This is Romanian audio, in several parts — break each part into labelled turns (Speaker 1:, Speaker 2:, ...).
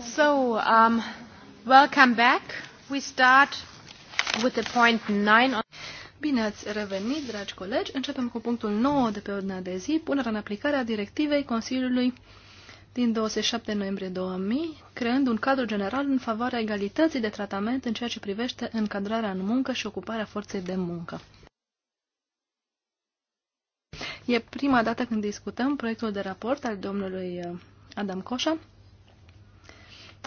Speaker 1: So, um, welcome back. We start with the point 9 on... Bine ați revenit, dragi colegi. Începem cu punctul 9 de pe ordinea de zi, punerea în aplicare a directivei Consiliului din 27 noiembrie 2000, creând un cadru general în favoarea egalității de tratament în ceea ce privește încadrarea în muncă și ocuparea forței de muncă. E prima dată când discutăm proiectul de raport al domnului uh, Adam Coșa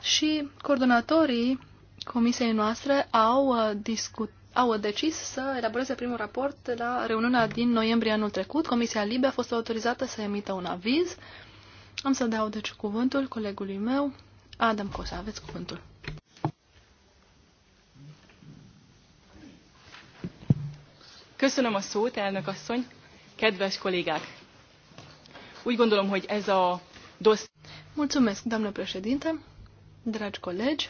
Speaker 1: și coordonatorii comisiei noastre au uh, discutat au decis să elaboreze primul raport la reuniunea din noiembrie anul trecut. Comisia Libe a fost autorizată să emită un aviz. Am să dau deci cuvântul colegului meu, Adam Cosa. Aveți cuvântul.
Speaker 2: Köszönöm a szót, elnök asszony, kedves kollégák!
Speaker 1: Úgy gondolom, hogy ez a dossz... Mulțumesc, doamnă președinte! Dragi colegi,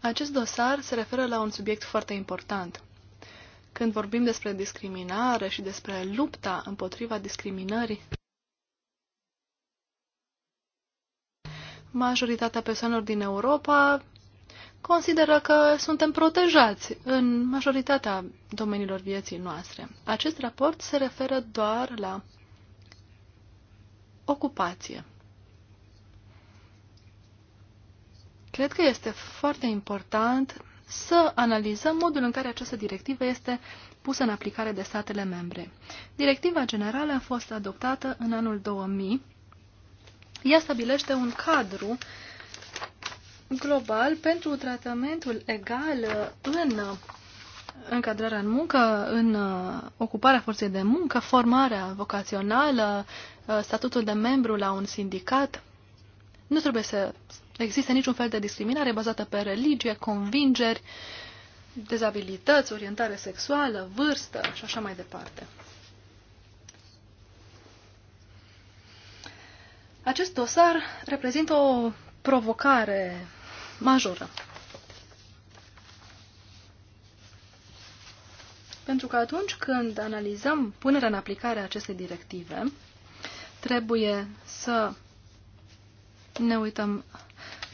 Speaker 1: acest dosar se referă la un subiect foarte important. Când vorbim despre discriminare și despre lupta împotriva discriminării, majoritatea persoanelor din Europa consideră că suntem protejați în majoritatea domeniilor vieții noastre. Acest raport se referă doar la ocupație. Cred că este foarte important să analizăm modul în care această directivă este pusă în aplicare de statele membre. Directiva generală a fost adoptată în anul 2000. Ea stabilește un cadru global pentru tratamentul egal în încadrarea în muncă, în ocuparea forței de muncă, formarea vocațională, statutul de membru la un sindicat. Nu trebuie să există niciun fel de discriminare bazată pe religie, convingeri, dezabilități, orientare sexuală, vârstă și așa mai departe. Acest dosar reprezintă o provocare majoră. Pentru că atunci când analizăm punerea în aplicare a acestei directive, trebuie să ne uităm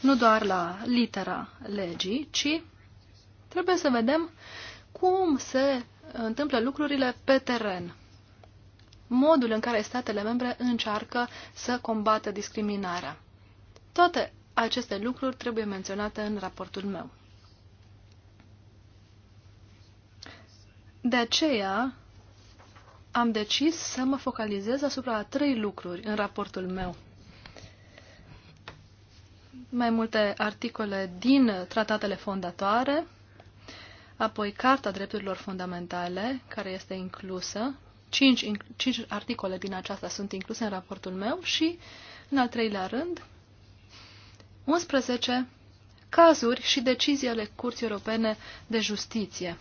Speaker 1: nu doar la litera legii, ci trebuie să vedem cum se întâmplă lucrurile pe teren. Modul în care statele membre încearcă să combată discriminarea. Toate aceste lucruri trebuie menționate în raportul meu. De aceea am decis să mă focalizez asupra a trei lucruri în raportul meu mai multe articole din tratatele fondatoare, apoi Carta Drepturilor Fundamentale, care este inclusă. Cinci, cinci articole din aceasta sunt incluse în raportul meu și, în al treilea rând, 11 cazuri și decizii ale Curții Europene de Justiție.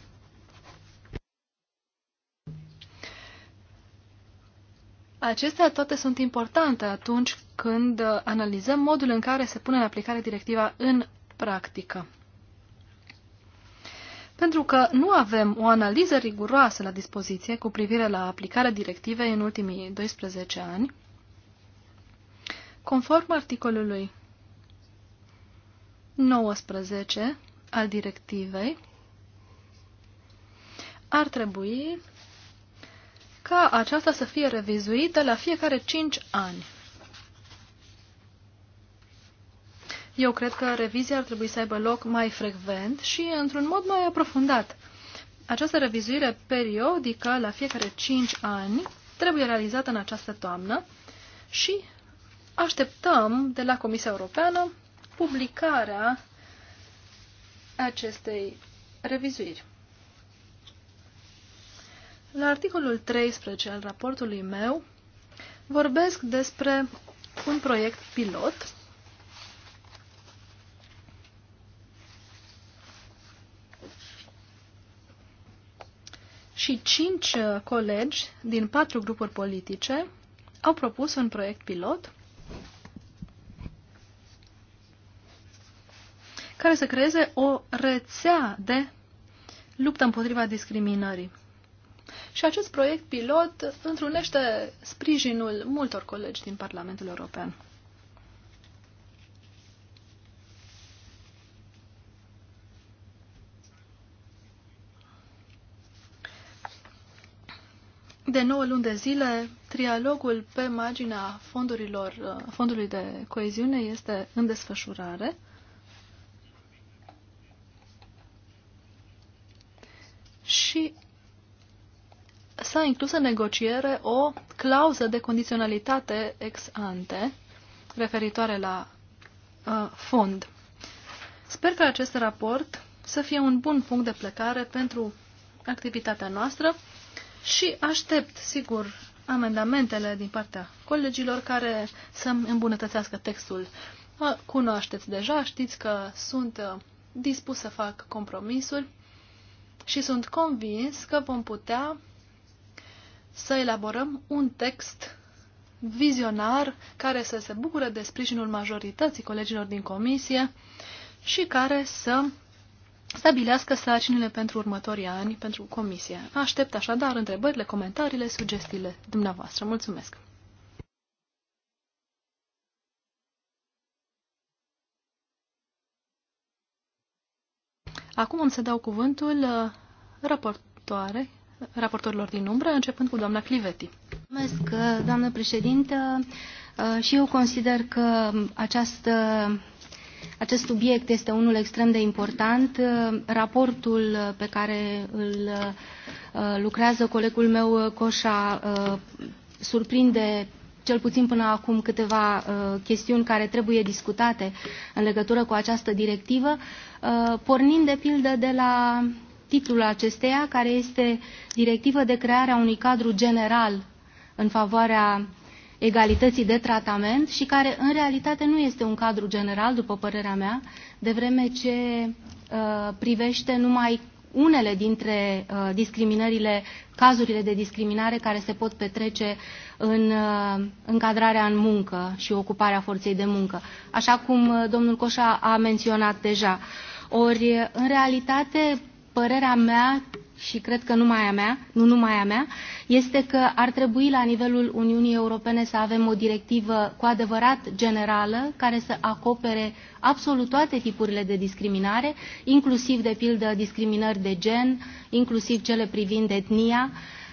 Speaker 1: Acestea toate sunt importante atunci când uh, analizăm modul în care se pune în aplicare directiva în practică. Pentru că nu avem o analiză riguroasă la dispoziție cu privire la aplicarea directivei în ultimii 12 ani, conform articolului 19 al directivei, ar trebui ca aceasta să fie revizuită la fiecare 5 ani. Eu cred că revizia ar trebui să aibă loc mai frecvent și într-un mod mai aprofundat. Această revizuire periodică, la fiecare 5 ani, trebuie realizată în această toamnă și așteptăm de la Comisia Europeană publicarea acestei revizuiri. La articolul 13 al raportului meu vorbesc despre un proiect pilot și cinci uh, colegi din patru grupuri politice au propus un proiect pilot care să creeze o rețea de luptă împotriva discriminării. Și acest proiect pilot întrunește sprijinul multor colegi din Parlamentul European. De 9 luni de zile, trialogul pe marginea fondurilor, fondului de coeziune este în desfășurare. Și s-a inclus în negociere o clauză de condiționalitate ex ante referitoare la uh, fond. Sper că acest raport să fie un bun punct de plecare pentru activitatea noastră și aștept, sigur, amendamentele din partea colegilor care să îmbunătățească textul. Mă cunoașteți deja, știți că sunt uh, dispus să fac compromisuri și sunt convins că vom putea să elaborăm un text vizionar care să se bucure de sprijinul majorității colegilor din comisie și care să stabilească sarcinile pentru următorii ani pentru comisie. Aștept așadar întrebările, comentariile, sugestiile dumneavoastră. Mulțumesc! Acum am să dau cuvântul uh, raportoare, raportorilor din umbră, începând cu doamna Cliveti.
Speaker 3: Mulțumesc, uh, doamnă președintă. Uh, și eu consider că această acest subiect este unul extrem de important. Uh, raportul uh, pe care îl uh, lucrează colegul meu, Coșa, surprinde cel puțin până acum câteva chestiuni care trebuie discutate în legătură cu această directivă, pornind de pildă de la titlul acesteia, care este Directivă de creare a unui cadru general în favoarea egalității de tratament și care în realitate nu este un cadru general, după părerea mea, de vreme ce uh, privește numai unele dintre uh, discriminările, cazurile de discriminare care se pot petrece în uh, încadrarea în muncă și ocuparea forței de muncă, așa cum uh, domnul Coșa a menționat deja. Ori, uh, în realitate, părerea mea și cred că numai a mea, nu numai a mea, este că ar trebui la nivelul Uniunii Europene să avem o directivă cu adevărat generală, care să acopere absolut toate tipurile de discriminare, inclusiv, de pildă, discriminări de gen, inclusiv cele privind etnia.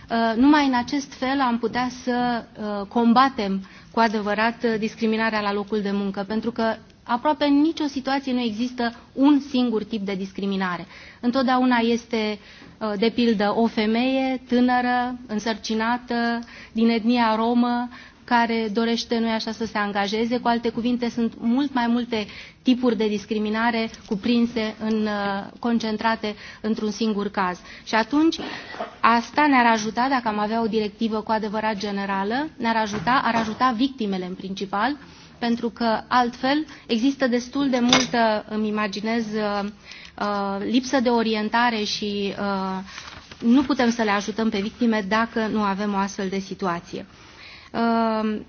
Speaker 3: Uh, numai în acest fel am putea să uh, combatem cu adevărat uh, discriminarea la locul de muncă, pentru că aproape în nicio situație nu există un singur tip de discriminare. Întotdeauna este Uh, de pildă, o femeie tânără, însărcinată, din etnia romă, care dorește, nu așa, să se angajeze. Cu alte cuvinte, sunt mult mai multe tipuri de discriminare cuprinse, în, uh, concentrate într-un singur caz. Și atunci, asta ne-ar ajuta, dacă am avea o directivă cu adevărat generală, ne-ar ajuta, ar ajuta victimele în principal, pentru că altfel există destul de multă, îmi imaginez, uh, Uh, lipsă de orientare și uh, nu putem să le ajutăm pe victime dacă nu avem o astfel de situație. Uh,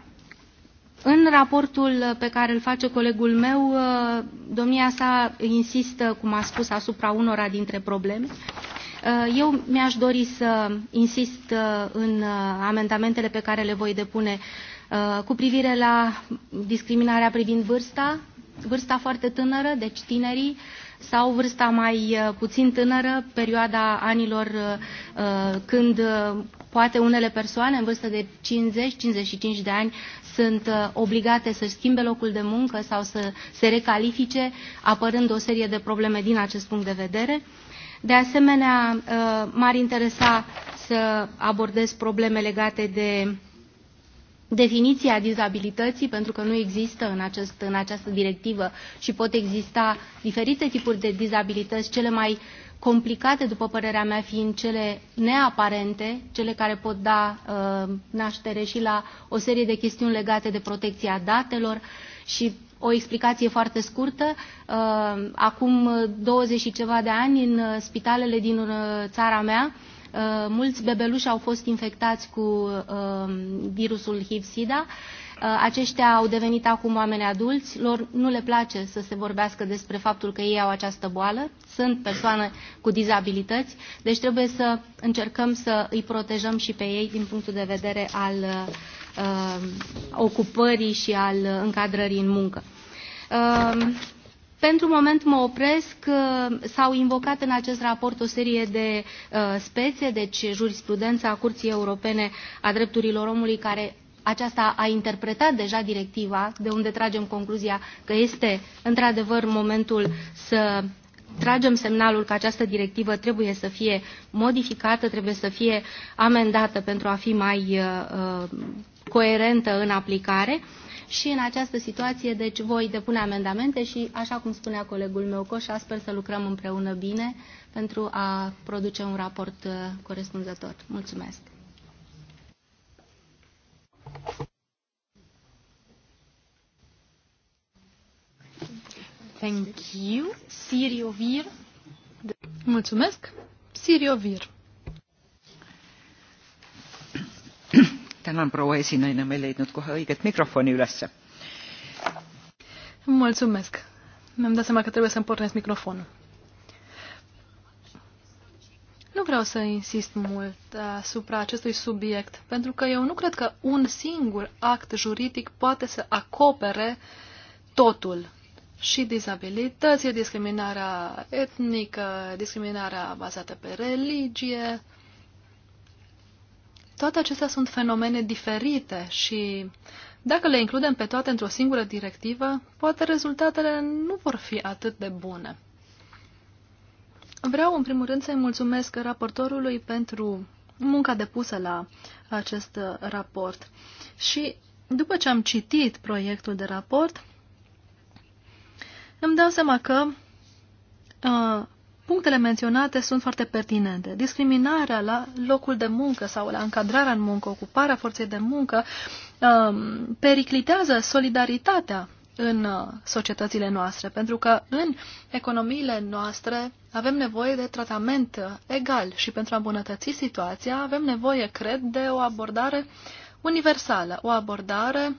Speaker 3: în raportul pe care îl face colegul meu, domnia sa insistă, cum a spus, asupra unora dintre probleme. Eu mi-aș dori să insist în amendamentele pe care le voi depune cu privire la discriminarea privind vârsta, vârsta foarte tânără, deci tinerii, sau vârsta mai uh, puțin tânără, perioada anilor uh, uh, când poate unele persoane în vârstă de 50-55 de ani sunt obligate să schimbe locul de muncă sau să se recalifice, apărând o serie de probleme din acest punct de vedere. De asemenea, m-ar interesa să abordez probleme legate de definiția dizabilității, pentru că nu există în, acest, în această directivă și pot exista diferite tipuri de dizabilități, cele mai complicate, după părerea mea, fiind cele neaparente, cele care pot da uh, naștere și la o serie de chestiuni legate de protecția datelor și o explicație foarte scurtă. Uh, acum 20 și ceva de ani, în uh, spitalele din uh, țara mea, uh, Uh, mulți bebeluși au fost infectați cu uh, virusul HIV-SIDA. Uh, aceștia au devenit acum oameni adulți, lor nu le place să se vorbească despre faptul că ei au această boală, sunt persoane cu dizabilități, deci trebuie să încercăm să îi protejăm și pe ei din punctul de vedere al uh, ocupării și al încadrării în muncă. Uh, pentru moment mă opresc. Uh, s-au invocat în acest raport o serie de uh, spețe, deci jurisprudența Curții Europene a Drepturilor Omului, care aceasta a interpretat deja directiva, de unde tragem concluzia că este într-adevăr momentul să tragem semnalul că această directivă trebuie să fie modificată, trebuie să fie amendată pentru a fi mai uh, uh coerentă în aplicare. Uh, și în această situație, deci, voi depune amendamente și, așa cum spunea colegul meu Coșa, sper să lucrăm împreună bine pentru a produce un raport uh, corespunzător. Mulțumesc! Thank you. Sirio Vir.
Speaker 1: Mulțumesc. Sirio Vir.
Speaker 4: tänan proua esinaine ma ei leidnud kohe õiget mikrofoni ülesse
Speaker 1: mulțumesc mi-am dat seama că trebuie să-mi pornesc microfonul nu vreau să insist mult asupra acestui subiect, pentru că eu nu cred că un singur act juridic poate să acopere totul. Și dizabilități, discriminarea etnică, discriminarea bazată pe religie, toate acestea sunt fenomene diferite și dacă le includem pe toate într-o singură directivă, poate rezultatele nu vor fi atât de bune. Vreau, în primul rând, să-i mulțumesc raportorului pentru munca depusă la acest raport. Și după ce am citit proiectul de raport, îmi dau seama că uh, Punctele menționate sunt foarte pertinente. Discriminarea la locul de muncă sau la încadrarea în muncă, ocuparea forței de muncă, um, periclitează solidaritatea în uh, societățile noastre, pentru că în economiile noastre avem nevoie de tratament uh, egal și pentru a îmbunătăți situația avem nevoie, cred, de o abordare universală, o abordare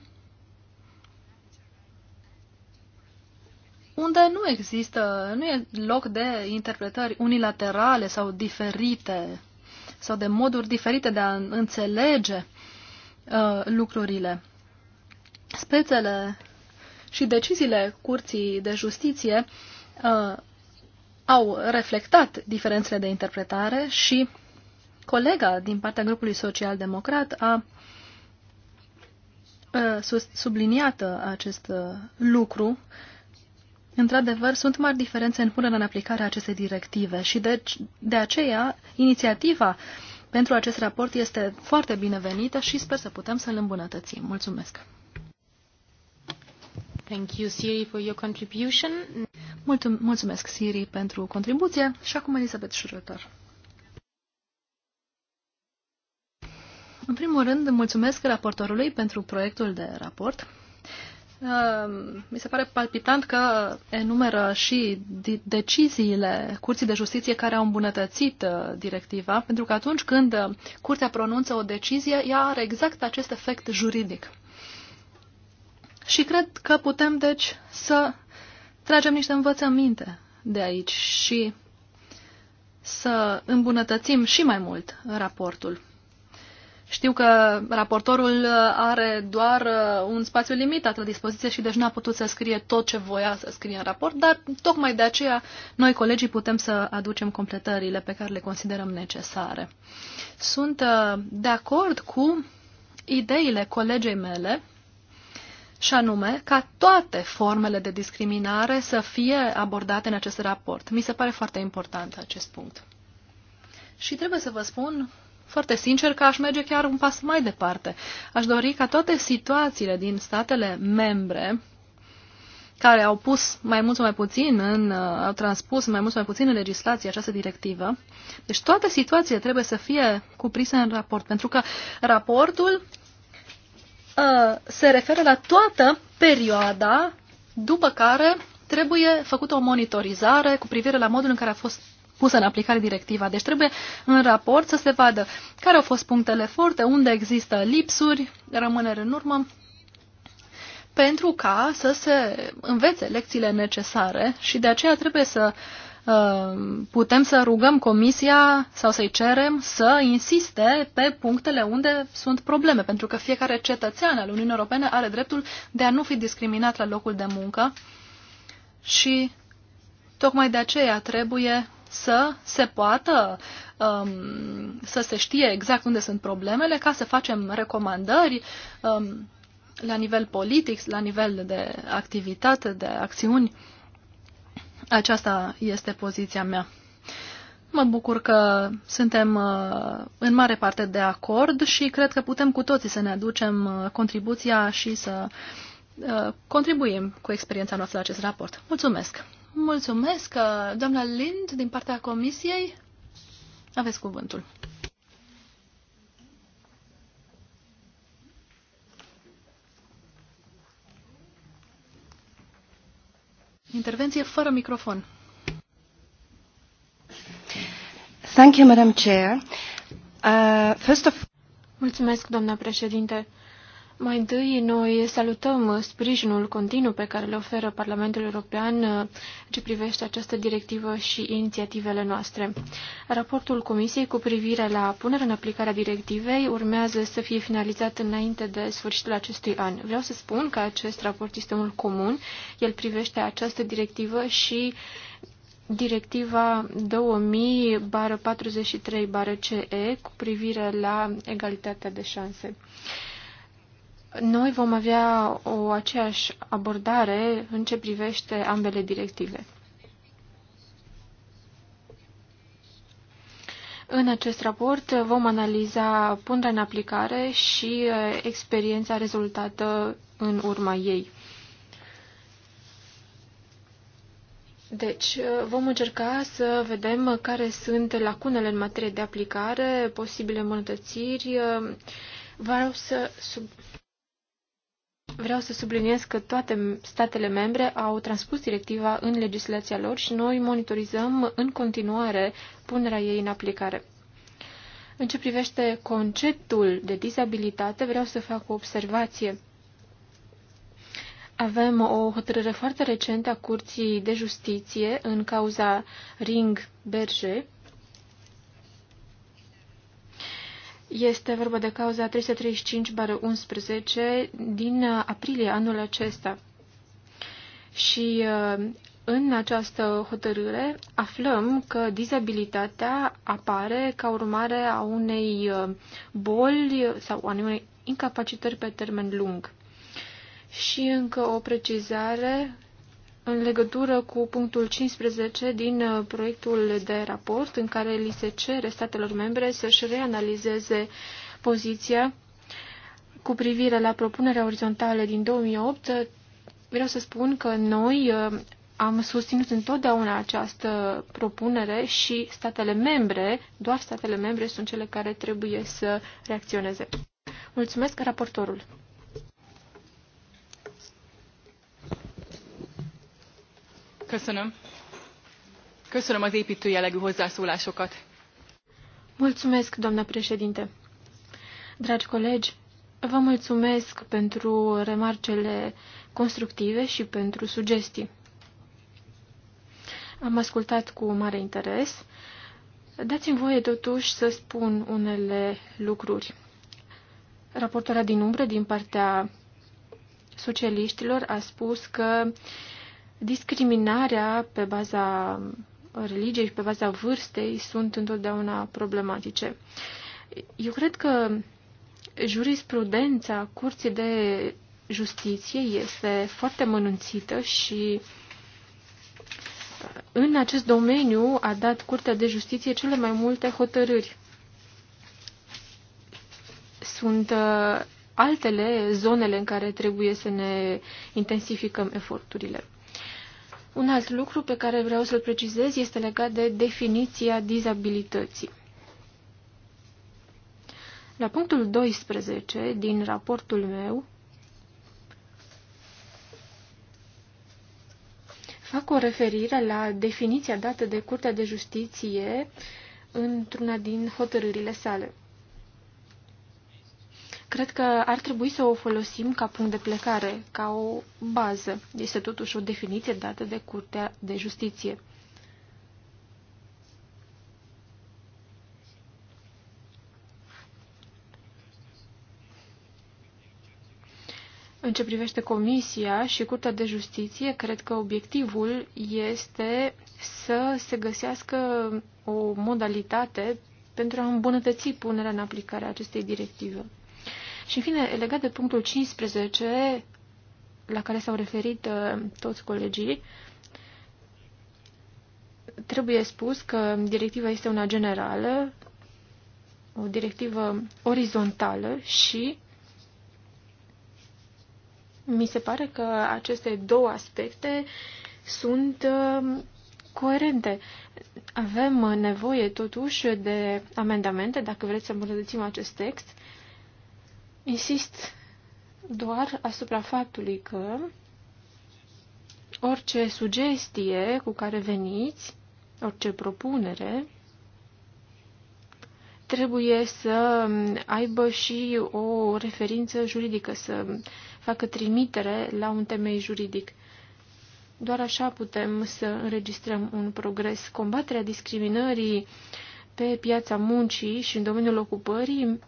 Speaker 1: unde nu există, nu e loc de interpretări unilaterale sau diferite sau de moduri diferite de a înțelege uh, lucrurile. Spețele și deciziile Curții de Justiție uh, au reflectat diferențele de interpretare și colega din partea grupului social-democrat a uh, subliniat acest uh, lucru Într-adevăr, sunt mari diferențe în punerea în aplicare a acestei directive și deci, de aceea inițiativa pentru acest raport este foarte binevenită și sper să putem să-l îmbunătățim. Mulțumesc!
Speaker 3: Thank you, Siri, for your contribution. Mulțum mulțumesc,
Speaker 1: Siri, pentru contribuție și acum Elisabeth Schröter. În primul rând, mulțumesc raportorului pentru proiectul de raport. Ehm, mi se pare palpitant că enumeră și deciziile Curții de Justiție care au îmbunătățit uh, directiva, pentru că atunci când uh, Curtea pronunță o decizie, ea are exact acest efect juridic. Și cred că putem, deci, să tragem niște învățăminte de aici și să îmbunătățim și mai mult raportul. Știu că raportorul uh, are doar uh, un spațiu limitat la dispoziție și deci nu a putut să scrie tot ce voia să scrie în raport, dar tocmai de aceea noi colegii putem să aducem completările pe care le considerăm necesare. Sunt uh, de acord cu ideile colegei mele și anume ca toate formele de discriminare să fie abordate în acest raport. Mi se pare foarte important acest punct. Și trebuie să vă spun foarte sincer că aș merge chiar un pas mai departe. Aș dori ca toate situațiile din statele membre care au pus mai mult sau mai puțin în, uh, au transpus mai mult sau mai puțin în legislație această directivă. Deci toate situațiile trebuie să fie cuprinse în raport, pentru că raportul uh, se referă la toată perioada după care trebuie făcută o monitorizare cu privire la modul în care a fost pusă în aplicare directiva. Deci trebuie în raport să se vadă care au fost punctele forte, unde există lipsuri, rămâneri în urmă, pentru ca să se învețe lecțiile necesare și de aceea trebuie să uh, putem să rugăm comisia sau să-i cerem să insiste pe punctele unde sunt probleme, pentru că fiecare cetățean al Uniunii Europene are dreptul de a nu fi discriminat la locul de muncă și tocmai de aceea trebuie să se poată um, să se știe exact unde sunt problemele ca să facem recomandări um, la nivel politic, la nivel de activitate, de acțiuni. Aceasta este poziția mea. Mă bucur că suntem uh, în mare parte de acord și cred că putem cu toții să ne aducem uh, contribuția și să uh, contribuim cu experiența noastră la acest raport. Mulțumesc! Mulțumesc, doamna Lind, din partea Comisiei.
Speaker 2: Aveți cuvântul.
Speaker 1: Intervenție fără microfon. Thank you, Madam Chair.
Speaker 2: Uh, first of... Mulțumesc, doamna președinte. Mai întâi, noi salutăm sprijinul continuu pe care le oferă Parlamentul European uh, ce privește această directivă și inițiativele noastre. Raportul Comisiei cu privire la punerea în aplicare a directivei urmează să fie finalizat înainte de sfârșitul acestui an. Vreau să spun că acest raport este unul comun, el privește această directivă și Directiva 2000-43-CE cu privire la egalitatea de șanse noi vom avea o aceeași abordare în ce privește ambele directive. În acest raport vom analiza punerea în aplicare și experiența rezultată în urma ei. Deci, vom încerca să vedem care sunt lacunele în materie de aplicare, posibile îmbunătățiri. Vreau să sub... Vreau să subliniez că toate statele membre au transpus directiva în legislația lor și noi monitorizăm în continuare punerea ei în aplicare. În ce privește conceptul de dizabilitate, vreau să fac o observație. Avem o hotărâre foarte recentă a Curții de Justiție în cauza Ring Berger, Este vorba de cauza 335-11 din uh, aprilie anul acesta. Și uh, în această hotărâre aflăm că dizabilitatea apare ca urmare a unei uh, boli sau a unei incapacitări pe termen lung. Și încă o precizare în legătură cu punctul 15 din uh, proiectul de raport în care li se cere statelor membre să-și reanalizeze poziția cu privire la propunerea orizontală din 2008, vreau să spun că noi uh, am susținut întotdeauna această propunere și statele membre, doar statele membre sunt cele care trebuie să reacționeze. Mulțumesc, raportorul. Köszönöm. Köszönöm az építő jellegű hozzászólásokat. Mulțumesc, doamna președinte. Dragi colegi, vă mulțumesc pentru remarcele constructive și pentru sugestii. Am ascultat cu mare interes. Dați-mi voie totuși să spun unele lucruri. Raportoarea din umbră din partea socialiștilor a spus că uh, discriminarea pe baza religiei și pe baza vârstei sunt întotdeauna problematice. Eu cred că jurisprudența Curții de Justiție este foarte mănânțită și uh, în acest domeniu a dat Curtea de Justiție cele mai multe hotărâri. Sunt uh, altele zonele în care trebuie să ne intensificăm eforturile. Un alt lucru pe care vreau să-l precizez este legat de definiția dizabilității. La punctul 12 din raportul meu, fac o referire la definiția dată de Curtea de Justiție într-una din hotărârile sale cred că ar trebui să o folosim ca punct de plecare, ca o bază. Este totuși o definiție dată de Curtea de Justiție. În ce privește Comisia și Curtea de Justiție, cred că obiectivul este să se găsească o modalitate pentru a îmbunătăți punerea în aplicare a acestei directive. Și, în fine, legat de punctul 15, la care s-au referit uh, toți colegii, trebuie spus că directiva este una generală, o directivă orizontală și mi se pare că aceste două aspecte sunt uh, coerente. Avem nevoie totuși de amendamente dacă vreți să îmbunătățim acest text Insist doar asupra faptului că orice sugestie cu care veniți, orice propunere, trebuie să aibă și o referință juridică, să facă trimitere la un temei juridic. Doar așa putem să înregistrăm un progres. Combaterea discriminării pe piața muncii și în domeniul ocupării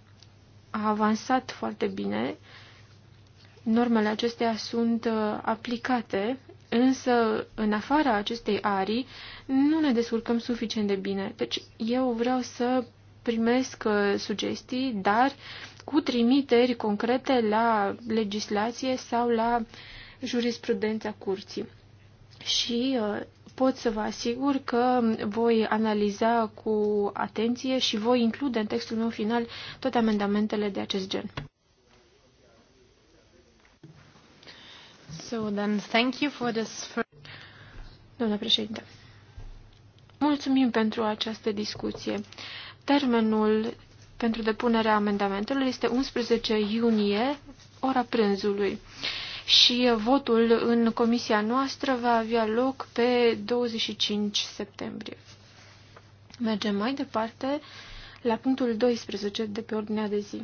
Speaker 2: a avansat foarte bine. Normele acestea sunt uh, aplicate, însă în afara acestei arii nu ne descurcăm suficient de bine. Deci eu vreau să primesc uh, sugestii, dar cu trimiteri concrete la legislație sau la jurisprudența curții. Și uh, pot să vă asigur că voi analiza cu atenție și voi include în textul meu final toate amendamentele de acest gen. So then, thank you for this Doamna președinte, mulțumim pentru această discuție. Termenul pentru depunerea amendamentelor este 11 iunie, ora prânzului și votul în comisia noastră va avea loc pe 25 septembrie. Mergem mai departe la punctul 12 de pe ordinea de zi.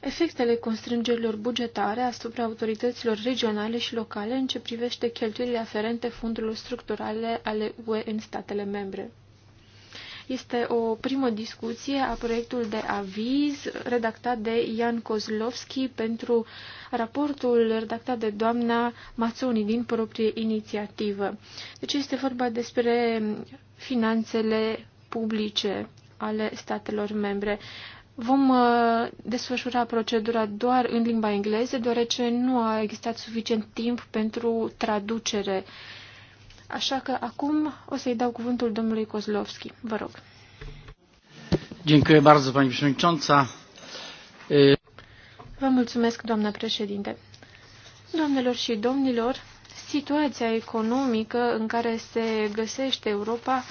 Speaker 2: Efectele constrângerilor bugetare asupra autorităților regionale și locale în ce privește cheltuielile aferente fondurilor structurale ale UE în statele membre. Este o primă discuție a proiectul de aviz redactat de Ian Kozlovski pentru raportul redactat de doamna Mazzoni din proprie inițiativă. Deci este vorba despre finanțele publice ale statelor membre. Vom uh, desfășura procedura doar în limba engleză, deoarece nu a existat suficient timp pentru traducere Așa că acum o să-i dau cuvântul domnului Kozlovski. Vă rog. Dziękuję bardzo, pani przewodnicząca. Vă mulțumesc, doamnă președinte. Doamnelor și domnilor, situația economică în care se găsește Europa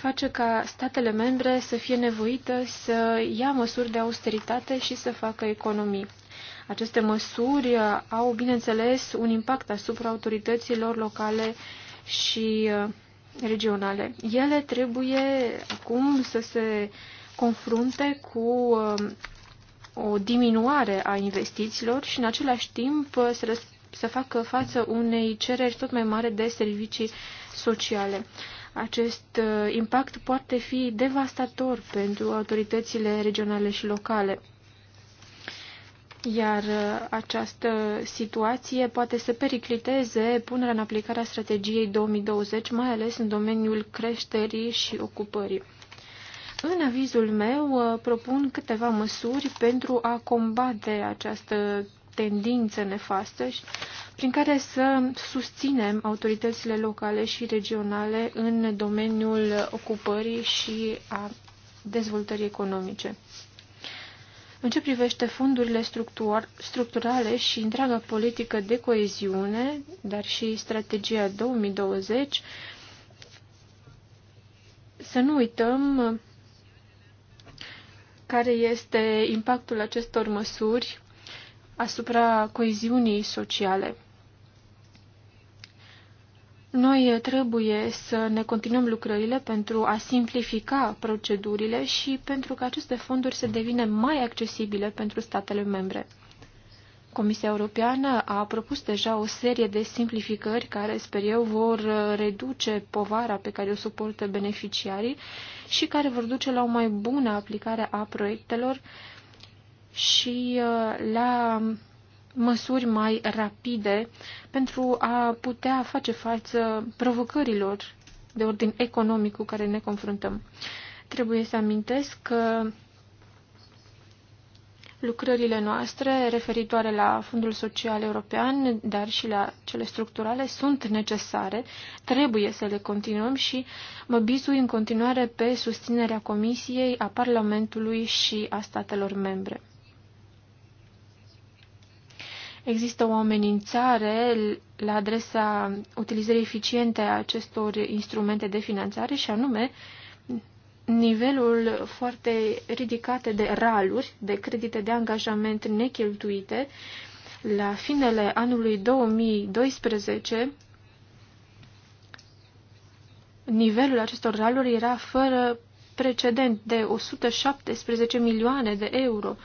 Speaker 2: face ca statele membre să fie nevoite să ia măsuri de austeritate și să facă economii. Aceste măsuri uh, au, bineînțeles, un impact asupra autorităților locale și uh, regionale. Ele trebuie acum să se confrunte cu uh, o diminuare a investițiilor și în același timp să, să facă față unei cereri tot mai mare de servicii sociale. Acest impact poate fi devastator pentru autoritățile regionale și locale. Iar uh, această situație poate să pericliteze punerea în aplicare a strategiei 2020, mai ales în domeniul creșterii și ocupării. În avizul meu uh, propun câteva măsuri pentru a combate această tendință nefastă prin care să susținem autoritățile locale și regionale în domeniul ocupării și a dezvoltării economice. În ce privește fondurile structurale și întreaga politică de coeziune, dar și strategia 2020, să nu uităm care este impactul acestor măsuri asupra coeziunii sociale. Noi trebuie să ne continuăm lucrările pentru a simplifica procedurile și pentru că aceste fonduri să devină mai accesibile pentru statele membre. Comisia Europeană a propus deja o serie de simplificări care, sper eu, vor reduce povara pe care o suportă beneficiarii și care vor duce la o mai bună aplicare a proiectelor și uh, la măsuri mai rapide pentru a putea face față provocărilor de ordin economic cu care ne confruntăm. Trebuie să amintesc că lucrările noastre referitoare la Fondul Social European, dar și la cele structurale, sunt necesare, trebuie să le continuăm și mă bizui în continuare pe susținerea Comisiei, a Parlamentului și a statelor membre există o amenințare la adresa utilizării eficiente a acestor instrumente de finanțare și anume nivelul foarte ridicat de raluri, de credite de angajament necheltuite. La finele anului 2012, nivelul acestor raluri era fără precedent de 117 milioane de euro.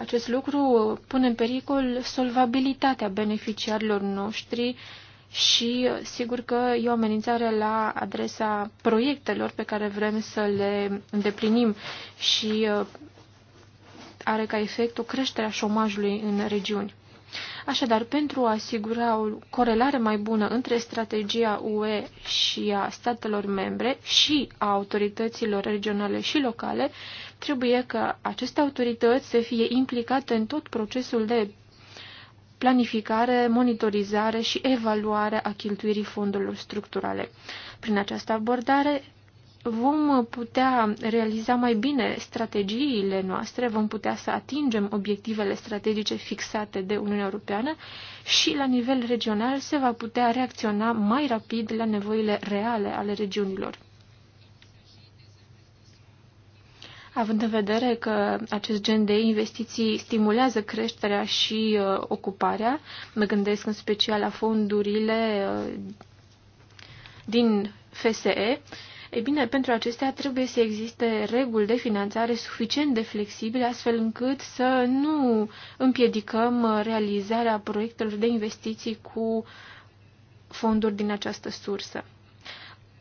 Speaker 2: Acest lucru pune în pericol solvabilitatea beneficiarilor noștri și sigur că e o amenințare la adresa proiectelor pe care vrem să le îndeplinim și uh, are ca efect o creștere a șomajului în regiuni. Așadar, pentru a asigura o corelare mai bună între strategia UE și a statelor membre și a autorităților regionale și locale, trebuie ca aceste autorități să fie implicate în tot procesul de planificare, monitorizare și evaluare a cheltuirii fondurilor structurale. Prin această abordare, vom putea realiza mai bine strategiile noastre, vom putea să atingem obiectivele strategice fixate de Uniunea Europeană și la nivel regional se va putea reacționa mai rapid la nevoile reale ale regiunilor. Având în vedere că acest gen de investiții stimulează creșterea și uh, ocuparea, mă gândesc în special la fondurile uh, din FSE, uh, ei bine, pentru acestea trebuie să existe reguli de finanțare suficient de flexibile, astfel încât să nu împiedicăm realizarea proiectelor de investiții cu fonduri din această sursă.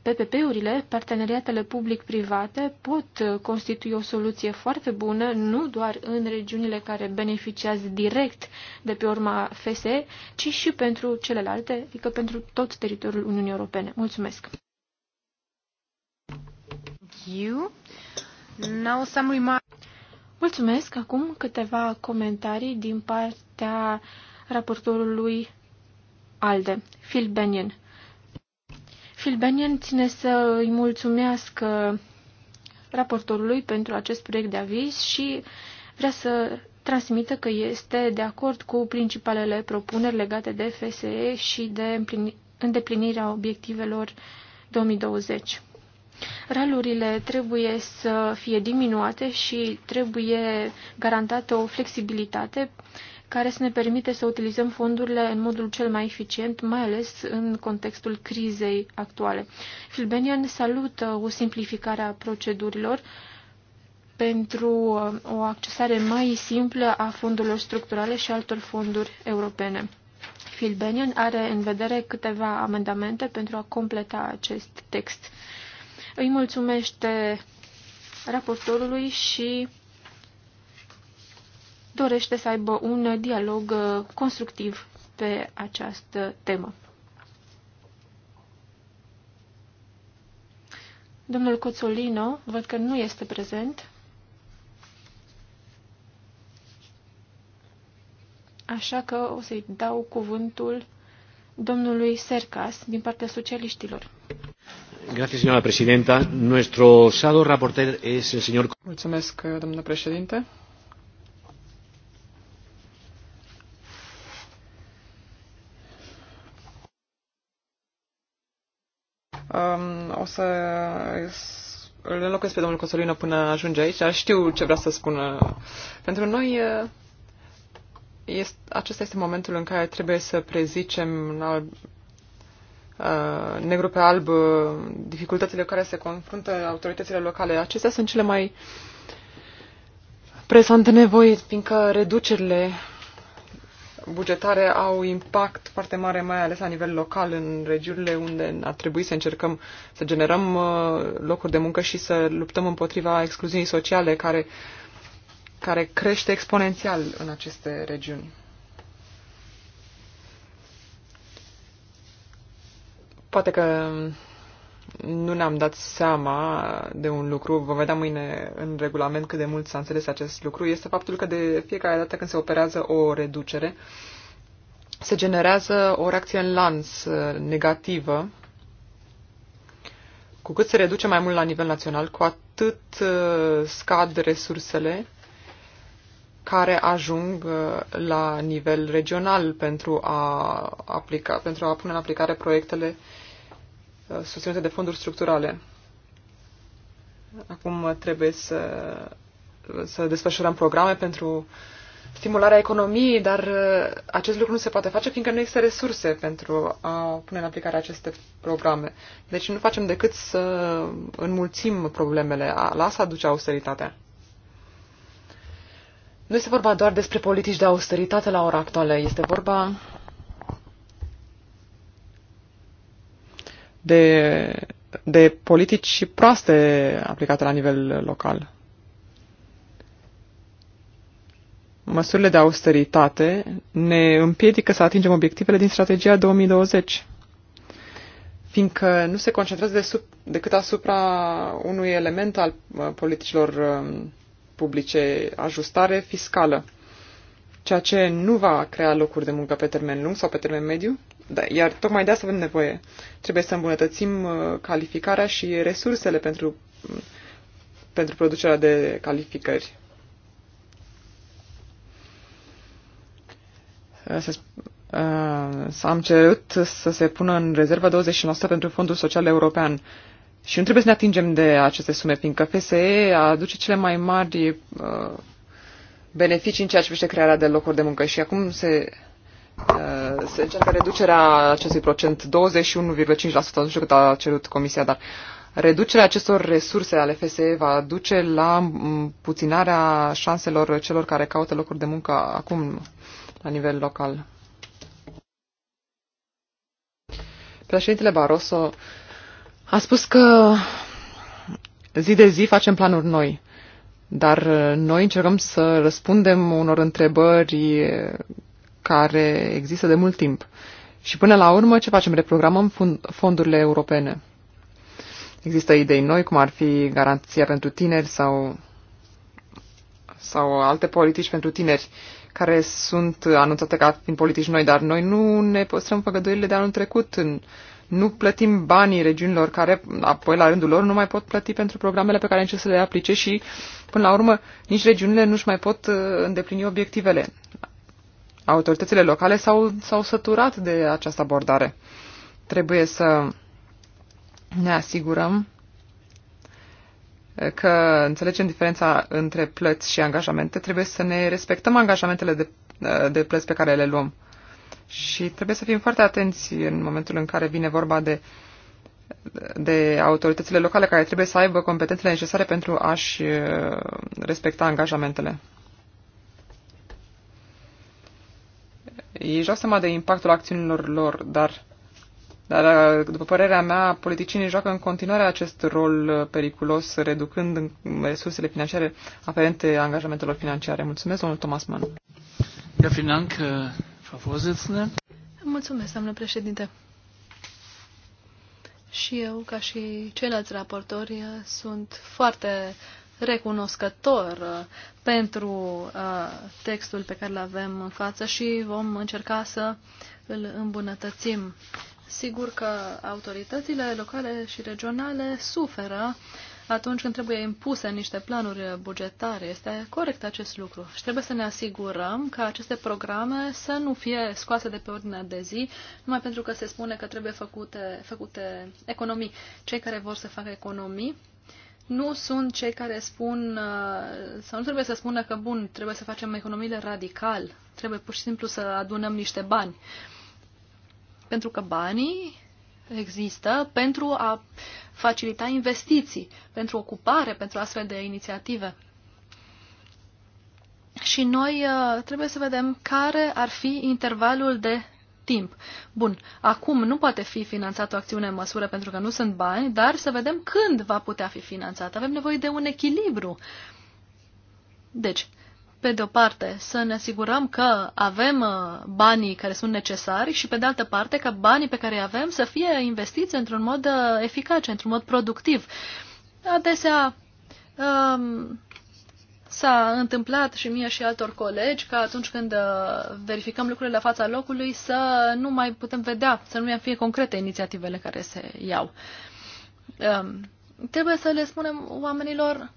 Speaker 2: PPP-urile, parteneriatele public-private, pot constitui o soluție foarte bună, nu doar în regiunile care beneficiază direct de pe urma FSE, ci și pentru celelalte, adică pentru tot teritoriul Uniunii Europene. Mulțumesc! Mulțumesc. Acum câteva comentarii din partea raportorului ALDE, Phil Benyon. Phil Benyon ține să îi mulțumească raportorului pentru acest proiect de aviz și vrea să transmită că este de acord cu principalele propuneri legate de FSE și de îndeplinirea obiectivelor 2020. Ralurile trebuie să fie diminuate și trebuie garantată o flexibilitate care să ne permite să utilizăm fondurile în modul cel mai eficient, mai ales în contextul crizei actuale. Filbenian salută o simplificare a procedurilor pentru uh, o accesare mai simplă a fondurilor structurale și altor fonduri europene. Filbenian are în vedere câteva amendamente pentru a completa acest text îi mulțumește raportorului și dorește să aibă un dialog uh, constructiv pe această temă. Domnul Coțolino, văd că nu este prezent. Așa că o să-i dau cuvântul domnului Sercas din partea socialiștilor. Gracias, señora presidenta. Nuestro shadow rapporteur es el señor... Mulțumesc,
Speaker 4: domnule președinte. Um, o să îl înlocuiesc pe domnul Cosolino până ajunge aici. Știu ce vrea să spună. Pentru noi, uh, este, acesta este momentul în care trebuie să prezicem Uh, negru pe alb uh, dificultățile cu care se confruntă autoritățile locale. Acestea sunt cele mai presante nevoi, fiindcă reducerile bugetare au impact foarte mare, mai ales la nivel local, în regiunile unde ar trebui să încercăm să generăm uh, locuri de muncă și să luptăm împotriva excluziunii sociale care, care crește exponențial în aceste regiuni. Poate că nu ne-am dat seama de un lucru, vom vedea mâine în regulament cât de mult s-a înțeles acest lucru, este faptul că de fiecare dată când se operează o reducere, se generează o reacție în lans negativă. Cu cât se reduce mai mult la nivel național, cu atât uh, scad resursele care ajung uh, la nivel regional pentru a, aplica, pentru a pune în aplicare proiectele uh, susținute de fonduri structurale. Acum uh, trebuie să, să desfășurăm programe pentru stimularea economiei, dar acest lucru nu se poate face fiindcă nu există resurse pentru a pune în aplicare aceste programe. Deci nu facem decât să înmulțim problemele. La asta duce austeritatea. Nu este vorba doar despre politici de austeritate la ora
Speaker 2: actuală, este
Speaker 4: vorba de, de politici proaste aplicate la nivel local. Măsurile de austeritate ne împiedică să atingem obiectivele din strategia 2020 fiindcă nu se concentrează de sub, decât asupra unui element al uh, politicilor um, publice, ajustare fiscală, ceea ce nu va crea locuri de muncă pe termen lung sau pe termen mediu, da, iar tocmai de asta avem nevoie. Trebuie să îmbunătățim uh, calificarea și resursele pentru, mm, pentru producerea de calificări. Uh, să, uh, am cerut să se pună în rezervă 29% pentru Fondul Social European și nu trebuie să ne atingem de aceste sume, fiindcă FSE aduce cele mai mari uh, beneficii în ceea ce privește crearea de locuri de muncă. Și acum se, uh, se încearcă reducerea acestui procent, 21,5%, nu știu cât a cerut Comisia, dar reducerea acestor resurse ale FSE va duce la puținarea șanselor celor care caută locuri de muncă acum la nivel local. Președintele Barroso a spus că zi de zi facem planuri noi, dar uh, noi încercăm să răspundem unor întrebări uh, care există de mult timp. Și până la urmă, ce facem? Reprogramăm fondurile europene. Există idei noi, cum ar fi garanția pentru tineri sau, sau alte politici pentru tineri care sunt anunțate ca fiind politici noi, dar noi nu ne păstrăm făgăduirile de anul trecut în uh, nu plătim banii regiunilor care apoi la rândul lor nu mai pot plăti pentru programele pe care încerc să le aplice și până la urmă nici regiunile nu-și mai pot uh, îndeplini obiectivele. Autoritățile locale s-au, s-au săturat de această abordare. Trebuie să ne asigurăm că înțelegem diferența între plăți și angajamente, trebuie să ne respectăm angajamentele de, uh, de plăți pe care le luăm. Și trebuie să fim foarte atenți în momentul în care vine vorba de, de autoritățile locale care trebuie să aibă competențele necesare pentru a-și uh, respecta angajamentele. Ei își dau seama de impactul acțiunilor lor, dar, dar, uh, după părerea mea, politicienii joacă în continuare acest rol uh, periculos, reducând resursele financiare aferente angajamentelor financiare. Mulțumesc, domnul Thomas Mann. Ja, vielen Dank.
Speaker 1: Mulțumesc, doamnă președinte. Și eu, ca și ceilalți raportori, sunt foarte recunoscător uh, pentru uh, textul pe care îl avem în față și vom încerca să îl îmbunătățim. Sigur că autoritățile locale și regionale suferă uh, atunci când trebuie impuse niște planuri bugetare. Este corect acest lucru și trebuie să ne asigurăm că aceste programe să nu fie scoase de pe ordinea de zi, numai pentru că se spune că trebuie făcute, făcute economii. Cei care vor să facă economii nu sunt cei care spun, uh, sau nu trebuie să spună că, bun, trebuie să facem economiile radical, trebuie pur și simplu să adunăm niște bani. Pentru că banii există pentru a facilita investiții pentru ocupare, pentru astfel de inițiative. Și noi uh, trebuie să vedem care ar fi intervalul de timp. Bun, acum nu poate fi finanțată o acțiune în măsură pentru că nu sunt bani, dar să vedem când va putea fi finanțată. Avem nevoie de un echilibru. Deci, pe de o parte, să ne asigurăm că avem uh, banii care sunt necesari și, pe de altă parte, că banii pe care îi avem să fie investiți într-un mod uh, eficace, într-un mod productiv. Adesea um, s-a întâmplat și mie și altor colegi că atunci când uh, verificăm lucrurile la fața locului să nu mai putem vedea, să nu mai fie concrete inițiativele care se iau. Um, trebuie să le spunem oamenilor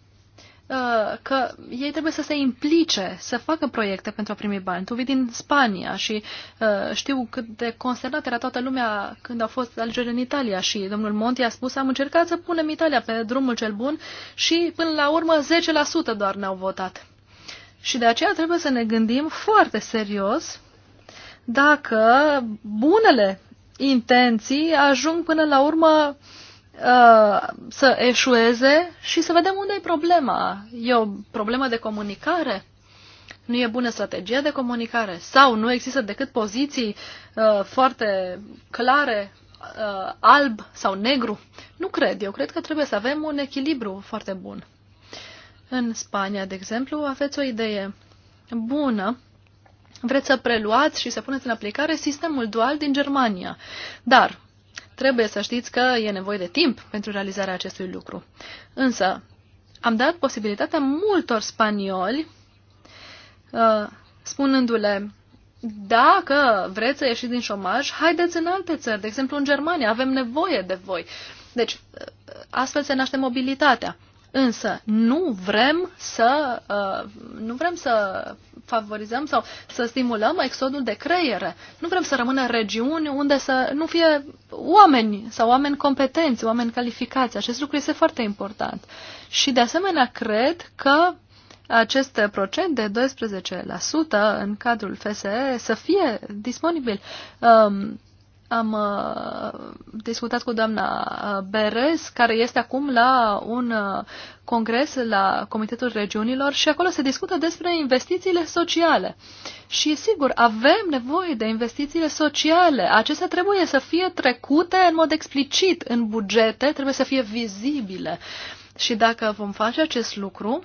Speaker 1: Uh, că ei trebuie să se implice, să facă proiecte pentru a primi bani. Tu vii din Spania și uh, știu cât de consternat era toată lumea când au fost alegeri în Italia și domnul Monti a spus am încercat să punem Italia pe drumul cel bun și până la urmă 10% doar ne-au votat. Și de aceea trebuie să ne gândim foarte serios dacă bunele intenții ajung până la urmă uh, Uh, să eșueze și să vedem unde e problema. E o problemă de comunicare? Nu e bună strategia de comunicare? Sau nu există decât poziții uh, foarte clare, uh, alb sau negru? Nu cred. Eu cred că trebuie să avem un echilibru foarte bun. În Spania, de exemplu, aveți o idee bună vreți să preluați și să puneți în aplicare sistemul dual din Germania. Dar trebuie să știți că e nevoie de timp pentru realizarea acestui lucru. Însă, am dat posibilitatea multor spanioli, uh, spunându-le, dacă vreți să ieșiți din șomaj, haideți în alte țări, de exemplu în Germania, avem nevoie de voi. Deci, uh, astfel se naște mobilitatea. Însă nu vrem să, uh, nu vrem să favorizăm sau să stimulăm exodul de creiere. Nu vrem să rămână regiuni unde să nu fie oameni sau oameni competenți, oameni calificați. Acest lucru este foarte important. Și de asemenea cred că acest procent de 12% în cadrul FSE să fie disponibil. Um, am uh, discutat cu doamna uh, Beres, care este acum la un uh, congres la Comitetul Regiunilor și acolo se discută despre investițiile sociale. Și sigur, avem nevoie de investițiile sociale. Acestea trebuie să fie trecute în mod explicit în bugete, trebuie să fie vizibile. Și dacă vom face acest lucru,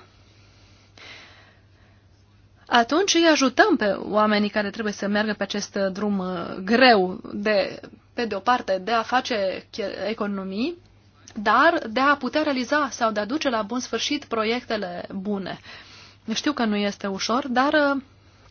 Speaker 1: atunci îi ajutăm pe oamenii care trebuie să meargă pe acest drum uh, greu de, pe de o parte, de a face economii, dar de a putea realiza sau de a duce la bun sfârșit proiectele bune. Știu că nu este ușor, dar uh,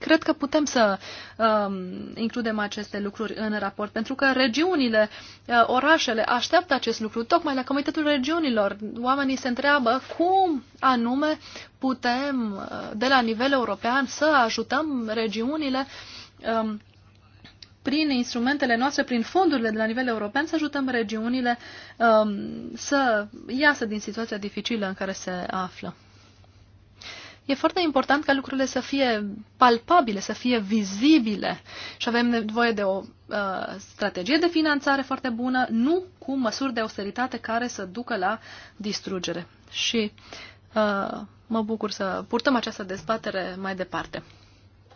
Speaker 1: Cred că putem să um, includem aceste lucruri în raport, pentru că regiunile, uh, orașele așteaptă acest lucru. Tocmai la Comitetul Regiunilor oamenii se întreabă cum anume putem, uh, de la nivel european, să ajutăm regiunile um, prin instrumentele noastre, prin fondurile de la nivel european, să ajutăm regiunile um, să iasă din situația dificilă în care se află e foarte important ca lucrurile să fie palpabile, să fie vizibile și avem nevoie de o uh, strategie de finanțare foarte bună, nu cu măsuri de austeritate care să ducă la distrugere. Și uh, mă bucur să purtăm această dezbatere mai departe.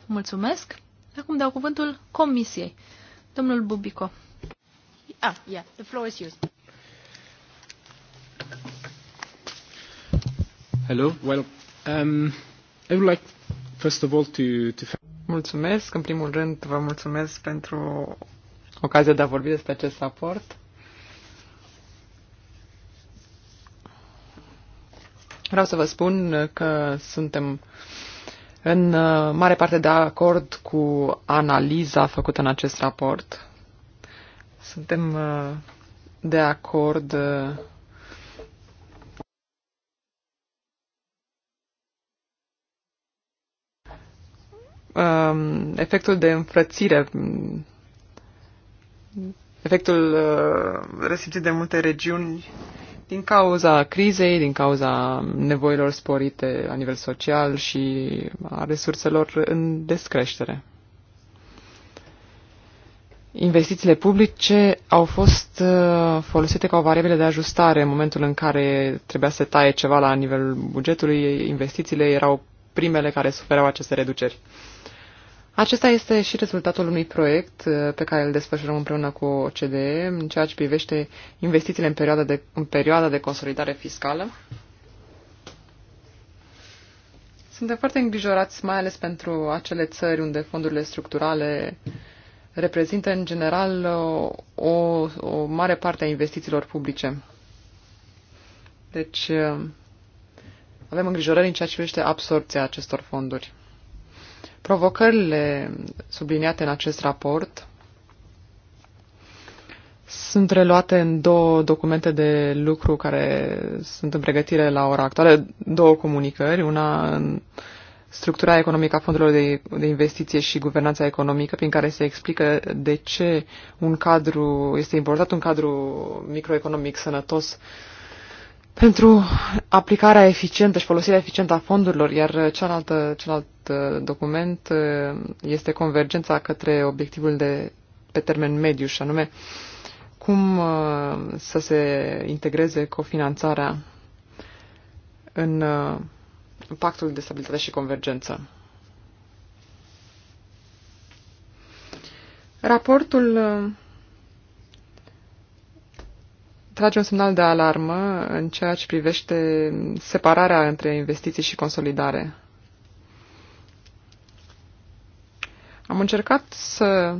Speaker 1: Mulțumesc! Acum dau cuvântul Comisiei. Domnul Bubico.
Speaker 2: Ah, yeah, the floor is yours. Hello, well, Um,
Speaker 4: I would like, first of all, to, to... Mulțumesc. În primul rând, vă mulțumesc pentru ocazia de a vorbi despre acest raport. Vreau să vă spun că suntem în uh, mare parte de acord cu analiza făcută în acest raport. Suntem uh, de acord uh, um, efectul de înfrățire, efectul uh, resimțit de multe regiuni din cauza crizei, din cauza nevoilor sporite la nivel social și a resurselor în descreștere. Investițiile publice au fost uh, folosite ca o variabilă de ajustare în momentul în care trebuia să taie ceva la nivelul bugetului. Investițiile erau primele care sufereau aceste reduceri. Acesta este și rezultatul unui proiect uh, pe care îl desfășurăm împreună cu OCDE în ceea ce privește investițiile în perioada de, în perioada de consolidare fiscală. Suntem foarte îngrijorați, mai ales pentru acele țări unde fondurile structurale reprezintă în general o, o mare parte a investițiilor publice. Deci uh, avem îngrijorări în ceea ce privește absorpția acestor fonduri. Provocările subliniate în acest raport sunt reluate în două documente de lucru care sunt în pregătire la ora actuală, două comunicări, una în structura economică a fondurilor de, de investiție și guvernanța economică, prin care se explică de ce un cadru este important, un cadru microeconomic sănătos uh, pentru aplicarea eficientă și folosirea eficientă a fondurilor, iar cealaltă, celălalt uh, document uh, este convergența către obiectivul de pe termen mediu și anume cum uh, să se integreze cofinanțarea în pactul de stabilitate și convergență. Raportul trage un semnal de alarmă în ceea ce privește separarea între investiții și consolidare. Am încercat să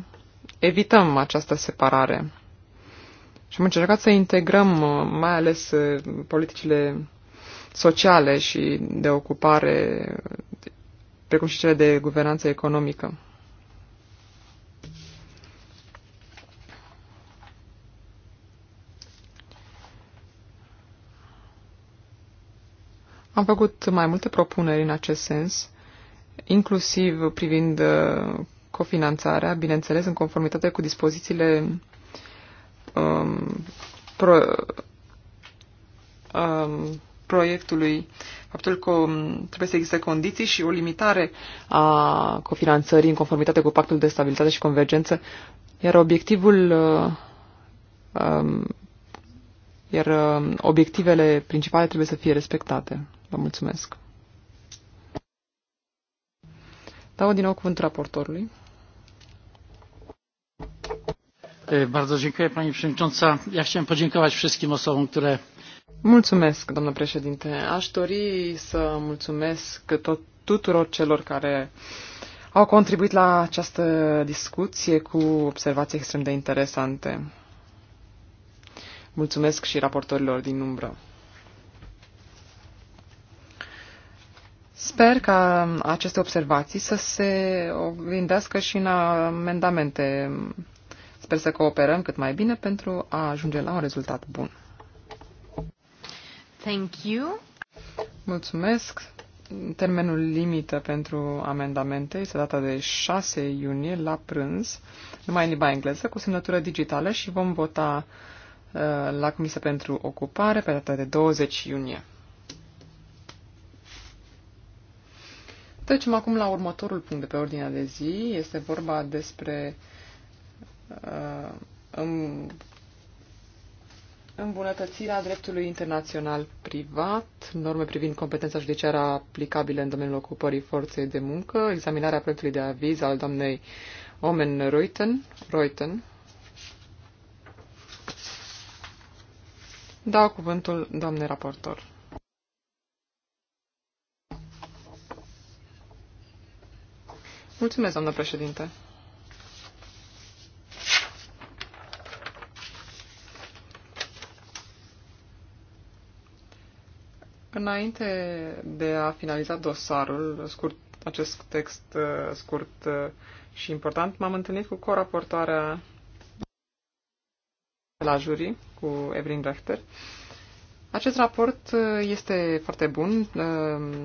Speaker 4: evităm această separare și am încercat să integrăm mai ales eh, politicile sociale și de ocupare, precum și cele de guvernanță economică. Am făcut mai multe propuneri în acest sens, inclusiv privind uh, cofinanțarea, bineînțeles, în conformitate cu dispozițiile um, pro, um, proiectului, faptul că um, trebuie să existe condiții și o limitare a cofinanțării în conformitate cu Pactul de Stabilitate și Convergență, iar obiectivul uh, um, iar um, obiectivele principale trebuie să fie respectate. Vă mulțumesc. Dau din nou cuvântul raportorului.
Speaker 2: Bardzo dziękuję Pani Przewodnicząca. Ja chciałem podziękować wszystkim osobom,
Speaker 4: które... Mulțumesc, doamnă președinte. Aș dori să mulțumesc tot, tuturor celor care au contribuit la această discuție cu observații extrem de interesante. Mulțumesc și raportorilor din umbră. Sper ca aceste observații să se oglindească și în amendamente. Sper să cooperăm cât mai bine pentru a ajunge la un rezultat bun.
Speaker 3: Thank you.
Speaker 4: Mulțumesc. Termenul limită pentru amendamente este data de 6 iunie la prânz, numai în limba engleză, cu semnătură digitală și vom vota uh, la Comisia pentru Ocupare pe data de 20 iunie. Trecem acum la următorul punct de pe ordinea de zi. Este vorba despre uh, îmbunătățirea dreptului internațional privat, norme privind competența judiciară aplicabilă în domeniul ocupării forței de muncă, examinarea proiectului de aviz al doamnei Omen Reuten. Reuten. Dau cuvântul doamnei raportor. Mulțumesc, doamnă președinte. Înainte de a finaliza dosarul, scurt, acest text uh, scurt uh, și important, m-am întâlnit cu coraportoarea la jurii, cu Evelyn Rechter, acest raport uh, este foarte bun, uh,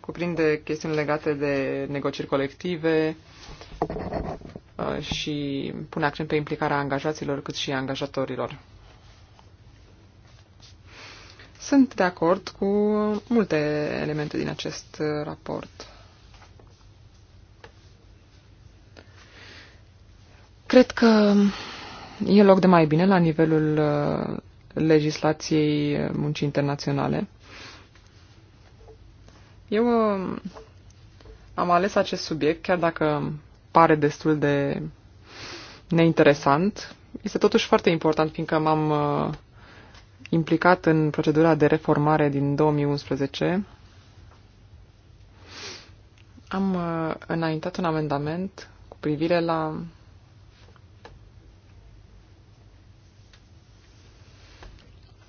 Speaker 4: cuprinde chestiuni legate de negocieri colective uh, și pune accent pe implicarea angajaților cât și angajatorilor. Sunt de acord cu multe elemente din acest raport. Cred că e loc de mai bine la nivelul legislației muncii internaționale. Eu um, am ales acest subiect, chiar dacă pare destul de neinteresant. Este totuși foarte important, fiindcă m-am uh, implicat în procedura de reformare din 2011. Am uh, înaintat un amendament cu privire la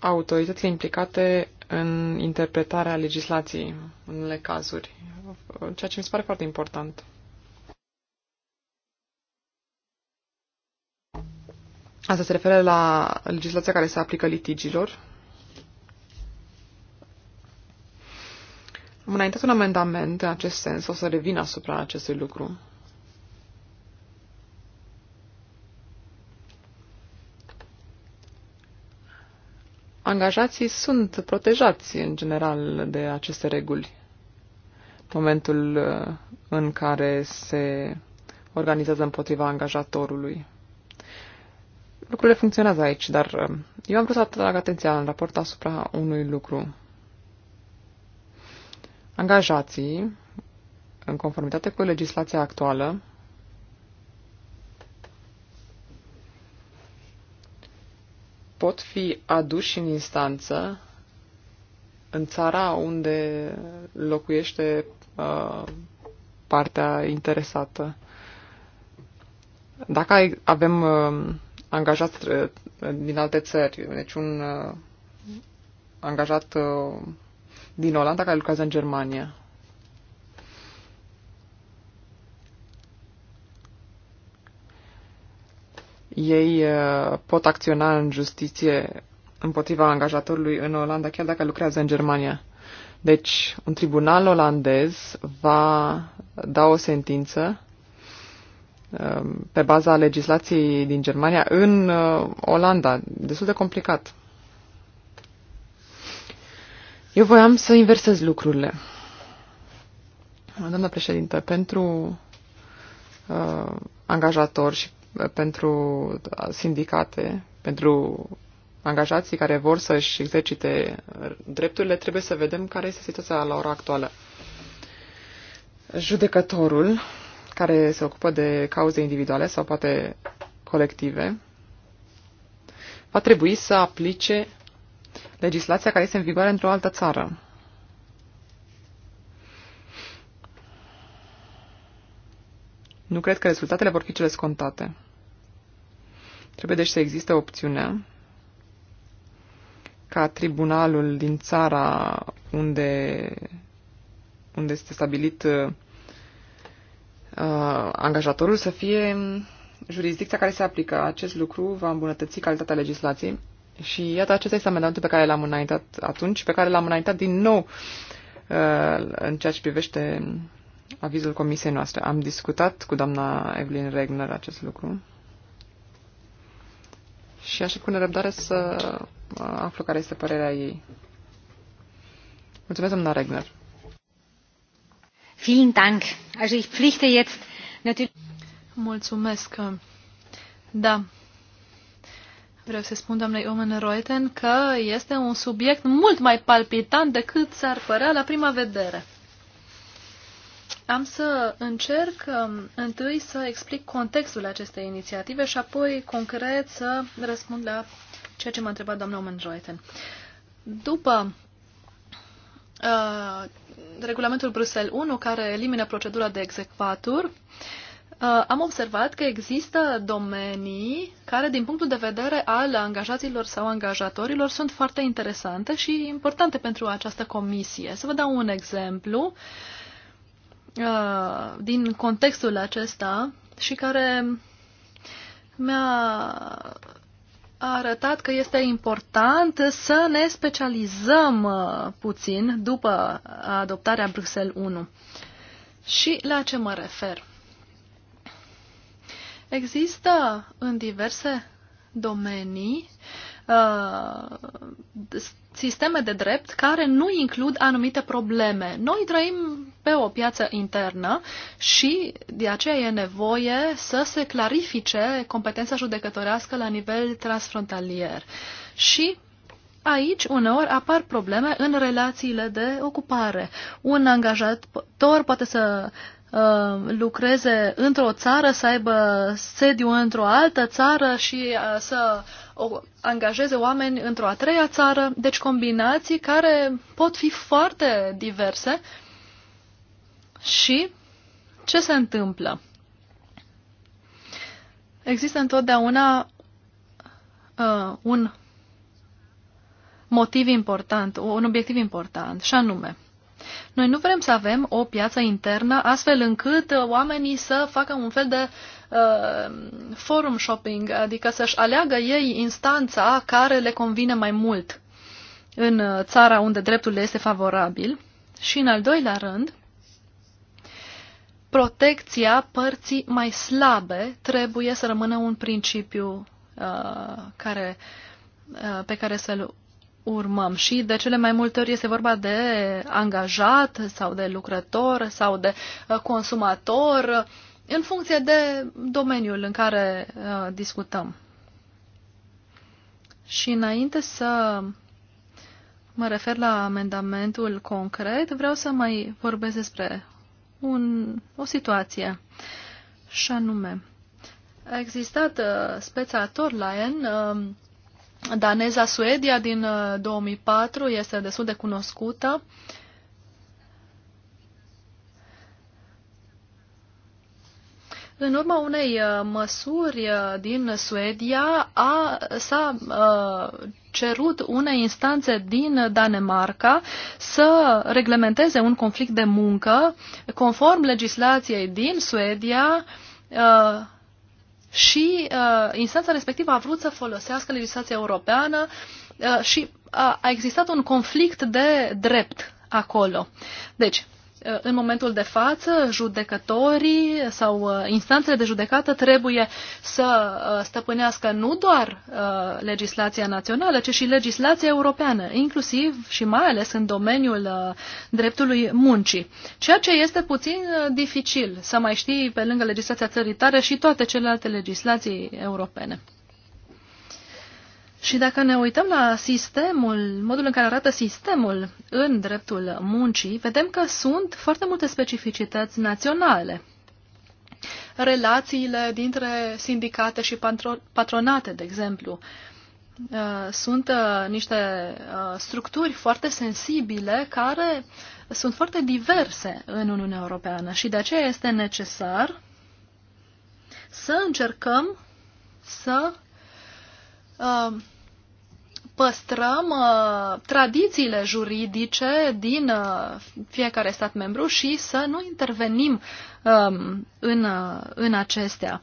Speaker 4: autoritățile implicate în interpretarea legislației în unele cazuri, ceea ce mi se pare foarte important. Asta se referă la legislația care se aplică litigilor. Am înaintat un amendament în acest sens, o să revin asupra acestui lucru. angajații sunt protejați în general de aceste reguli. Momentul uh, în care se organizează împotriva angajatorului. Lucrurile funcționează aici, dar uh, eu am vrut să atrag atenția în raport asupra unui lucru. Angajații, în conformitate cu legislația actuală, pot fi aduși în instanță în țara unde locuiește uh, partea interesată. Dacă avem uh, angajați uh, din alte țări, deci un uh, angajat uh, din Olanda care lucrează în Germania, ei uh, pot acționa în justiție împotriva angajatorului în Olanda, chiar dacă lucrează în Germania. Deci, un tribunal olandez va da o sentință um, pe baza legislației din Germania în uh, Olanda. Destul de complicat. Eu voiam să inversez lucrurile. Doamna președintă, pentru uh, angajator și pentru sindicate, pentru angajații care vor să-și exercite drepturile, trebuie să vedem care este situația la ora actuală. Judecătorul care se ocupă de cauze individuale sau poate colective va trebui să aplice legislația care este în vigoare într-o altă țară. Nu cred că rezultatele vor fi cele scontate. Trebuie deci să existe opțiunea ca tribunalul din țara unde, unde este stabilit uh, angajatorul să fie jurisdicția care se aplică. Acest lucru va îmbunătăți calitatea legislației și iată acesta este amendamentul pe care l-am înaintat atunci pe care l-am înaintat din nou uh, în ceea ce privește avizul comisiei noastre. Am discutat cu doamna Evelyn Regner acest lucru și aș cu nerăbdare să uh, aflu care este părerea ei. Mulțumesc, doamna Regner.
Speaker 1: Vielen Dank. Also ich pflichte jetzt natürlich... Mulțumesc. Da. Vreau să spun doamnei Omen Reuten că este un subiect mult mai palpitant decât s-ar părea la prima vedere. Am să încerc um, întâi să explic contextul acestei inițiative și apoi concret să răspund la ceea ce m-a întrebat doamna Omenroiten. După uh, regulamentul Bruxelles 1, care elimină procedura de execvatur, uh, am observat că există domenii care, din punctul de vedere al angajaților sau angajatorilor, sunt foarte interesante și importante pentru această comisie. Să vă dau un exemplu. Uh, Uh, din contextul acesta și care mi-a arătat că este important să ne specializăm uh, puțin după adoptarea Bruxelles 1. Și la ce mă refer? Există în diverse domenii uh, sisteme de drept care nu includ anumite probleme. Noi trăim pe o piață internă și de aceea e nevoie să se clarifice competența judecătorească la nivel transfrontalier. Și Aici, uneori, apar probleme în relațiile de ocupare. Un angajator poate să uh, lucreze într-o țară, să aibă sediu într-o altă țară și uh, să o, angajeze oameni într-o a treia țară, deci combinații care pot fi foarte diverse. Și ce se întâmplă? Există întotdeauna uh, un motiv important, un obiectiv important, și anume, noi nu vrem să avem o piață internă astfel încât oamenii să facă un fel de Uh, forum shopping, adică să-și aleagă ei instanța care le convine mai mult în uh, țara unde dreptul le este favorabil. Și în al doilea rând, protecția părții mai slabe trebuie să rămână un principiu uh, care, uh, pe care să-l urmăm și de cele mai multe ori este vorba de angajat sau de lucrător sau de uh, consumator în funcție de domeniul în care uh, discutăm. Și înainte să mă refer la amendamentul concret, vreau să mai vorbesc despre un, o situație, și anume, a existat uh, speța Torlaen, uh, daneza Suedia din uh, 2004, este destul de cunoscută, uh, în urma unei uh, măsuri uh, din Suedia a, s-a uh, cerut unei instanțe din Danemarca să reglementeze un conflict de muncă conform legislației din Suedia și instanța respectivă a vrut să folosească legislația europeană și a existat un conflict de drept acolo. Deci, în momentul de față, judecătorii sau uh, instanțele de judecată trebuie să uh, stăpânească nu doar uh, legislația națională, ci și legislația europeană, inclusiv și mai ales în domeniul dreptului muncii. Ceea ce este puțin dificil să mai știi pe lângă legislația țării tare și toate celelalte legislații europene. Și dacă ne uităm la sistemul, modul în care arată sistemul în dreptul muncii, vedem că sunt foarte multe specificități naționale. Relațiile dintre sindicate și patronate, de exemplu, uh, sunt uh, niște uh, structuri foarte sensibile care sunt foarte diverse în Uniunea Europeană și de aceea este necesar să încercăm să păstrăm uh, tradițiile juridice din uh, fiecare stat membru și să nu intervenim um, în, uh, în acestea.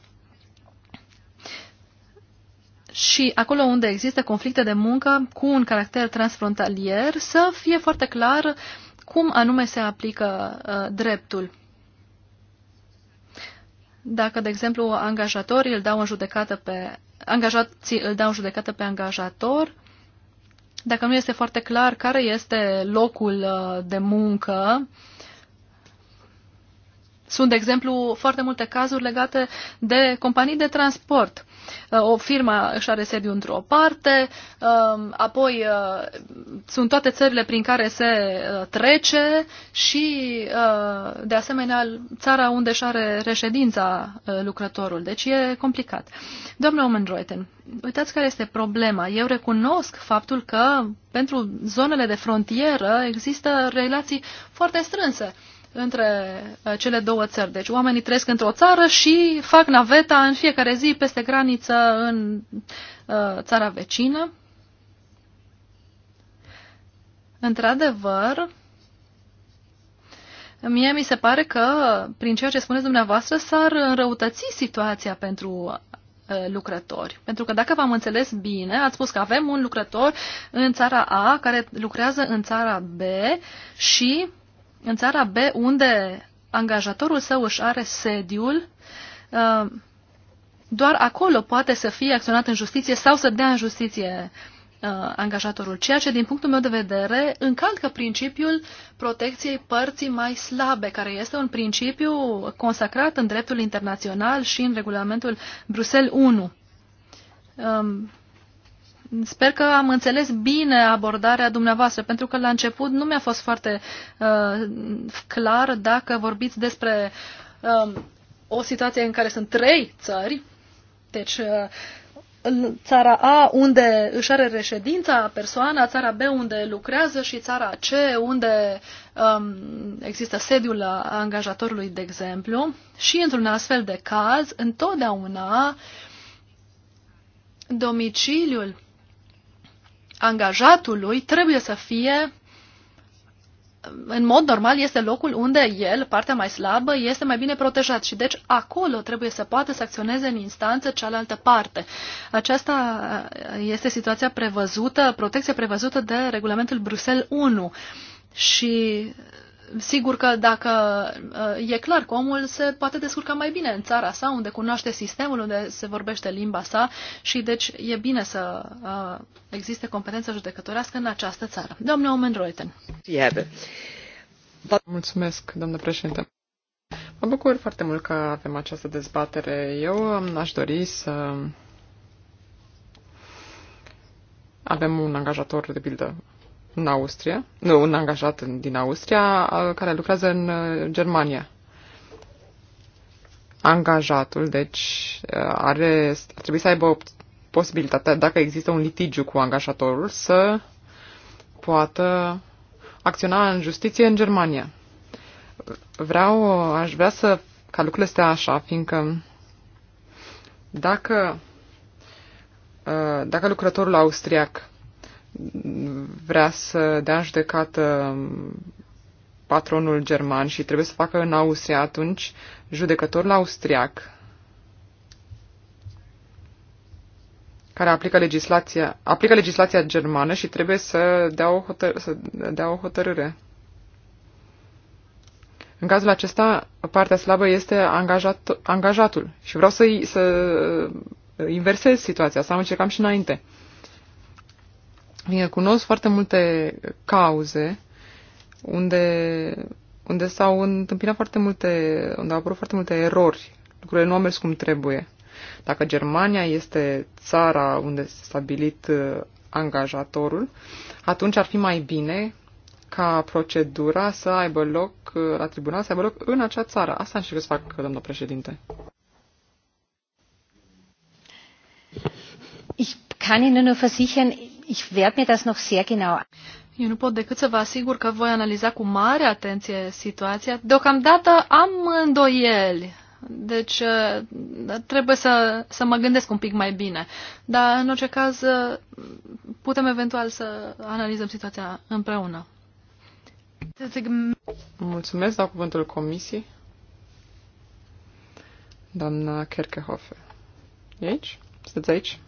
Speaker 1: Și acolo unde există conflicte de muncă cu un caracter transfrontalier, să fie foarte clar cum anume se aplică uh, dreptul. Dacă, de exemplu, angajatorii îl dau în judecată pe angajații îl dau în judecată pe angajator, dacă nu este foarte clar care este locul uh, de muncă, sunt, de exemplu, foarte multe cazuri legate de companii de transport Uh, o firmă își are sediu într-o parte, um, apoi uh, sunt toate țările prin care se uh, trece și, de asemenea, țara unde își are reședința lucrătorul. Deci e complicat. Doamna Omenreuten, uitați care este problema. Eu recunosc faptul că pentru zonele de frontieră există relații foarte strânse între uh, cele două țări. Deci oamenii trăiesc într-o țară și fac naveta în fiecare zi peste graniță în uh, țara vecină. Într-adevăr, mie mi se pare că prin ceea ce spuneți dumneavoastră s-ar înrăutăți situația pentru uh, lucrători. Pentru că dacă v-am înțeles bine, ați spus că avem un lucrător în țara A care lucrează în țara B și în țara B, unde angajatorul său își are sediul, uh, doar acolo poate să fie acționat în justiție sau să dea în justiție uh, angajatorul, ceea ce, din punctul meu de vedere, încalcă principiul protecției părții mai slabe, care este un principiu consacrat în dreptul internațional și în regulamentul Bruxelles 1. Sper că am înțeles bine abordarea dumneavoastră, pentru că la început nu mi-a fost foarte uh, clar dacă vorbiți despre uh, o situație în care sunt trei țări, deci uh, în țara A unde își are reședința persoana, țara B unde lucrează și țara C unde um, există sediul angajatorului, de exemplu. Și într-un astfel de caz, întotdeauna domiciliul angajatului trebuie să fie în mod normal este locul unde el, partea mai slabă, este mai bine protejat și deci acolo trebuie să poată să acționeze în instanță cealaltă parte. Aceasta este situația prevăzută, protecția prevăzută de regulamentul Bruxelles 1 și sigur că dacă uh, e clar că omul se poate descurca mai bine în țara sa, unde cunoaște sistemul, unde se vorbește limba sa și deci e bine să uh, existe competență judecătorească în această țară. Domnule Omen Reuten.
Speaker 4: Mulțumesc, doamnă președinte. Mă bucur foarte mult că avem această dezbatere. Eu aș dori să avem un angajator, de pildă, în Austria, nu, un angajat din Austria care lucrează în uh, Germania. Angajatul, deci, uh, are, ar trebui să aibă posibilitatea, dacă există un litigiu cu angajatorul, să poată acționa în justiție în Germania. Vreau, aș vrea să, ca lucrurile stea așa, fiindcă dacă, uh, dacă lucrătorul austriac vrea să dea în judecată patronul german și trebuie să facă în Austria atunci judecătorul austriac care aplică legislația, aplică legislația germană și trebuie să dea o, hotăr- să dea o hotărâre. În cazul acesta, partea slabă este angajat, angajatul și vreau să, să uh, inversez situația, asta am încercat și înainte. Bine, cunosc foarte multe cauze unde, unde s-au întâmpinat foarte multe, unde au apărut foarte multe erori. Lucrurile nu au mers cum trebuie. Dacă Germania este țara unde s-a stabilit uh, angajatorul, atunci ar fi mai bine ca procedura să aibă loc uh, la tribunal, să aibă loc în acea țară. Asta încerc să fac, domnul președinte.
Speaker 3: Ich kann Ihnen nur versichern, ich werde mir das noch sehr genau
Speaker 1: eu nu pot decât să vă asigur că voi analiza cu mare atenție situația. Deocamdată am îndoieli, deci uh, trebuie să, să mă gândesc un pic mai bine. Dar, în orice caz, uh, putem eventual să analizăm situația împreună.
Speaker 4: Mulțumesc, dau cuvântul comisiei. Doamna Kerkehofe. aici? Sunteți aici?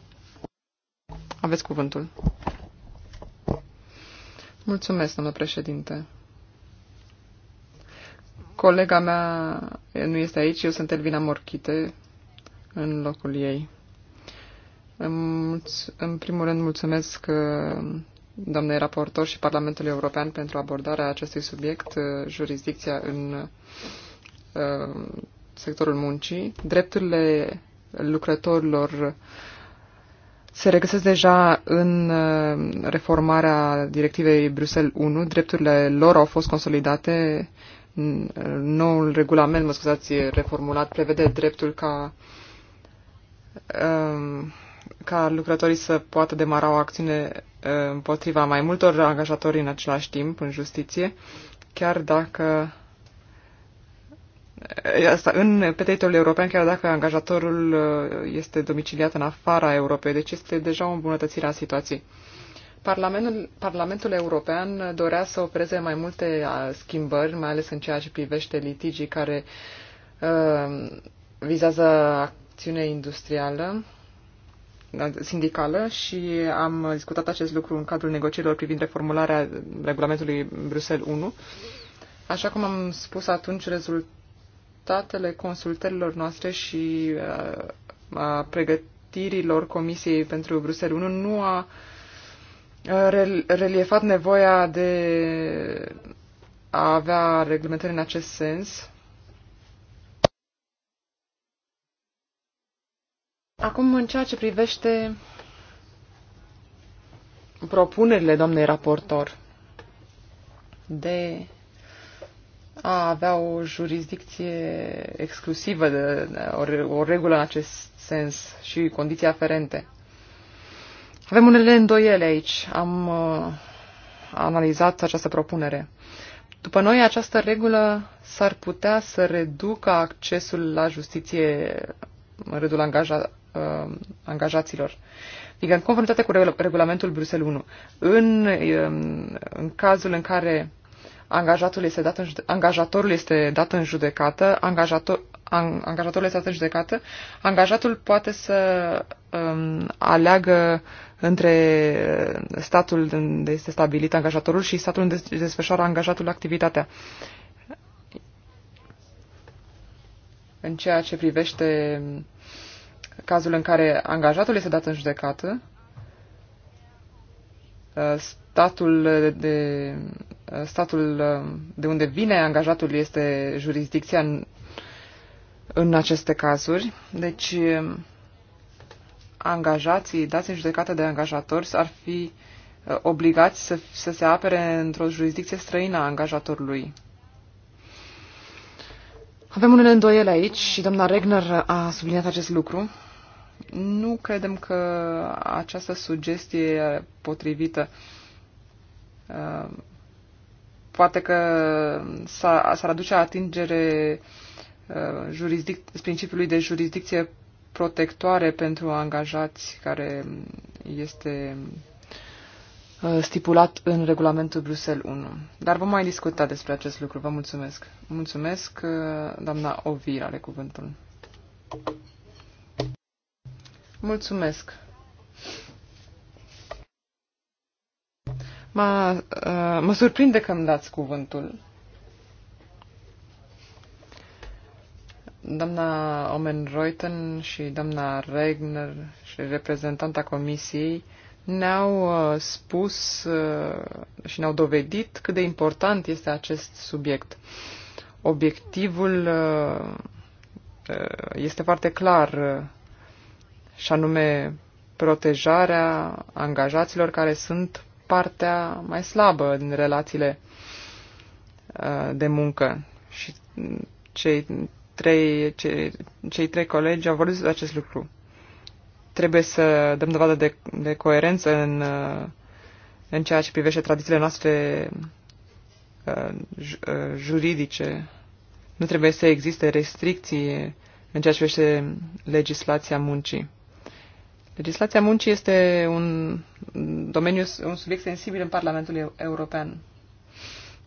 Speaker 4: Aveți cuvântul. Mulțumesc, domnule președinte. Colega mea nu este aici, eu sunt Elvina Morchite în locul ei. În primul rând mulțumesc uh, doamnei raportor și Parlamentului European pentru abordarea acestui subiect, uh, jurisdicția în uh, sectorul muncii, drepturile lucrătorilor se regăsesc deja în uh, reformarea directivei Bruxelles 1. Drepturile lor au fost consolidate. Uh, noul regulament, mă scuzați, reformulat, prevede dreptul ca, um, ca lucrătorii să poată demara o acțiune uh, împotriva mai multor angajatori în același timp în justiție, chiar dacă asta în, pe teritoriul european, chiar dacă angajatorul este domiciliat în afara Europei. Deci este deja o îmbunătățire a situației. Parlamentul, Parlamentul European dorea să opereze mai multe schimbări, mai ales în ceea ce privește litigii care uh, vizează acțiune industrială, da, sindicală și am discutat acest lucru în cadrul negocierilor privind reformularea regulamentului Bruxelles 1. Așa cum am spus atunci, rezultatul rezultatele consultărilor noastre și uh, a pregătirilor Comisiei pentru Bruxelles 1 nu a uh, reliefat nevoia de a avea reglementări în acest sens. Acum, în ceea ce privește propunerile doamnei raportor de a avea o jurisdicție exclusivă, de, o, o regulă în acest sens și condiții aferente. Avem unele îndoiele aici. Am uh, analizat această propunere. După noi, această regulă s-ar putea să reducă accesul la justiție în rândul angaja, uh, angajaților. Adică, în conformitate cu regulamentul Bruxelles 1, în, uh, în cazul în care angajatul este dat în, angajatorul este dat în judecată, angajator, an, angajatorul este dat în judecată, angajatul poate să um, aleagă între statul unde este stabilit angajatorul și statul unde desfășoară angajatul activitatea. În ceea ce privește cazul în care angajatul este dat în judecată, uh, statul de, statul de unde vine angajatul este jurisdicția în, în aceste cazuri. Deci, angajații dați în judecată de angajatori ar fi uh, obligați să, să se apere într-o jurisdicție străină a angajatorului. Avem unele îndoiele aici și doamna Regner a subliniat acest lucru. Nu credem că această sugestie potrivită uh, Uh, poate că s-ar aduce atingere uh, jurisdic, principiului de jurisdicție protectoare pentru angajați care este uh, stipulat în regulamentul Bruxelles 1. Dar vom mai discuta despre acest lucru. Vă mulțumesc. Mulțumesc, doamna Ovir are cuvântul. Mulțumesc. Mă, uh, mă surprinde că îmi dați cuvântul. Doamna Omen Reuten și doamna Regner și reprezentanta comisiei ne-au uh, spus uh, și ne-au dovedit cât de important este acest subiect. Obiectivul este foarte clar și anume protejarea angajaților care sunt partea mai slabă din relațiile uh, de muncă. Și mm, cei trei, cei, cei trei colegi au vorbit despre acest lucru. Trebuie să dăm dovadă de, de coerență în, uh, în ceea ce privește tradițiile noastre uh, juridice. Nu trebuie să existe restricții în ceea ce privește legislația muncii. Legislația muncii este un domeniu, un subiect sensibil în Parlamentul European,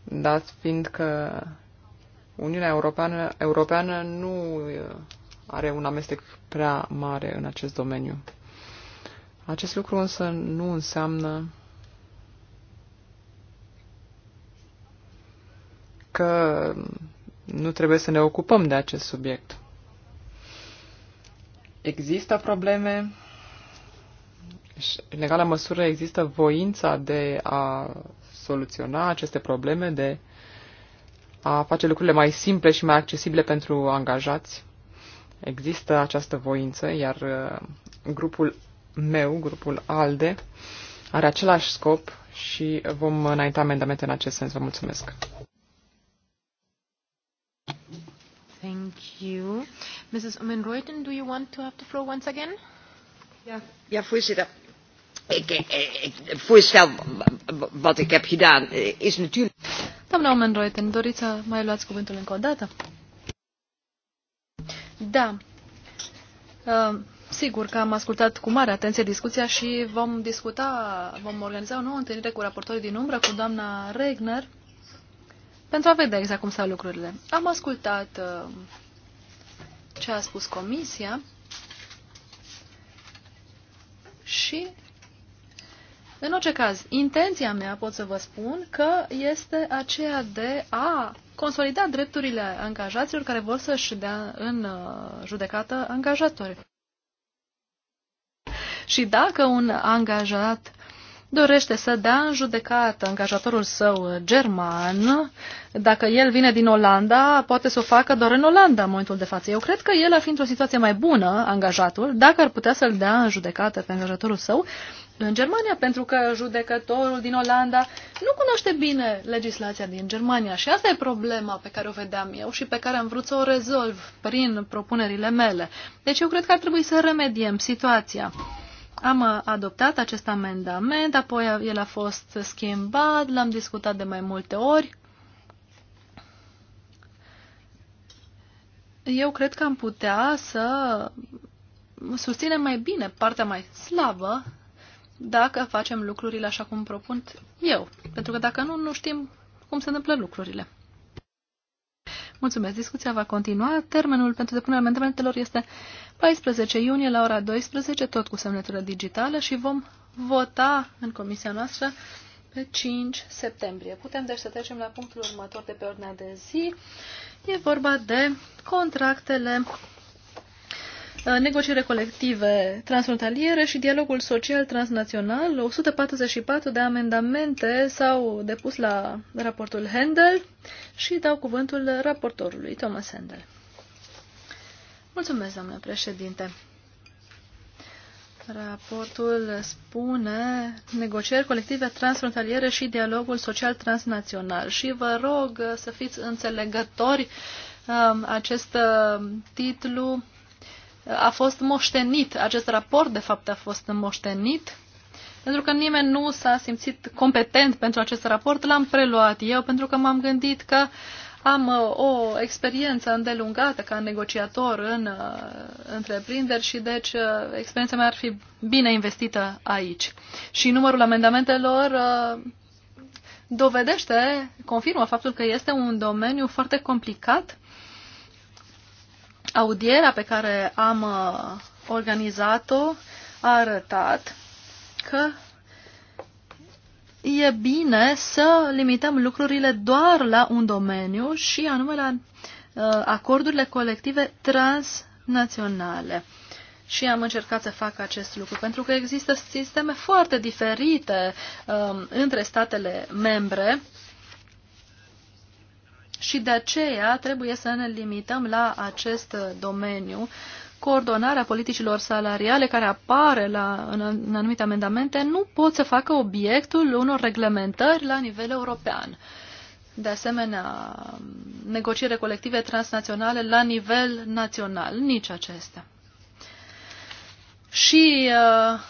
Speaker 4: dat fiind că Uniunea Europeană, Europeană nu uh, are un amestec prea mare în acest domeniu. Acest lucru însă nu înseamnă că nu trebuie să ne ocupăm de acest subiect. Există probleme în egală măsură există voința de a soluționa aceste probleme, de a face lucrurile mai simple și mai accesibile pentru angajați. Există această voință, iar uh, grupul meu, grupul ALDE, are același scop și vom înainta amendamente în acest sens. Vă mulțumesc.
Speaker 2: Thank you. Mrs. Omenreuten, do you want to have the floor once again? Yeah,
Speaker 4: yeah, voorzitter ik, ik, eh, eh, het voorstel wat ik heb gedaan eh, is natuurlijk...
Speaker 1: Doamna Omenroiten, doriți să mai luați cuvântul încă o dată? Da. Uh, sigur că am ascultat cu mare atenție discuția și vom discuta, vom organiza o nouă întâlnire cu raportorii din umbră, cu doamna Regner, pentru a vedea exact cum stau lucrurile. Am ascultat uh, ce a spus comisia și în orice caz, intenția mea, pot să vă spun, că este aceea de a consolida drepturile angajaților care vor să-și dea în uh, judecată angajatori. Și dacă un angajat dorește să dea în judecată angajatorul său german, dacă el vine din Olanda, poate să o facă doar în Olanda în momentul de față. Eu cred că el ar fi într-o situație mai bună, angajatul, dacă ar putea să-l dea în judecată pe angajatorul său, în Germania, pentru că judecătorul din Olanda nu cunoaște bine legislația din Germania și asta e problema pe care o vedeam eu și pe care am vrut să o rezolv prin propunerile mele. Deci eu cred că ar trebui să remediem situația. Am adoptat acest amendament, apoi el a fost schimbat, l-am discutat de mai multe ori. Eu cred că am putea să susținem mai bine partea mai slabă dacă facem lucrurile așa cum propun eu. Pentru că dacă nu, nu știm cum se întâmplă lucrurile. Mulțumesc. Discuția va continua. Termenul pentru depunerea amendamentelor este 14 iunie la ora 12, tot cu semnătură digitală și vom vota în comisia noastră pe 5 septembrie. Putem deci să trecem la punctul următor de pe ordinea de zi. E vorba de contractele Uh, negociere colective transfrontaliere și dialogul social transnațional. 144 de amendamente s-au depus la raportul Handel și dau cuvântul raportorului Thomas Handel. Mulțumesc, doamnă președinte. Raportul spune negocieri colective transfrontaliere și dialogul social transnațional și vă rog să fiți înțelegători um, acest uh, titlu a fost moștenit, acest raport de fapt a fost moștenit, pentru că nimeni nu s-a simțit competent pentru acest raport, l-am preluat eu pentru că m-am gândit că am uh, o experiență îndelungată ca negociator în uh, întreprinderi și deci uh, experiența mea ar fi bine investită aici. Și numărul amendamentelor dovedește, confirmă faptul că este un domeniu foarte complicat audierea pe care am uh, organizat-o a arătat că e bine să limităm lucrurile doar la un domeniu și anume la uh, acordurile colective transnaționale. Și am încercat să fac acest lucru, pentru că există sisteme foarte diferite um, între statele membre și de aceea trebuie să ne limităm la acest domeniu. Coordonarea politicilor salariale care apare la, în, în anumite amendamente nu pot să facă obiectul unor reglementări la nivel european. De asemenea, negociere colective transnaționale la nivel național, nici acestea. Și uh,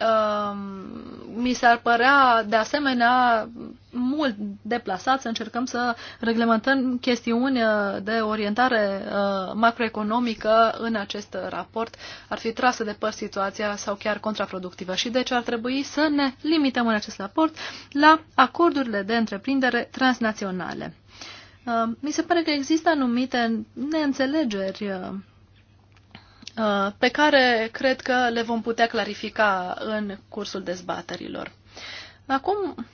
Speaker 1: Ehm, mi s-ar părea de asemenea mult deplasat să încercăm să reglementăm chestiuni eh, de orientare eh, macroeconomică în acest raport. Ar fi trasă de păr situația sau chiar contraproductivă și deci ar trebui să ne limităm în acest raport la acordurile de întreprindere transnaționale. Ehm, mi se pare că există anumite neînțelegeri eh, Uh, pe care cred că le vom putea clarifica în cursul dezbaterilor. Acum,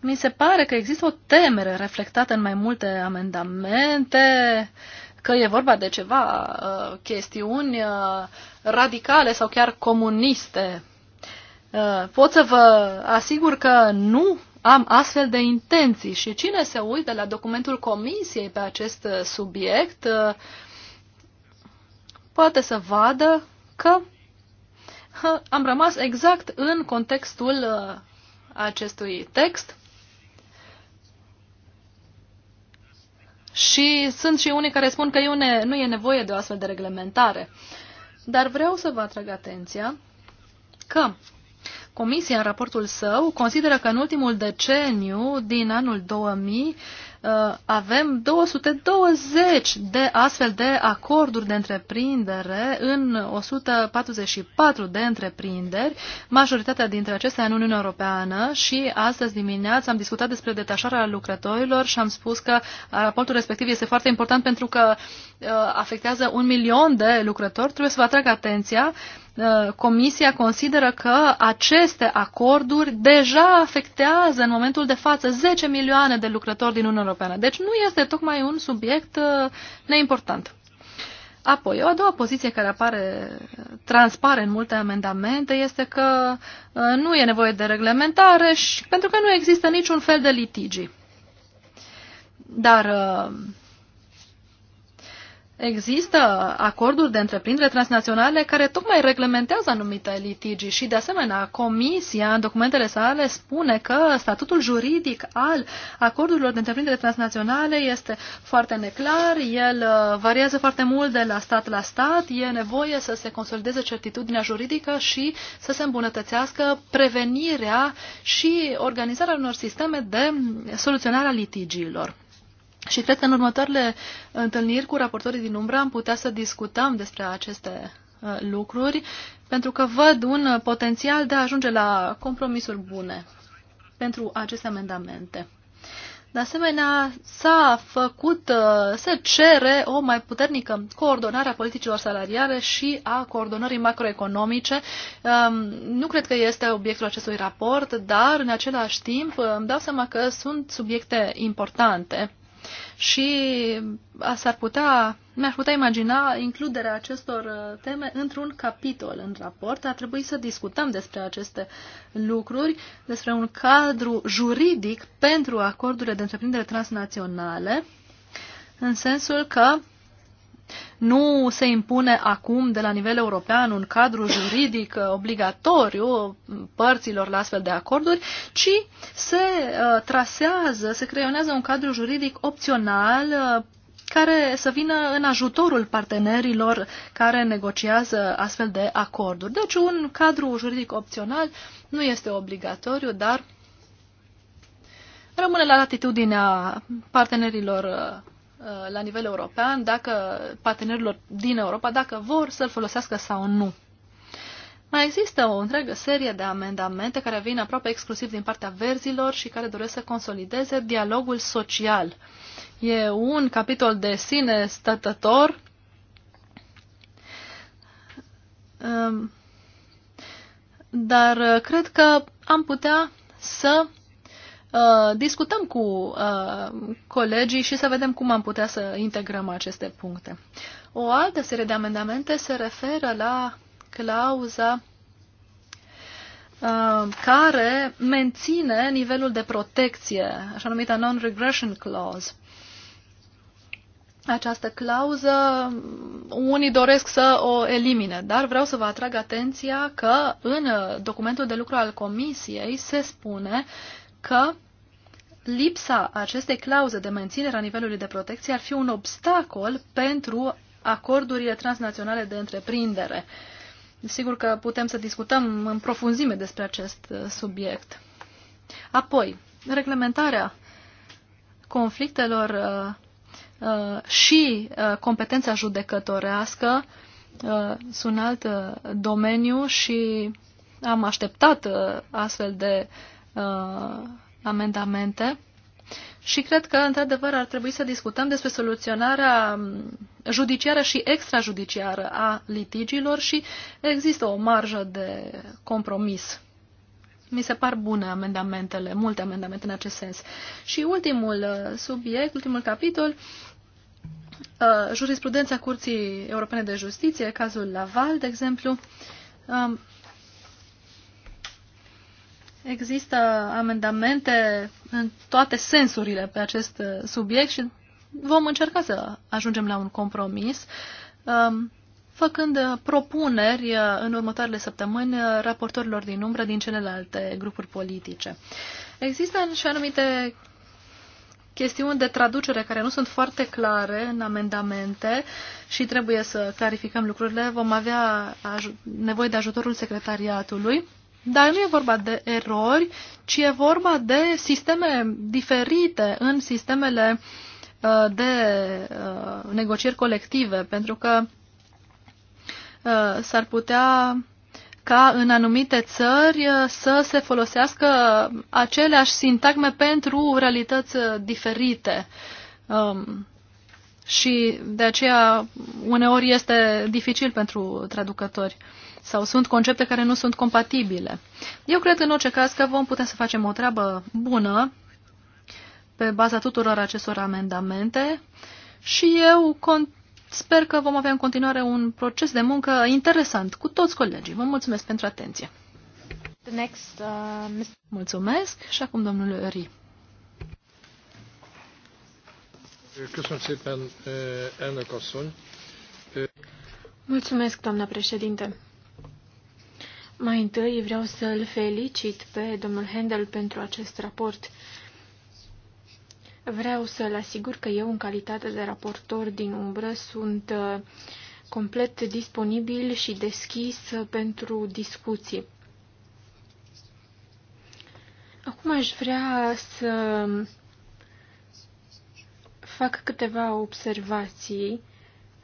Speaker 1: mi se pare că există o temere reflectată în mai multe amendamente, că e vorba de ceva uh, chestiuni uh, radicale sau chiar comuniste. pot să vă asigur că nu am astfel de intenții și cine se uită la documentul comisiei pe acest subiect uh, poate să vadă că am rămas exact în contextul uh, acestui text și sunt și unii care spun că eu ne, nu e nevoie de o astfel de reglementare. Dar vreau să vă atrag atenția că Comisia, în raportul său, consideră că în ultimul deceniu, din anul 2000, Uh, avem 220 de astfel de acorduri de întreprindere în 144 de întreprinderi, majoritatea dintre acestea în Uniunea Europeană și astăzi dimineață am discutat despre detașarea lucrătorilor și am spus că raportul respectiv este foarte important pentru că uh, afectează un milion de lucrători. Trebuie să vă atrag atenția uh, Ă, Comisia consideră că aceste acorduri deja afectează în momentul de față 10 milioane de lucrători din Uniunea Europeană. Deci nu este tocmai un subiect ă, neimportant. Apoi, o a doua poziție care apare, transpare în multe amendamente, este că ă, nu e nevoie de reglementare și pentru că nu există niciun fel de litigi. Dar Există acorduri de întreprindere transnaționale care tocmai reglementează anumite litigi și, de asemenea, Comisia, în documentele sale, spune că statutul juridic al acordurilor de întreprindere transnaționale este foarte neclar, el uh, variază foarte mult de la stat la stat, e nevoie să se consolideze certitudinea juridică și să se îmbunătățească prevenirea și organizarea unor sisteme de soluționare a litigiilor. Și cred că în următoarele uh, întâlniri cu raportorii din umbra am putea să discutăm despre aceste uh, lucruri, pentru că văd un uh, potențial de a ajunge la compromisuri bune pentru aceste amendamente. De asemenea, s-a făcut, se cere o mai puternică coordonare a politicilor salariale și a coordonării macroeconomice. Um, nu cred că este obiectul acestui raport, dar în același timp îmi dau seama că sunt subiecte importante și s-ar putea, mi-aș putea imagina includerea acestor uh, teme într-un capitol în raport. Ar trebui să discutăm despre aceste lucruri, despre un cadru juridic pentru acordurile de întreprindere transnaționale, în sensul că nu se impune acum de la nivel european un cadru juridic uh, obligatoriu uh, părților la astfel de acorduri, ci se uh, trasează, se creionează un cadru juridic opțional care să vină în ajutorul partenerilor care negociază astfel de acorduri. Deci un cadru juridic opțional nu este obligatoriu, dar rămâne la latitudinea partenerilor Uh, la nivel european, dacă partenerilor din Europa, dacă vor să-l folosească sau nu. Mai există o întreagă serie de amendamente care vin aproape exclusiv din partea verzilor și care doresc să consolideze dialogul social. E un capitol de sine stătător. Um, dar uh, cred că am putea să Uh, discutăm cu uh, colegii și să vedem cum am putea să integrăm aceste puncte. O altă serie de amendamente se referă la clauza uh, care menține nivelul de protecție, așa numită non-regression clause această clauză, unii doresc să o elimine, dar vreau să vă atrag atenția că în documentul de lucru al Comisiei se spune că lipsa acestei clauze de menținere a nivelului de protecție ar fi un obstacol pentru acordurile transnaționale de întreprindere. Sigur că putem să discutăm în profunzime despre acest uh, subiect. Apoi, reglementarea conflictelor uh, uh, și competența judecătorească sunt alt domeniu și am așteptat astfel de amendamente și cred că, într-adevăr, ar trebui să discutăm despre soluționarea judiciară și extrajudiciară a litigilor și există o marjă de compromis. Mi se par bune amendamentele, multe amendamente în acest sens. Și ultimul uh, subiect, ultimul capitol, uh, jurisprudența Curții Europene de Justiție, cazul Laval, de exemplu, um, Există amendamente în toate sensurile pe acest uh, subiect și vom încerca să ajungem la un compromis, um, făcând uh, propuneri uh, în următoarele săptămâni raportorilor din umbră din celelalte grupuri politice. Există și anumite chestiuni de traducere care nu sunt foarte clare în amendamente și trebuie să clarificăm lucrurile. Vom avea nevoie de ajutorul secretariatului dar nu e vorba de erori, ci e vorba de sisteme diferite în sistemele uh, de uh, negocieri colective, pentru că uh, s-ar putea ca în anumite țări să se folosească aceleași sintagme pentru realități diferite. Um, și de aceea uneori este dificil pentru traducători sau sunt concepte care nu sunt compatibile. Eu cred în orice caz că vom putea să facem o treabă bună pe baza tuturor acestor amendamente și eu sper că vom avea în continuare un proces de muncă interesant cu toți colegii. Vă mulțumesc pentru atenție. The next, uh, Mulțumesc și
Speaker 2: acum domnul Ri. Eh, eh, mulțumesc, doamna președinte. Mai întâi vreau să-l felicit pe domnul Handel pentru acest raport. Vreau să-l asigur că eu, în calitate de raportor din umbră, sunt uh, complet disponibil și deschis pentru discuții. Acum aș vrea să fac câteva observații,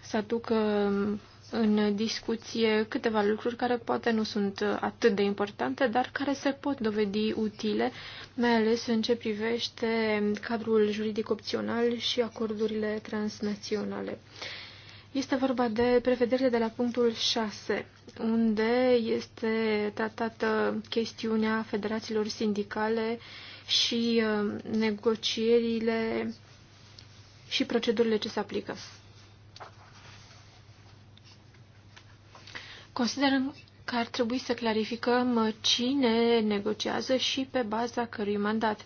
Speaker 2: să aduc um, în discuție câteva lucruri care poate nu sunt atât de importante, dar care se pot dovedi utile, mai ales în ce privește cadrul juridic opțional și acordurile transnaționale. Este vorba de prevederile de la punctul 6, unde este tratată chestiunea federațiilor sindicale și uh, negocierile și procedurile ce se aplică. Considerăm că ar trebui să clarificăm uh, cine negociază și pe baza cărui mandat.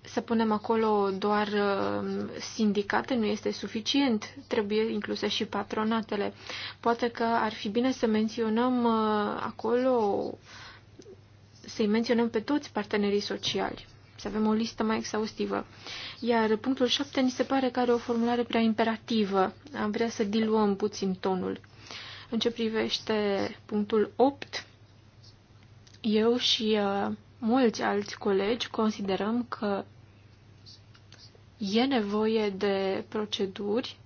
Speaker 2: Să punem acolo doar uh, sindicate nu este suficient, trebuie incluse și patronatele. Poate că ar fi bine să menționăm uh, acolo, să-i menționăm pe toți partenerii sociali să avem o listă mai exhaustivă. Iar punctul 7 ni se pare că are o formulare prea imperativă. Am vrea să diluăm puțin tonul. În ce privește punctul 8, eu și uh, mulți alți colegi considerăm că e nevoie de proceduri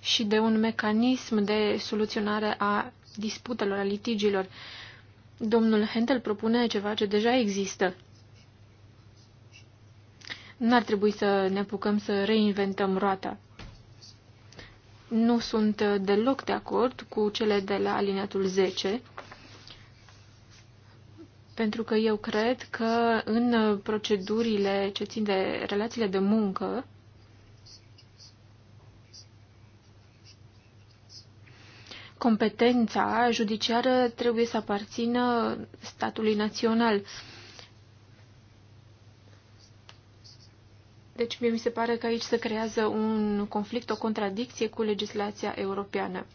Speaker 2: și de un mecanism de soluționare a disputelor, a litigiilor. Uh, Domnul Hentel propune ceva ce deja există. N-ar trebui să ne apucăm să reinventăm roata. Nu sunt deloc de acord cu cele de la alineatul 10, pentru că eu cred că în procedurile ce țin de relațiile de muncă, competența judiciară trebuie să aparțină statului național. Deci mie mi se pare că aici se creează un conflict, o contradicție cu legislația europeană.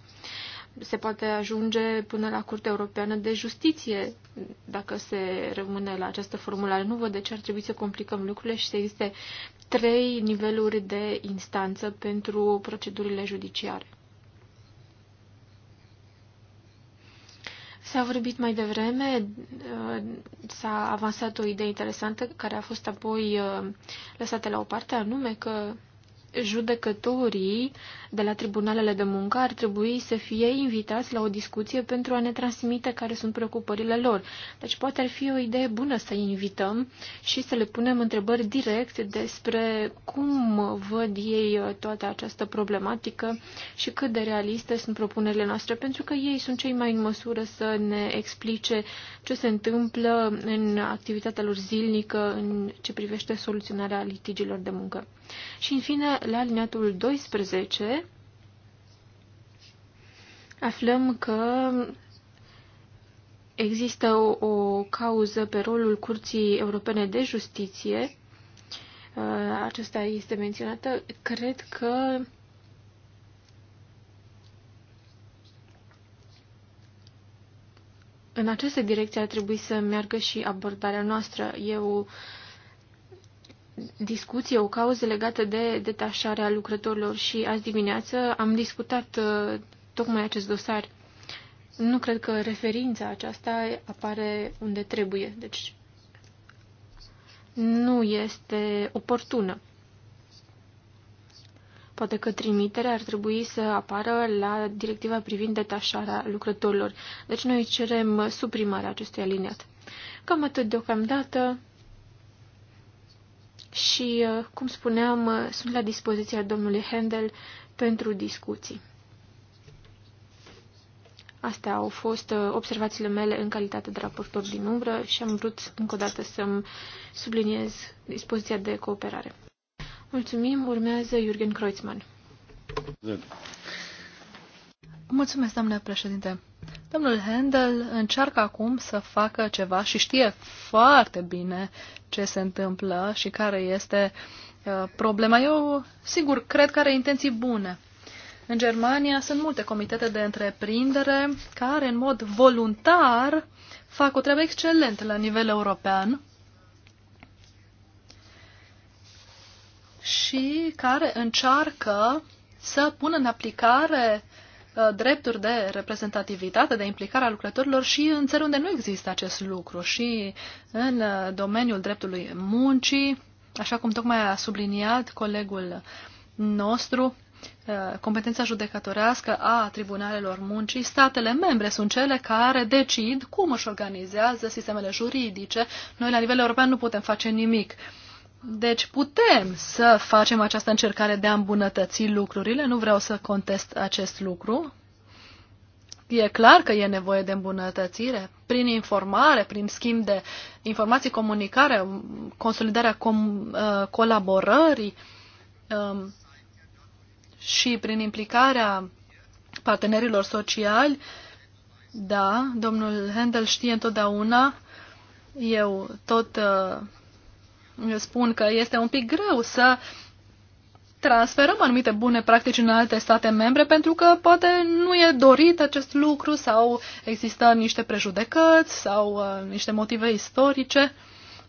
Speaker 2: Se poate ajunge până la Curtea Europeană de Justiție dacă se rămâne la această formulare. Nu văd de ce ar trebui să complicăm lucrurile și să existe trei niveluri de instanță pentru procedurile judiciare. S-a vorbit mai devreme, uh, s-a avansat o idee interesantă care a fost apoi uh, lăsată la o parte, anume că judecătorii de la tribunalele de muncă ar trebui să fie invitați la o discuție pentru a ne transmite care sunt preocupările lor. Deci poate ar fi o idee bună să i invităm și să le punem întrebări direct despre cum văd ei uh, toată această problematică și cât de realiste sunt propunerile noastre, pentru că ei sunt cei mai în măsură să ne explice ce se întâmplă în activitatea lor zilnică în ce privește soluționarea litigilor de muncă. Și în fine, la alineatul 12 aflăm că există o, o cauză pe rolul Curții Europene de Justiție. Uh, aceasta este menționată. Cred că în această direcție ar trebui să meargă și abordarea noastră. Eu uh, discuție, o cauză legată de detașarea lucrătorilor și azi dimineață am discutat uh, tocmai acest dosar. Nu cred că referința aceasta apare unde trebuie, deci nu este oportună. Poate că trimiterea ar trebui să apară la directiva privind detașarea lucrătorilor. Deci noi cerem suprimarea acestui aliniat. Cam atât deocamdată și, uh, cum spuneam, uh, sunt la dispoziția domnului Handel pentru discuții. Astea au fost uh, observațiile mele în calitate de raportor din umbră și am vrut încă o dată să-mi subliniez dispoziția de cooperare. Mulțumim, urmează Jürgen Kreuzmann.
Speaker 1: Mulțumesc, doamnă președinte. Domnul Handel încearcă acum să facă ceva și știe foarte bine ce se întâmplă și care este uh, problema. Eu, sigur, cred că are intenții bune. În Germania sunt multe comitete de întreprindere care, în mod voluntar, fac o treabă excelentă la nivel european și care încearcă să pună în aplicare uh, Uh, drepturi de reprezentativitate, de implicare a lucrătorilor și în țări unde nu există acest lucru și în uh, domeniul dreptului muncii, așa cum tocmai a subliniat colegul nostru, uh, competența judecătorească a tribunalelor muncii, statele membre sunt cele care decid cum își organizează sistemele juridice. Noi, la nivel european, nu putem face nimic. Uh, deci putem să facem această încercare de a îmbunătăți lucrurile, nu vreau să contest acest lucru. E clar că e nevoie de îmbunătățire prin informare, prin schimb de informații, comunicare, consolidarea com, uh, colaborării um, și prin implicarea partenerilor sociali. Da, domnul Handel știe întotdeauna, eu tot uh, spun că este un pic greu să transferăm anumite bune practici în alte state membre pentru că poate nu e dorit acest lucru sau există niște prejudecăți sau uh, niște motive istorice.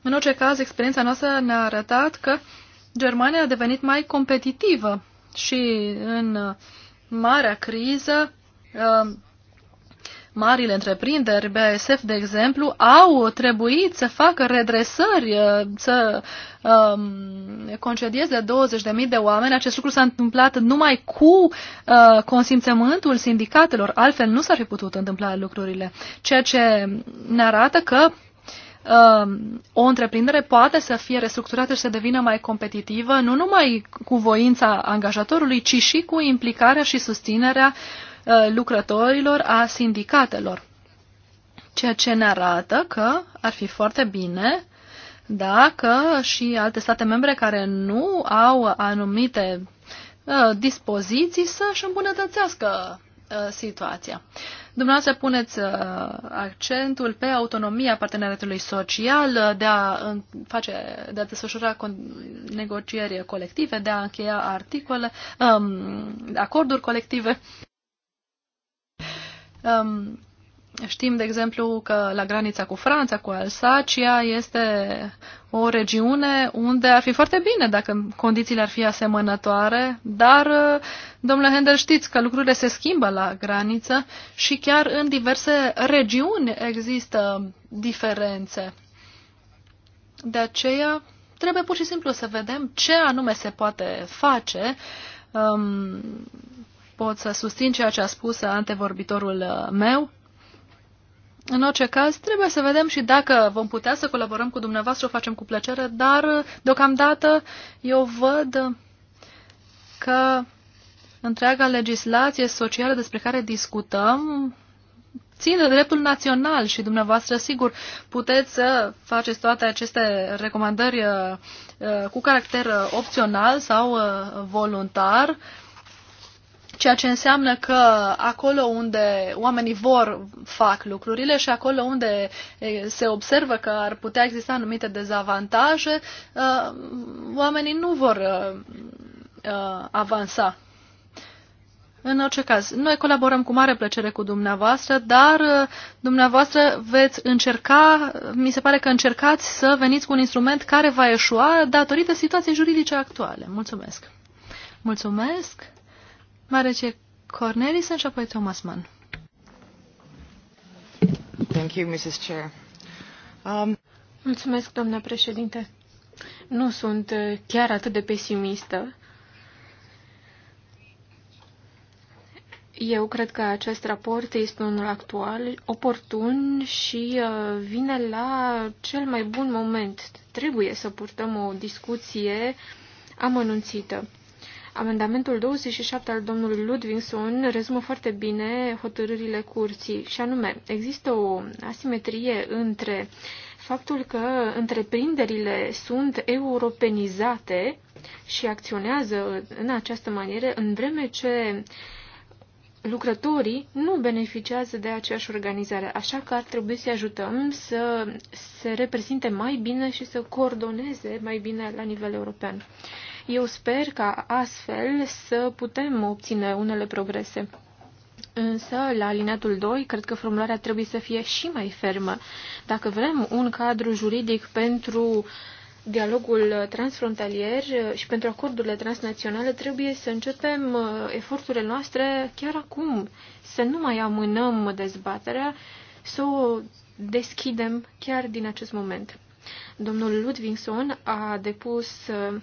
Speaker 1: În orice caz, experiența noastră ne-a arătat că Germania a devenit mai competitivă și în uh, marea criză uh, marile întreprinderi, BASF de exemplu, au trebuit să facă redresări, uh, să um, concedieze 20.000 de oameni. Acest lucru s-a întâmplat numai cu uh, consimțământul sindicatelor, altfel nu s-ar fi putut întâmpla lucrurile. Ceea ce ne arată că um, o întreprindere poate să fie restructurată și să devină mai competitivă, nu numai cu voința angajatorului, ci și cu implicarea și susținerea uh, Uh, lucrătorilor, a sindicatelor. Ceea ce ne arată că ar fi foarte bine dacă și alte state membre care nu au anumite uh, dispoziții să-și îmbunătățească uh, situația. Dumneavoastră puneți accentul pe autonomia parteneriatului social de a, face, de a desfășura negocieri colective, de a încheia articole, um, acorduri colective. Um, Știm, de exemplu, că la granița cu Franța, cu Alsacia, este o regiune unde ar fi foarte bine dacă condițiile ar fi asemănătoare, dar, uh, domnule Hender, știți că lucrurile se schimbă la graniță și chiar în diverse regiuni există diferențe. De aceea, trebuie pur și simplu să vedem ce anume se poate face um, pot să susțin ceea ce a spus antevorbitorul uh, meu. În orice caz, trebuie să vedem și dacă vom putea să colaborăm cu dumneavoastră, o facem cu plăcere, dar uh, deocamdată eu văd uh, că întreaga legislație socială despre care discutăm ține dreptul național și dumneavoastră, sigur, puteți să faceți toate aceste recomandări cu caracter opțional sau voluntar, Ceea ce înseamnă că acolo unde oamenii vor fac lucrurile și acolo unde se observă că ar putea exista anumite dezavantaje, oamenii nu vor avansa. În orice caz, noi colaborăm cu mare plăcere cu dumneavoastră, dar dumneavoastră veți încerca, mi se pare că încercați să veniți cu un instrument care va eșua datorită situației juridice actuale. Mulțumesc! Mulțumesc! Marece Cornelison
Speaker 2: și apoi Thomas Mann. Thank you, Mrs. Chair. Um... Mulțumesc, doamnă președinte. Nu sunt uh, chiar atât de pesimistă. Eu cred că acest raport este unul actual, oportun și uh, vine la cel mai bun moment. Trebuie să purtăm o discuție amănunțită. Amendamentul 27 al domnului Ludvingson rezumă foarte bine hotărârile curții și anume, există o asimetrie între faptul că întreprinderile sunt europenizate și acționează în această manieră, în vreme ce uh, lucrătorii nu beneficiază de aceeași organizare, așa că ar trebui să-i ajutăm să se reprezinte mai bine și să coordoneze mai bine la nivel european. Eu sper ca astfel să putem obține unele progrese. Însă, la alineatul 2, cred că formularea trebuie să fie și mai fermă. Dacă vrem un cadru juridic pentru uh, dialogul transfrontalier și pentru acordurile transnaționale trebuie să începem uh, eforturile noastre chiar acum, să nu mai amânăm dezbaterea, să o deschidem chiar din acest moment. Domnul Ludvingson a depus uh,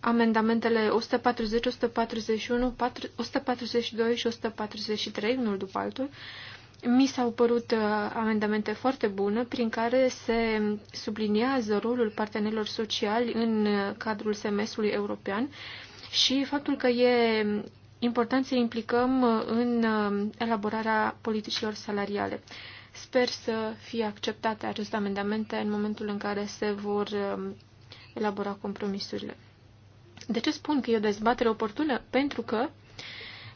Speaker 2: amendamentele 140, 141, 142 și 143, unul după altul, mi s-au părut uh, amendamente foarte bune prin care se subliniază rolul partenerilor sociali în uh, cadrul semestrului european și faptul că e important să implicăm uh, în elaborarea politicilor salariale. Sper să fie acceptate aceste amendamente în momentul în care se vor um, elabora compromisurile. De ce spun că e o dezbatere oportună? Pentru că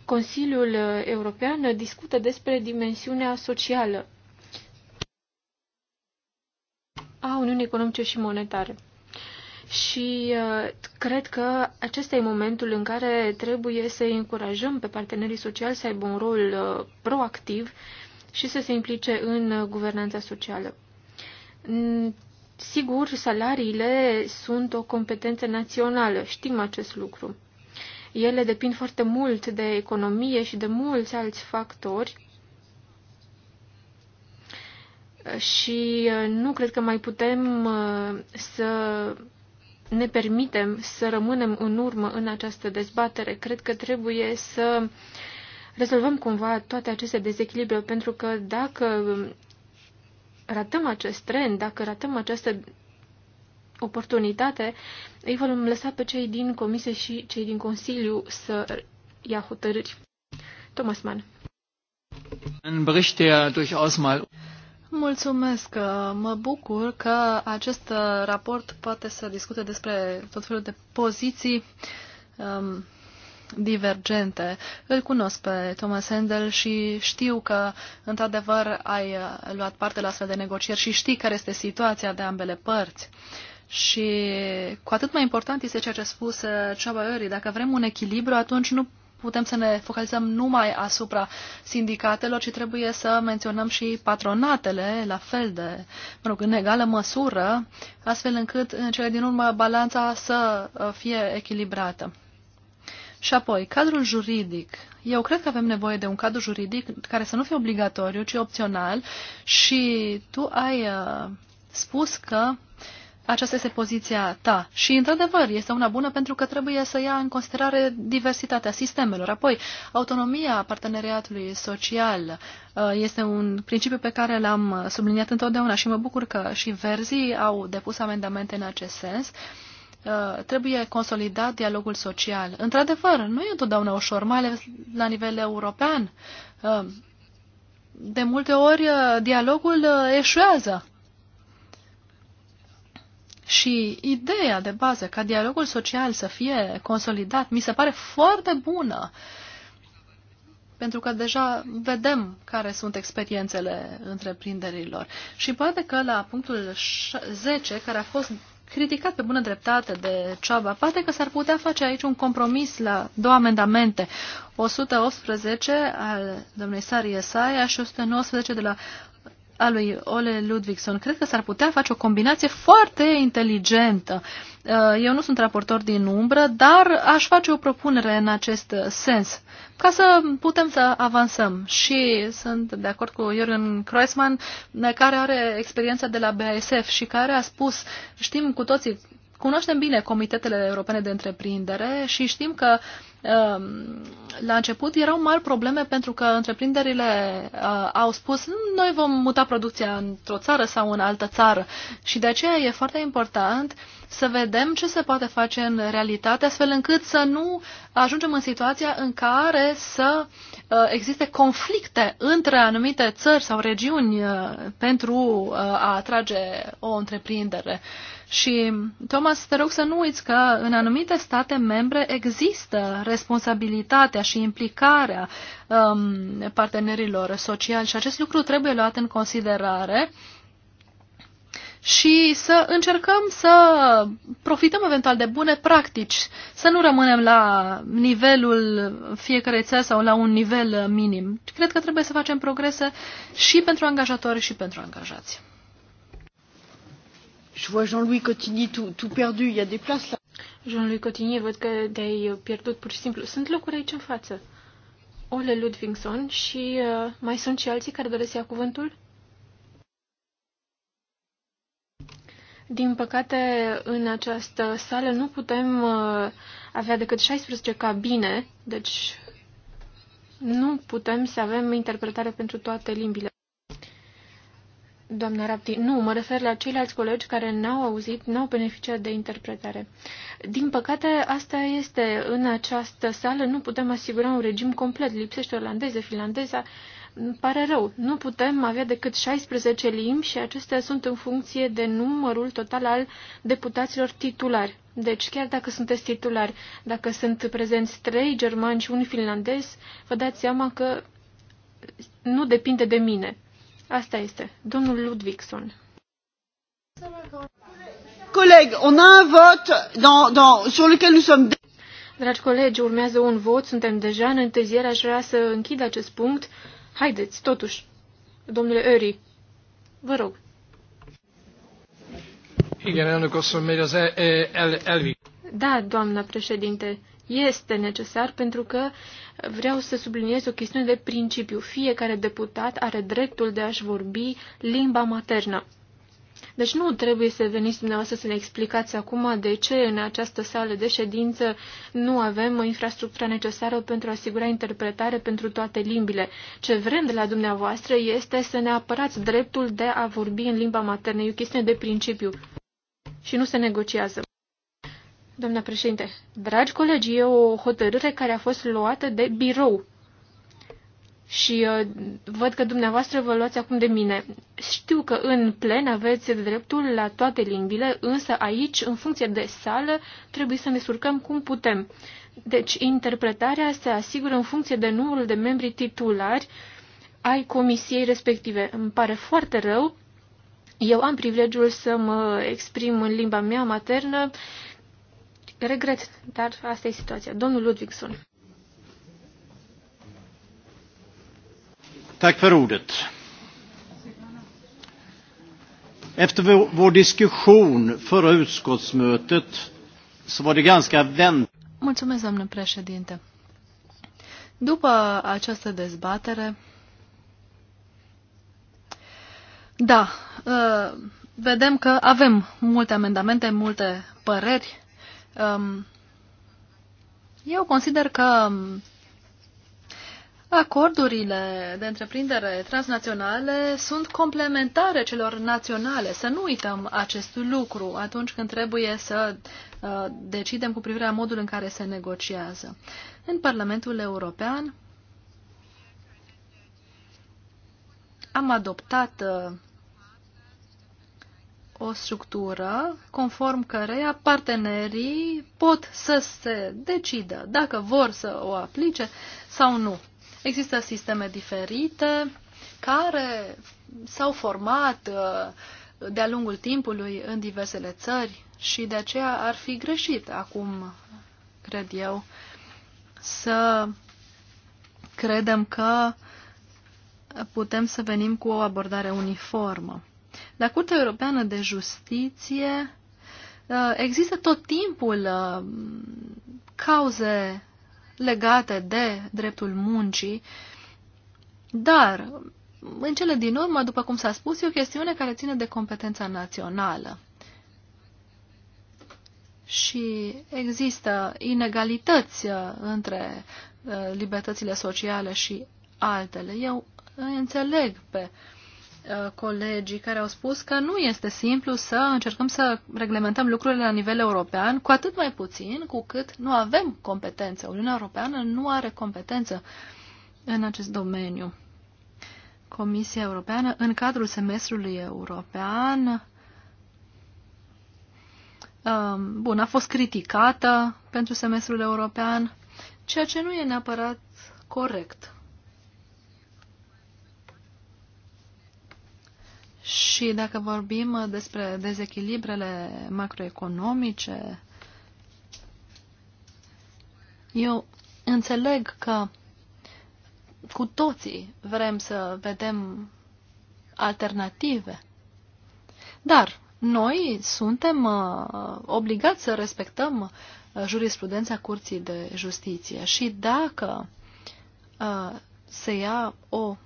Speaker 2: Consiliul European discută despre dimensiunea socială a Uniunii Economice și Monetare. Și uh, cred că acesta e momentul în care trebuie să îi încurajăm pe partenerii sociali să aibă un rol uh, proactiv și să se implice în uh, guvernanța socială. Sigur, salariile sunt o competență națională, știm acest lucru. Ele depind foarte mult de economie și de mulți alți factori și uh, nu cred că mai putem uh, să ne permitem să rămânem în urmă în această dezbatere. Cred că trebuie să rezolvăm cumva toate aceste dezechilibre, pentru că dacă ratăm acest trend, dacă ratăm această oportunitate, îi vom lăsa pe cei din Comisie și cei din Consiliu să ia hotărâri. Thomas Mann. În bericht, durchaus mal
Speaker 1: Mulțumesc! Mă bucur că acest raport poate să discute despre tot felul de poziții um, divergente. Îl cunosc pe Thomas Handel și știu că, într-adevăr, ai luat parte la astfel de negocieri și știi care este situația de ambele părți. Uh, și cu atât mai important este ceea ce a spus uh, Ceaba Ori. Dacă vrem un echilibru, atunci nu putem să ne focalizăm numai asupra sindicatelor, ci trebuie să menționăm și patronatele, la fel de, mă rog, în egală măsură, astfel încât în cele din urmă balanța să uh, fie echilibrată. Și apoi, cadrul juridic. Eu cred că avem nevoie de un cadru juridic care să nu fie obligatoriu, ci opțional și tu ai uh, spus că uh, aceasta este poziția ta. Și, într-adevăr, este una bună pentru că trebuie să ia în considerare diversitatea sistemelor. Apoi, autonomia parteneriatului social uh, este un principiu pe care l-am subliniat întotdeauna și mă bucur că și verzii au depus amendamente în acest sens. Uh, trebuie consolidat dialogul social. Într-adevăr, nu e întotdeauna ușor, mai ales la nivel european. Uh, de multe ori, dialogul eșuează și ideea de bază ca dialogul social să fie consolidat mi se pare foarte bună. Pentru că deja vedem care sunt experiențele întreprinderilor. Și poate că la punctul 10, care a fost criticat pe bună dreptate de Ceaba, poate că s-ar putea face aici un compromis la două amendamente, 118 al domnului Sari Esaia și 119 de la a lui Ole Ludvigson. Cred că s-ar putea face o combinație foarte inteligentă. Uh, eu nu sunt raportor din umbră, dar aș face o propunere în acest sens, ca să putem să avansăm. Și sunt de acord cu Jürgen Kreuzmann, care are experiența de la BASF și care a spus, știm cu toții, cunoaștem bine comitetele europene de întreprindere și știm că uh, Ehm, la început erau mari probleme pentru că întreprinderile uh, au spus noi vom muta producția într-o țară sau în altă țară și de aceea e foarte important să vedem ce se poate face în realitate, astfel încât să nu ajungem în situația în care să uh, existe conflicte între anumite țări sau regiuni uh, pentru uh, a atrage o întreprindere. Și, Thomas, te rog să nu uiți că în anumite state membre există responsabilitatea și implicarea um, partenerilor sociali și acest lucru trebuie luat în considerare uh, și să încercăm să profităm eventual de bune practici, să nu rămânem la nivelul fiecarei țări sau la un nivel minim. Cred că trebuie să facem progrese și pentru
Speaker 2: angajatori și pentru angajați. Je vois Jean-Louis Cotigny tout, tout perdu, il y a des places là. Jean-Louis Cotigny, văd că de-ai pierdut pur și simplu. Sunt locuri aici în față. Ole Ludvingson și uh, mai sunt și alții care doresc să ia cuvântul? Din păcate, în această sală nu putem uh, avea decât 16 cabine, deci nu putem să avem interpretare pentru toate limbile. Doamna Rapti, nu, mă refer la ceilalți colegi care n-au auzit, n-au beneficiat de interpretare. Din păcate, asta este, în această sală nu putem asigura un regim complet, lipsește olandeză, finlandeza îmi pare rău, nu putem avea decât 16 limbi și acestea sunt în funcție de numărul total al deputaților titulari. Deci, chiar dacă sunteți titulari, dacă sunt prezenți trei germani și un finlandez, vă dați seama că nu depinde de mine. Asta este. Domnul Ludvigson. Coleg, on a un vot dans, dans, sur lequel nous sommes... Dragi colegi, urmează un vot, suntem deja în întârziere, aș vrea să închid acest punct. Haideți, totuși, domnule Öri, vă rog. Da, doamna președinte, este necesar pentru că vreau să subliniez o chestiune de principiu. Fiecare deputat are dreptul de a-și vorbi limba maternă. Deci nu trebuie să veniți dumneavoastră să ne explicați acum de ce în această sală de ședință nu avem infrastructura necesară pentru a asigura interpretare pentru toate limbile. Ce vrem de la dumneavoastră este să ne apărați dreptul de a vorbi în limba maternă. E o chestiune de principiu și nu se negociază. Doamna președinte, dragi colegi, e o hotărâre care a fost luată de birou și uh, văd că dumneavoastră vă luați acum de mine. Știu că în plen aveți dreptul la toate limbile, însă aici, în funcție de sală, trebuie să ne surcăm cum putem. Deci, interpretarea se asigură în funcție de numărul de membri titulari ai comisiei respective. Îmi pare foarte rău. Eu am privilegiul să mă exprim în limba mea maternă. Regret, dar asta e situația. Domnul Ludvigson. Tack för ordet. Efter vår, diskussion förra utskottsmötet så var det ganska vänt.
Speaker 1: Mulțumesc, doamnă președinte. După această dezbatere, da, ă, vedem că avem multe amendamente, multe păreri. Eu consider că Acordurile de întreprindere transnaționale sunt complementare celor naționale. Să nu uităm acest lucru atunci când trebuie să uh, decidem cu privire la modul în care se negociază. În Parlamentul European am adoptat uh, o structură conform căreia partenerii pot să se decidă dacă vor să o aplice sau nu. Există sisteme diferite care s-au format uh, de-a lungul timpului în diversele țări și de aceea ar fi greșit acum, cred eu, să credem că putem să venim cu o abordare uniformă. La Curtea Europeană de Justiție uh, există tot timpul uh, cauze legate de dreptul muncii, dar, în cele din urmă, după cum s-a spus, e o chestiune care ține de competența națională. Și există inegalități uh, între uh, libertățile sociale și altele. Eu înțeleg pe uh, Uh, colegii care au spus că nu este simplu să încercăm să reglementăm lucrurile la nivel european, cu atât mai puțin cu cât nu avem competență. Uniunea Europeană nu are competență în acest domeniu. Comisia Europeană, în cadrul semestrului european, um, bun, a fost criticată pentru semestrul european, ceea ce nu e neapărat corect Și dacă vorbim despre dezechilibrele macroeconomice, eu înțeleg că cu toții vrem să vedem alternative. Dar noi suntem uh, obligați să respectăm uh, jurisprudența Curții de Justiție și dacă uh, se ia o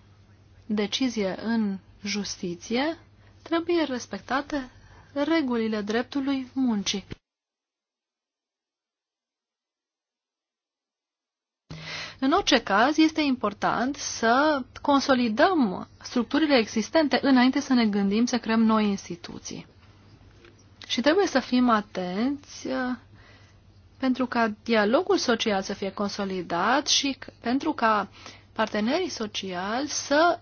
Speaker 1: decizie în justiție, trebuie respectate regulile dreptului muncii. În orice caz, este important să consolidăm structurile existente înainte să ne gândim să creăm noi instituții. Și trebuie să fim atenți uh, pentru ca dialogul social să fie consolidat și pentru ca partenerii sociali să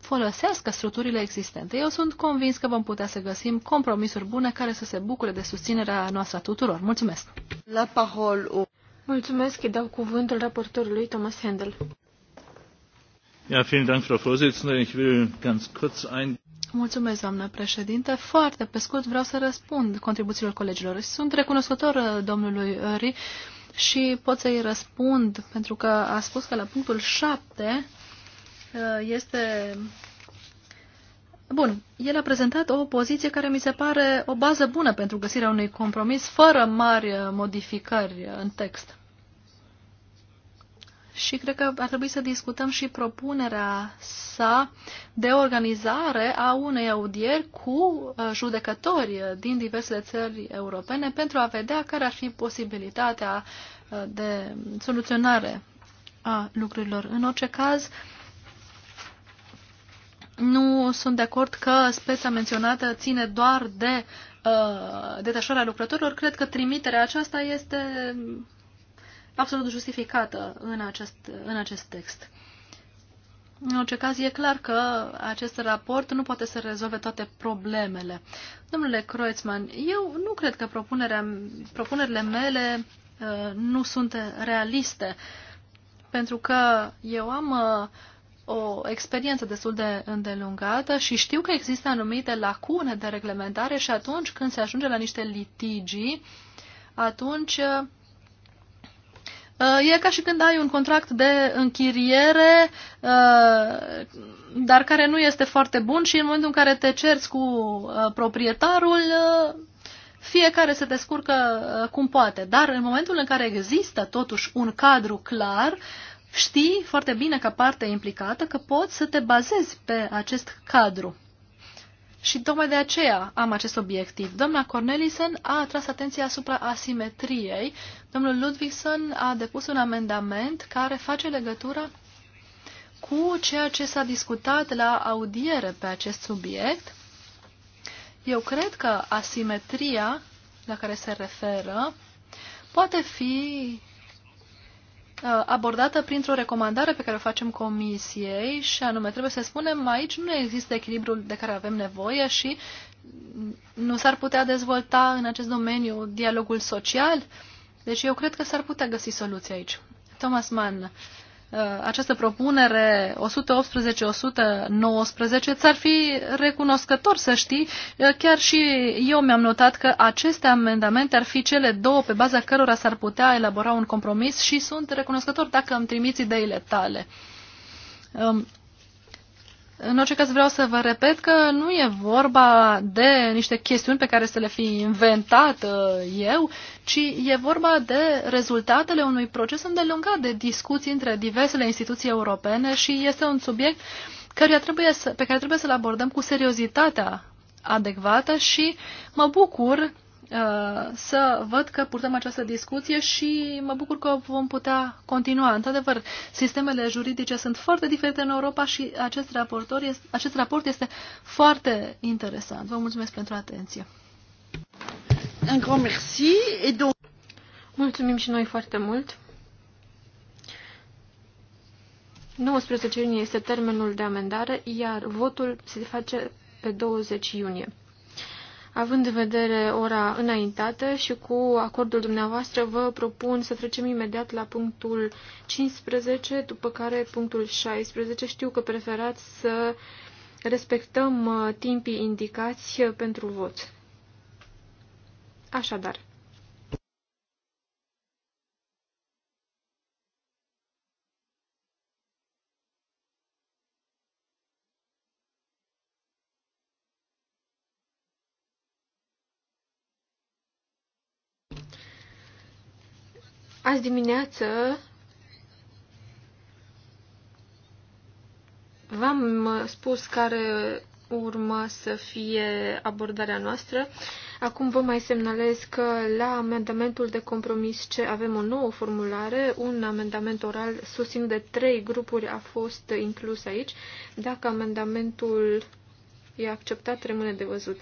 Speaker 1: folosească structurile existente. Eu sunt convins că vom putea să găsim compromisuri bune care să se
Speaker 2: bucure de susținerea noastră a tuturor. Mulțumesc! La parol. Mulțumesc, îi dau cuvântul raportorului Thomas Handel.
Speaker 3: Ja, vielen Dank, Frau Vorsitzende. Ich will ganz kurz ein
Speaker 2: Mulțumesc, doamnă președinte. Foarte pe scurt vreau să răspund
Speaker 1: contribuțiilor colegilor. Sunt recunoscător uh, domnului Ori și pot să-i răspund pentru că a spus că la punctul 7 Uh, este... Bun, el a prezentat o poziție care mi se pare o bază bună pentru găsirea unui compromis fără mari uh, modificări uh, în text. Și cred că ar trebui să discutăm și propunerea sa de organizare a unei audieri cu judecători din diversele țări europene pentru a vedea care ar fi posibilitatea de soluționare a lucrurilor. În orice caz, uh, nu sunt de acord că speța menționată ține doar de uh, detașarea lucrătorilor. Cred că trimiterea aceasta este absolut justificată în acest, în acest text. În orice caz, e clar că acest raport nu poate să rezolve toate problemele. Domnule Kreutzmann, eu nu cred că propunerea, propunerile mele uh, nu sunt realiste, pentru că eu am uh, o experiență destul de îndelungată și știu că există anumite lacune de reglementare și atunci când se ajunge la niște litigii, atunci uh, e ca și când ai un contract de închiriere, uh, dar care nu este foarte bun și în momentul în care te cerți cu uh, proprietarul, fiecare se descurcă cum poate. Dar în momentul în care există totuși un cadru clar, uh, știi foarte bine ca parte implicată că poți să te bazezi pe acest cadru. Și tocmai de aceea am acest obiectiv. Doamna Cornelisen a atras atenția asupra asimetriei. Domnul Ludvigson a depus un amendament care face legătura cu ceea ce s-a discutat la audiere pe acest subiect. Eu cred că asimetria la care se referă poate fi Uh, abordată printr-o recomandare pe care o facem comisiei și anume trebuie să spunem aici nu există echilibrul de care avem nevoie și nu s-ar putea dezvolta în acest domeniu dialogul social. Deci eu cred că s-ar putea găsi soluții aici. Thomas Mann, Uh, această propunere 118-119, ți-ar fi recunoscător să știi, uh, chiar și eu mi-am notat că aceste amendamente ar fi cele două pe baza cărora s-ar putea elabora un compromis și sunt recunoscător dacă îmi trimiți ideile tale. Um, în orice caz vreau să vă repet că nu e vorba de niște chestiuni pe care să le fi inventat uh, eu, ci e vorba de rezultatele unui proces îndelungat de discuții între diversele instituții europene și este un subiect trebuie să, pe care trebuie să-l abordăm cu seriozitatea adecvată și mă bucur Uh, să văd că purtăm această discuție și mă bucur că vom putea continua. Într-adevăr, sistemele juridice sunt foarte diferite în Europa și acest, raport, este, acest raport este foarte interesant. Vă mulțumesc pentru atenție.
Speaker 2: Un grand merci et donc... Mulțumim și noi foarte mult. 19 iunie este termenul de amendare, iar votul se face pe 20 iunie. Având în vedere ora înaintată și cu acordul dumneavoastră, vă propun să trecem imediat la punctul 15, după care punctul 16. Știu că preferați să respectăm uh, timpii indicați uh, pentru vot. Așadar, Azi dimineață v-am spus care urma să fie abordarea noastră. Acum vă mai semnalez că la amendamentul de compromis ce avem o nouă formulare, un amendament oral susținut de trei grupuri a fost inclus aici. Dacă amendamentul e acceptat, rămâne de văzut.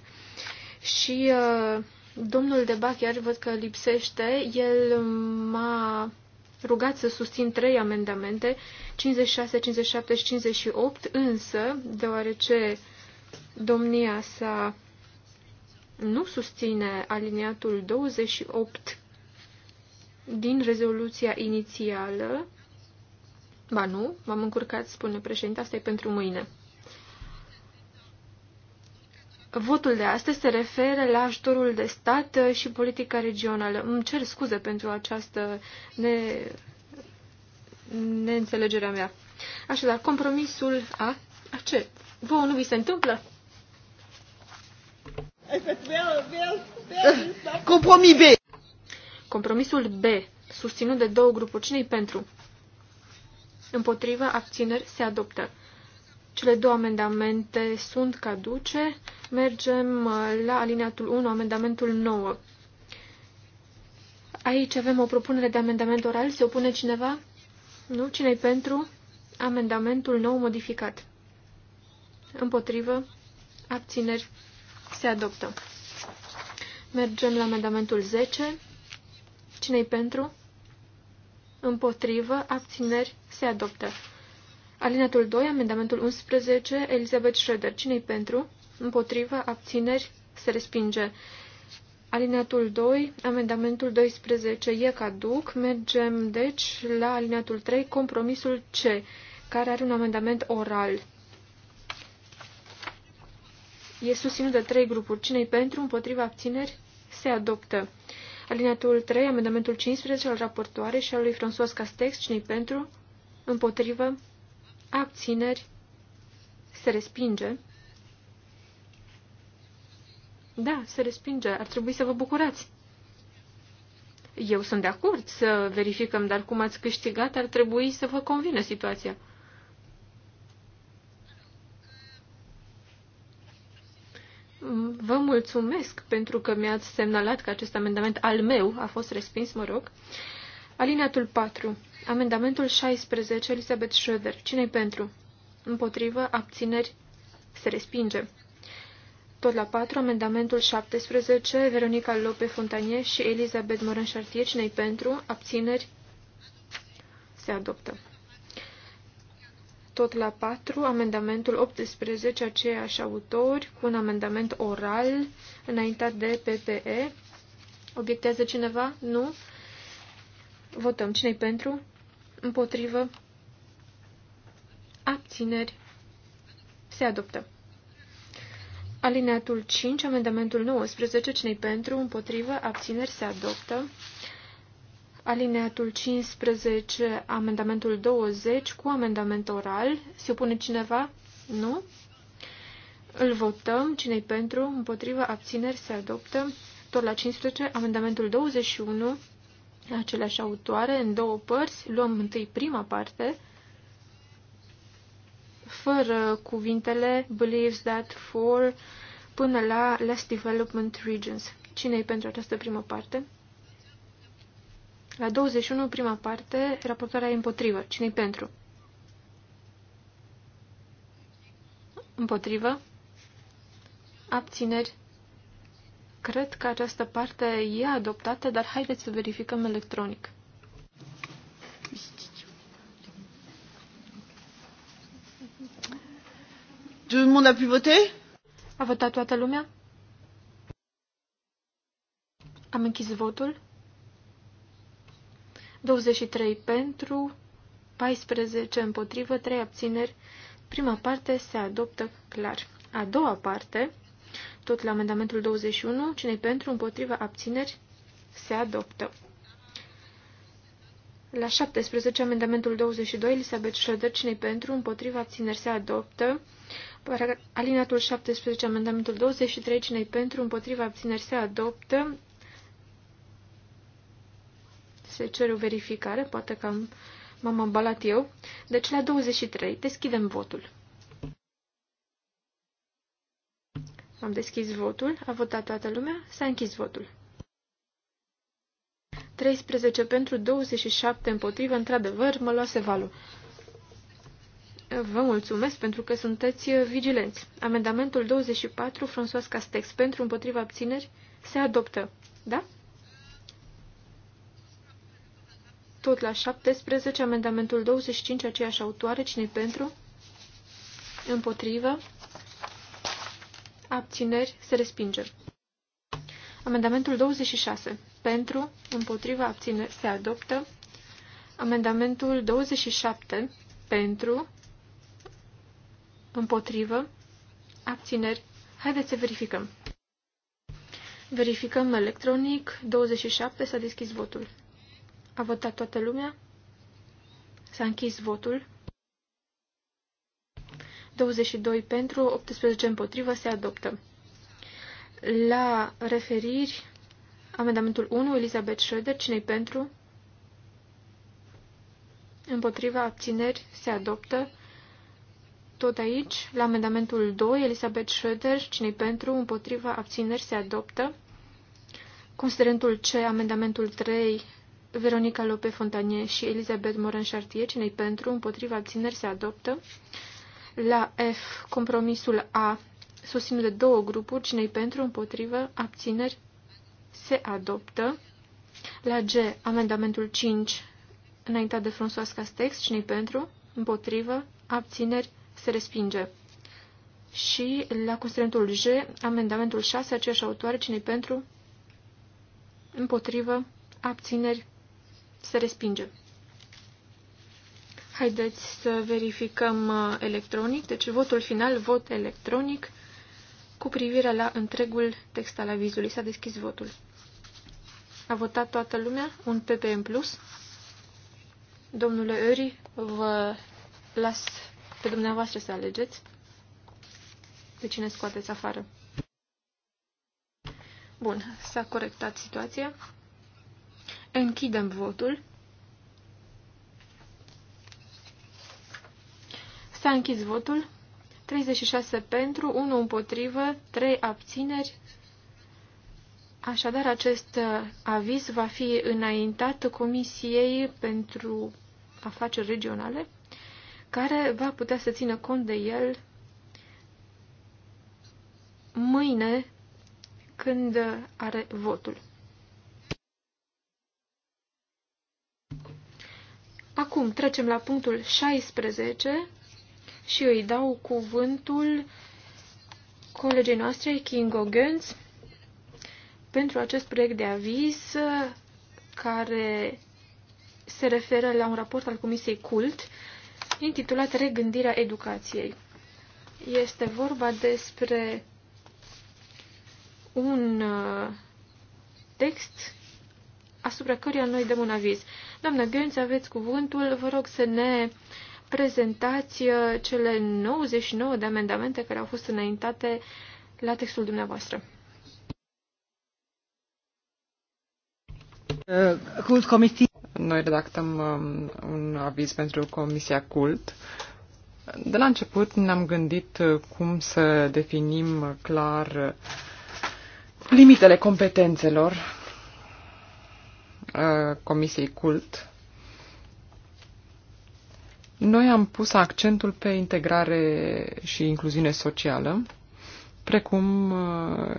Speaker 2: Și uh, Domnul de Bacher văd că lipsește. El m-a rugat să susțin trei amendamente, 56, 57 și 58, însă, deoarece domnia sa nu susține aliniatul 28 din rezoluția inițială, ba nu, m-am încurcat, spune președinte, asta e pentru mâine. Votul de astăzi se referă la ajutorul de stat și politica regională. Îmi cer scuze pentru această ne... neînțelegerea mea. Așadar, compromisul A. A ce? Vă, nu vi se întâmplă? Compromis B. Compromisul B, susținut de două grupuri. cine pentru? Împotriva abțineri se adoptă. Cele două amendamente sunt caduce. Mergem uh, la alineatul 1, amendamentul 9. Aici avem o propunere de amendament oral. Se opune cineva? Nu? cine pentru? Amendamentul nou modificat. Împotrivă? Abțineri? Se adoptă. Mergem la amendamentul 10. cine pentru? Împotrivă? Abțineri? Se adoptă. Alinatul 2, amendamentul 11, Elizabeth Schroeder. Cine-i pentru? Împotrivă, abțineri, se respinge. Alineatul 2, amendamentul 12 e caduc. Mergem, deci, la alineatul 3, compromisul C, care are un amendament oral. E susținut de trei grupuri. Cine-i pentru, împotriva abțineri, se adoptă. Alineatul 3, amendamentul 15 al raportoare și al lui François Castex. Cine-i pentru, împotrivă, abțineri, se respinge. Da, se respinge. Ar trebui să vă bucurați. Eu sunt de acord să verificăm, dar cum ați câștigat, ar trebui să vă convină situația. Vă mulțumesc pentru că mi-ați semnalat că acest amendament al meu a fost respins, mă rog. Alineatul 4. Amendamentul 16, Elizabeth Schroeder. cine pentru? Împotrivă, abțineri, se respinge. Tot la 4, amendamentul 17, Veronica Lope Fontanie și Elizabeth Moran Chartier. cine pentru? Abțineri, se adoptă. Tot la 4, amendamentul 18, aceiași autori, cu un amendament oral înaintat de PPE. Obiectează cineva? Nu. Votăm. cine pentru? împotrivă, abțineri, se adoptă. Alineatul 5, amendamentul 19, cine pentru, împotrivă, abțineri, se adoptă. Alineatul 15, amendamentul 20, cu amendament oral, se opune cineva? Nu? Îl votăm. Cine-i pentru? Împotrivă? Abțineri? Se adoptă. Tot la 15. Amendamentul 21 aceleași autoare în două părți. Luăm întâi prima parte, fără cuvintele believes that for până la less development regions. Cine e pentru această primă parte? La 21, prima parte, raportarea e împotrivă. cine e pentru? Împotrivă. Abțineri. Cred că această parte e adoptată, dar haideți să verificăm electronic. Tout le monde a pu voter A votat toată lumea? Am închis votul. 23 pentru, 14 împotrivă, 3 abțineri. Prima parte se adoptă clar. A doua parte tot la amendamentul 21. cine pentru, împotriva, abțineri, se adoptă. La 17, amendamentul 22, Elisabeth Schroeder, cine pentru, împotriva, abțineri, se adoptă. Alinatul 17, amendamentul 23, cine pentru, împotriva, abțineri, se adoptă. Se cere o verificare, poate că m-am ambalat eu. Deci la 23, deschidem votul. Am deschis votul. A votat toată lumea. S-a închis votul. 13 pentru 27 împotrivă. Într-adevăr, mă luase valul. Vă mulțumesc pentru că sunteți vigilenți. Amendamentul 24, François Castex, pentru împotriva abțineri, se adoptă. Da? Tot la 17, amendamentul 25, aceeași autoare, cine pentru? Împotrivă, abțineri, se respinge. Amendamentul 26. Pentru, împotriva, abțineri, se adoptă. Amendamentul 27. Pentru, împotrivă, abțineri. Haideți să verificăm. Verificăm electronic. 27. S-a deschis votul. A votat toată lumea. S-a închis votul. 22 pentru, 18 împotrivă, se adoptă. La referiri, amendamentul 1, Elizabeth Schroeder, cine pentru? Împotriva abțineri se adoptă. Tot aici, la amendamentul 2, Elizabeth Schroeder, cine pentru? Împotriva abțineri se adoptă. Considerentul C, amendamentul 3, Veronica Lope Fontanie și Elizabeth Moran Chartier, cine pentru? Împotriva abțineri se adoptă. La F, compromisul A, susținut de două grupuri, cine pentru, împotrivă, abțineri, se adoptă. La G, amendamentul 5, înaintat de François Castex, cine pentru, împotrivă, abțineri, se respinge. Și la constrentul G, amendamentul 6, aceeași autoare, cine pentru, împotrivă, abțineri, se respinge. Haideți să verificăm uh, electronic, deci votul final, vot electronic, cu privire la întregul text al avizului. S-a deschis votul. A votat toată lumea? Un PP în plus? Domnule Öri, vă las pe dumneavoastră să alegeți pe cine scoateți afară. Bun, s-a corectat situația. Închidem votul. S-a închis votul. 36 pentru, 1 împotrivă, 3 abțineri. Așadar, acest uh, aviz va fi înaintat Comisiei pentru Afaceri Regionale, care va putea să țină cont de el mâine când are votul. Acum trecem la punctul 16, și îi dau cuvântul colegii noastre, Kingo Gönz, pentru acest proiect de aviz care se referă la un raport al Comisiei CULT intitulat Regândirea educației. Este vorba despre un uh, text asupra căruia noi dăm un aviz. Doamnă Gönț, aveți cuvântul, vă rog să ne prezentați uh, cele 99 de amendamente care au fost înaintate la textul dumneavoastră.
Speaker 4: Noi redactăm um, un aviz pentru Comisia Cult. De la început ne-am gândit uh, cum să definim clar uh, limitele competențelor Comisiei Cult noi am pus accentul pe integrare și incluziune socială, precum uh,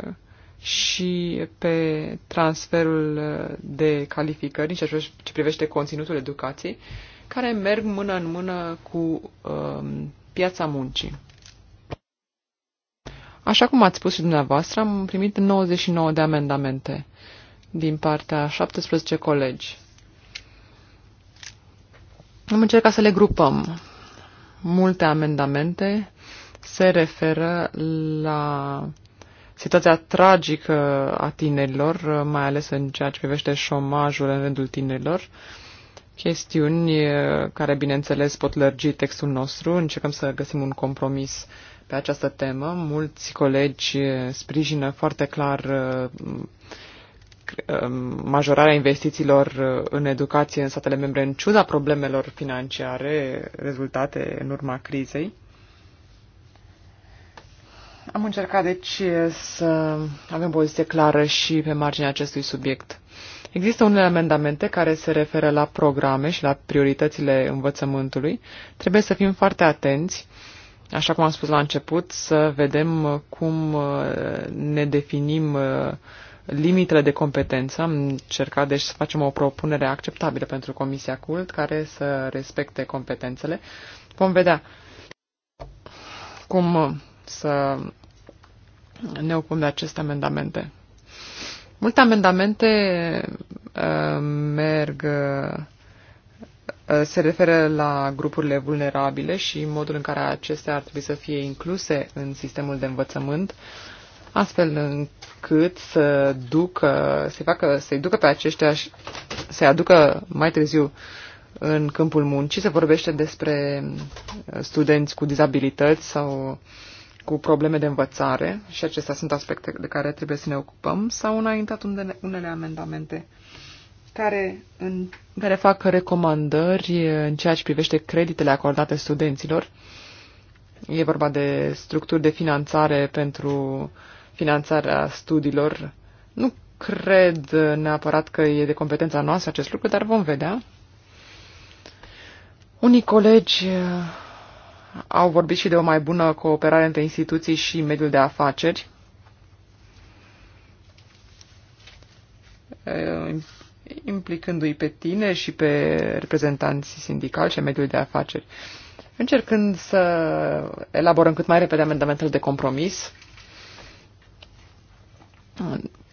Speaker 4: și pe transferul uh, de calificări în ceea ce privește conținutul educației, care merg mână în mână cu um, piața muncii. Așa cum ați spus și dumneavoastră, am primit 99 de amendamente din partea 17 colegi. Am încercat să le grupăm. Multe amendamente se referă la situația tragică a tinerilor, mai ales în ceea ce privește șomajul în rândul tinerilor. Chestiuni care, bineînțeles, pot lărgi textul nostru. Încercăm să găsim un compromis pe această temă. Mulți colegi sprijină foarte clar Eh, majorarea investițiilor eh, în educație în statele membre, în ciuda problemelor financiare rezultate în urma crizei. Am încercat, deci, să avem poziție clară și pe marginea acestui subiect. Există unele amendamente care se referă la programe și la prioritățile învățământului. Trebuie să fim foarte atenți, așa cum am spus la început, să vedem cum eh, ne definim limitele de competență. Am încercat deci să facem o propunere acceptabilă pentru Comisia Cult care să respecte competențele. Vom vedea cum să ne ocupăm de aceste amendamente. Multe amendamente uh, merg uh, se referă la grupurile vulnerabile și modul în care acestea ar trebui să fie incluse în sistemul de învățământ, astfel cât să ducă, să facă, să-i ducă pe aceștia, să-i aducă mai târziu în câmpul muncii. Se vorbește despre uh, studenți cu dizabilități sau cu probleme de învățare și acestea sunt aspecte de care trebuie să ne ocupăm. S-au înaintat unele amendamente care, în, care fac recomandări în ceea ce privește creditele acordate studenților. E vorba de structuri de finanțare pentru uh, finanțarea studiilor. Nu cred neapărat că e de competența noastră acest lucru, dar vom vedea. Unii colegi uh, au vorbit și de o mai bună cooperare între instituții și mediul de afaceri. Uh, implicându-i pe tine și pe reprezentanții sindicali și mediul de afaceri, încercând să elaborăm cât mai repede amendamentele de compromis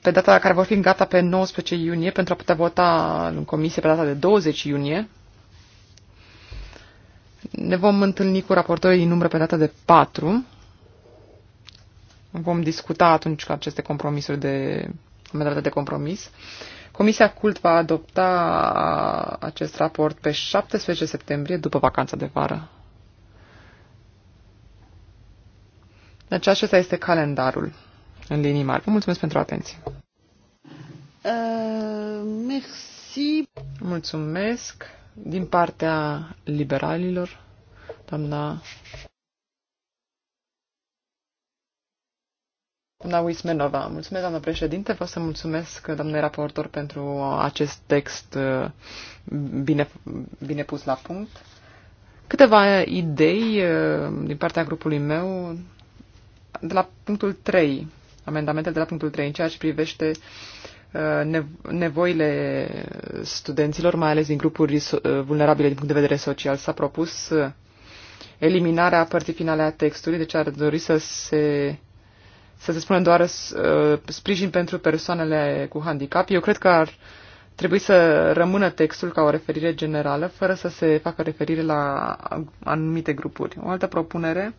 Speaker 4: pe data care vor fi gata pe 19 iunie pentru a putea vota în comisie pe data de 20 iunie. Ne vom întâlni cu raportorii din umbră pe data de 4. Vom discuta atunci aceste compromisuri de amendamente de compromis. Comisia Cult va adopta acest raport pe 17 septembrie, după vacanța de vară. Deci acesta este calendarul în linii mari. Vă mulțumesc pentru atenție. Uh, merci. Mulțumesc din partea liberalilor, doamna Doamna Wismenova, mulțumesc, doamna președinte. Vreau să mulțumesc, doamne raportor, pentru acest text uh, bine, bine pus la punct. Câteva idei uh, din partea grupului meu de la punctul 3 amendamentele de la punctul 3 în ceea ce privește uh, nevoile studenților, mai ales din grupuri uh, vulnerabile din punct de vedere social. S-a propus uh, eliminarea părții finale a textului, deci ar dori să se să se spună doar sprijin pentru persoanele cu handicap. Eu cred că ar trebui să rămână textul ca o referire generală, fără să se facă referire la anumite grupuri. O altă propunere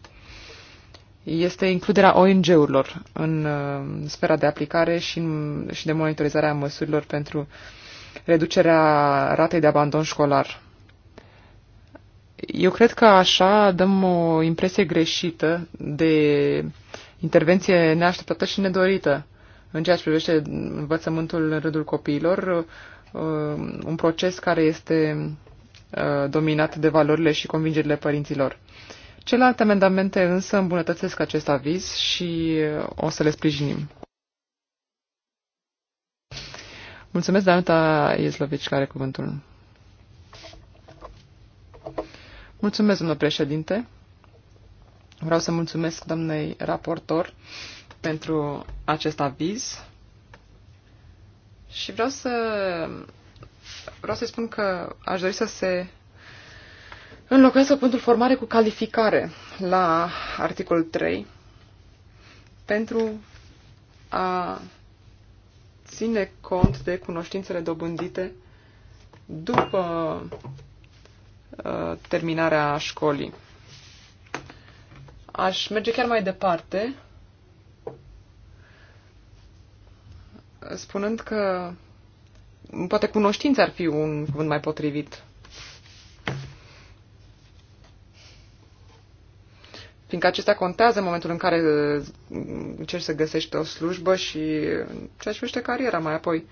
Speaker 4: este includerea ONG-urilor în uh, sfera de aplicare și, în, și de a măsurilor pentru reducerea ratei de abandon școlar. Eu cred că așa dăm o impresie greșită de intervenție neașteptată și nedorită în ceea ce privește învățământul în rândul copiilor, uh, un proces care este uh, dominat de valorile și convingerile părinților. Celelalte amendamente însă îmbunătățesc acest aviz și uh, o să le sprijinim. Mulțumesc, Danuta Ieslovici, care cuvântul. Mulțumesc, domnul președinte. Vreau să mulțumesc doamnei raportor pentru acest aviz și vreau să vreau să spun că aș dori să se Înlocuiesc cuvântul formare cu calificare la articol 3 pentru a ține cont de cunoștințele dobândite după uh, terminarea școlii. Aș merge chiar mai departe spunând că poate cunoștința ar fi un cuvânt mai potrivit fiindcă acestea contează în momentul în care mm, încerci să găsești o slujbă și ceea ce privește cariera mai apoi.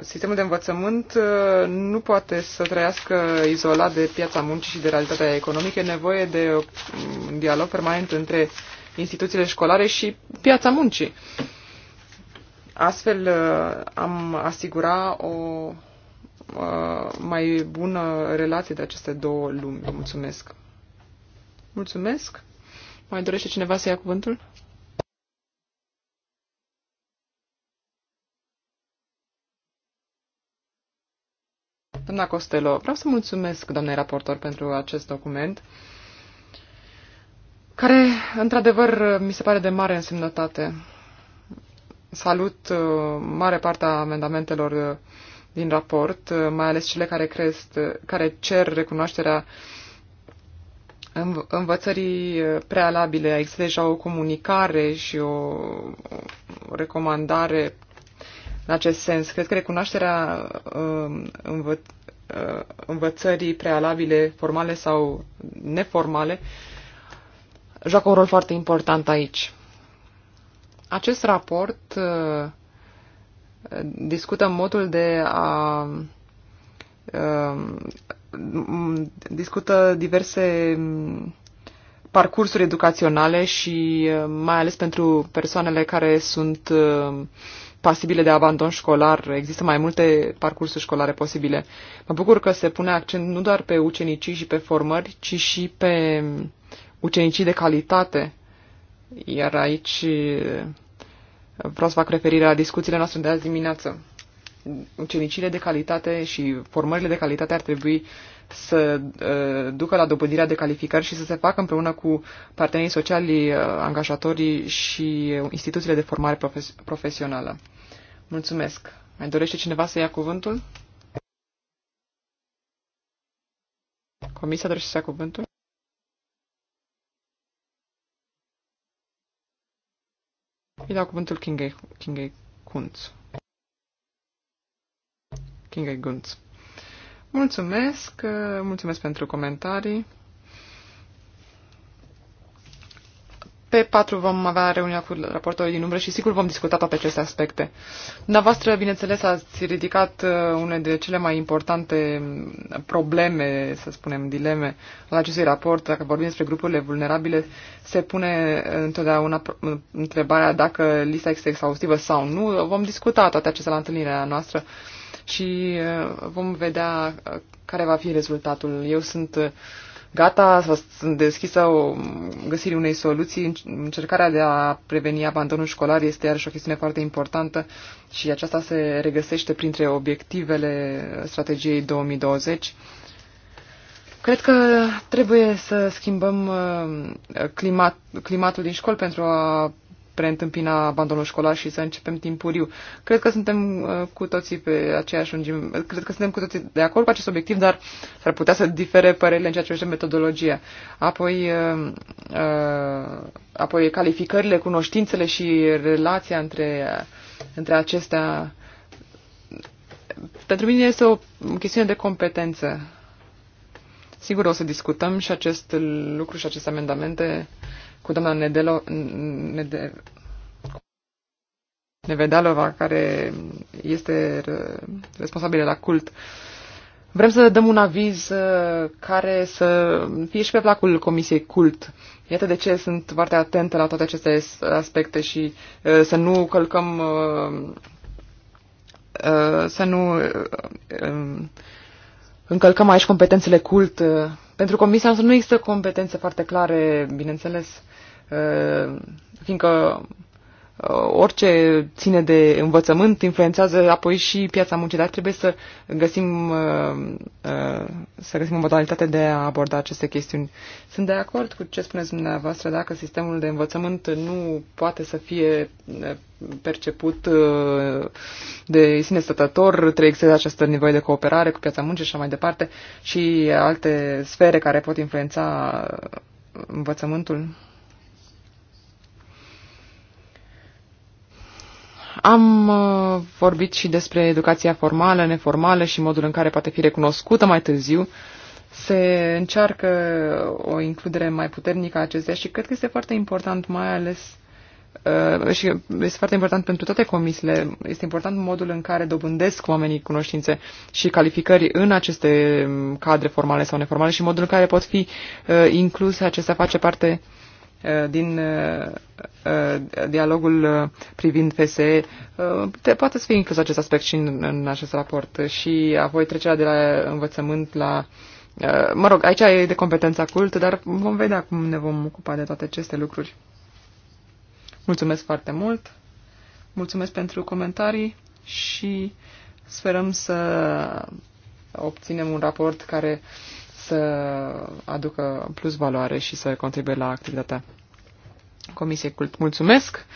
Speaker 4: Sistemul de învățământ uh, nu poate să trăiască izolat de piața muncii și de realitatea economică. E nevoie de mm, un dialog permanent între instituțiile școlare și piața muncii. Astfel uh, am asigura o uh, mai bună relație de aceste două lumi. Vă mulțumesc! Mulțumesc. Mai dorește cineva să ia cuvântul? Doamna Costello, vreau să mulțumesc, doamnei raportor, pentru acest document, care, într-adevăr, mi se pare de mare însemnătate. Salut uh, mare parte a amendamentelor uh, din raport, uh, mai ales cele care, crest, uh, care cer recunoașterea uh, înv- învățării uh, prealabile. Există deja o comunicare și o recomandare în acest sens. Cred că recunoașterea um, învă- uh, învățării prealabile, formale sau neformale, joacă un rol foarte important aici. Acest raport uh, discută modul de a um, discută diverse parcursuri educaționale și uh, mai ales pentru persoanele care sunt uh, pasibile de abandon școlar. Există mai multe parcursuri școlare posibile. Mă bucur că se pune accent nu doar pe ucenicii și pe formări, ci și pe ucenicii de calitate. Iar aici uh, vreau să fac referire la discuțiile noastre de azi dimineață ucenicile de calitate și formările de calitate ar trebui să uh, ducă la dobândirea de calificări și să se facă împreună cu partenerii sociali, uh, angajatorii și instituțiile de formare profes- profesională. Mulțumesc. Mai dorește cineva să ia cuvântul? Comisia dorește să ia cuvântul? Îi dau cuvântul Kingei, Kingei Kunz. Kinga Gunz. Mulțumesc, mulțumesc pentru comentarii. Pe 4 vom avea reuniunea cu raportorii din umbră și sigur vom discuta toate aceste aspecte. Dumneavoastră, bineînțeles, ați ridicat uh, une de cele mai importante probleme, să spunem, dileme la acestui raport. Dacă vorbim despre grupurile vulnerabile, se pune întotdeauna întrebarea dacă lista este exhaustivă sau nu. Vom discuta toate acestea la întâlnirea noastră și uh, vom vedea uh, care va fi rezultatul. Eu sunt uh, gata, sunt deschisă o, găsirii unei soluții. Încercarea de a preveni abandonul școlar este iarăși o chestiune foarte importantă și aceasta se regăsește printre obiectivele strategiei 2020. Cred că trebuie să schimbăm climat, climatul din școli pentru a preîntâmpina abandonul școlar și să începem timpuriu. Cred că suntem uh, cu toții pe aceeași lungime, cred că suntem cu toții de acord cu acest obiectiv, dar s-ar putea să difere părerile în ceea ce privește metodologia. Apoi, uh, uh, apoi calificările, cunoștințele și relația între, între acestea. Pentru mine este o chestiune de competență. Sigur, o să discutăm și acest lucru și aceste amendamente cu doamna Nedelo, Nede, Nevedalova, care este responsabilă la cult. Vrem să dăm un aviz uh, care să fie și pe placul Comisiei Cult. Iată de ce sunt foarte atentă la toate aceste aspecte și uh, să nu călcăm, uh, să nu um, încălcăm aici competențele cult. Pentru Comisia nu există competențe foarte clare, bineînțeles. Uh, fiindcă uh, orice ține de învățământ influențează apoi și piața muncii, dar trebuie să găsim, uh, să găsim o modalitate de a aborda aceste chestiuni. Sunt de acord cu ce spuneți dumneavoastră, dacă sistemul de învățământ nu poate să fie perceput de sine stătător, trebuie să această nevoie de cooperare cu piața muncii și așa mai departe și alte sfere care pot influența învățământul. Am uh, vorbit și despre educația formală, neformală și modul în care poate fi recunoscută mai târziu. Se încearcă o includere mai puternică a acestea și cred că este foarte important, mai ales uh, și este foarte important pentru toate comisiile, este important modul în care dobândesc oamenii cunoștințe și calificări în aceste um, cadre formale sau neformale și modul în care pot fi uh, incluse, acestea face parte uh, Uh, din uh, uh, dialogul privind PSE, te, poate să fie inclus acest aspect și în, în acest raport. Și apoi trecerea de la învățământ la mă rog, aici e de competența cult, dar vom vedea cum ne vom ocupa de toate aceste lucruri. Mulțumesc foarte mult, mulțumesc pentru comentarii și sperăm să obținem un raport care uh, să aducă plus valoare și să contribuie la activitatea Comisiei Cult. Mulțumesc!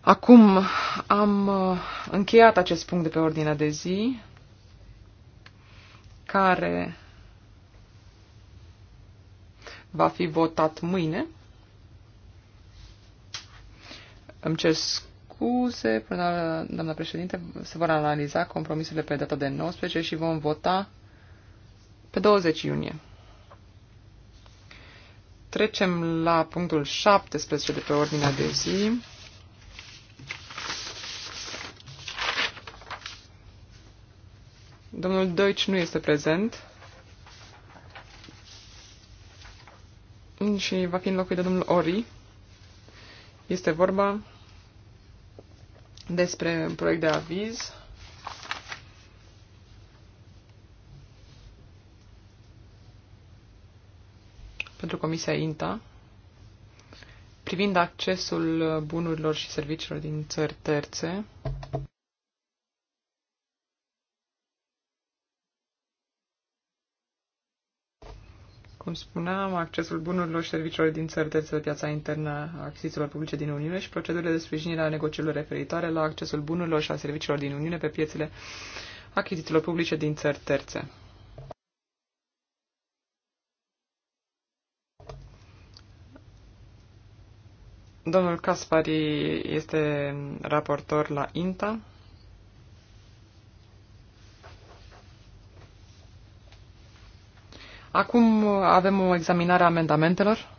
Speaker 4: Acum am uh, încheiat acest punct de pe ordinea de zi care va fi votat mâine. Îmi cer scuze, doamna președinte, se vor analiza compromisurile pe data de 19 și vom vota pe 20 iunie. Trecem la punctul 17 de pe ordinea de zi. Domnul Deutsch nu este prezent și va fi înlocuit de domnul Ori. Este vorba despre un proiect de aviz pentru Comisia INTA privind accesul bunurilor și serviciilor din țări terțe. Cum spuneam, accesul bunurilor și serviciilor din țări terțe pe piața internă a achizițiilor publice din Uniune și procedurile de sprijinire a negocierilor referitoare la accesul bunurilor și a serviciilor din Uniune pe piețele achizițiilor publice din țări terțe. Domnul Caspari este raportor la INTA. Acum avem o examinare a amendamentelor.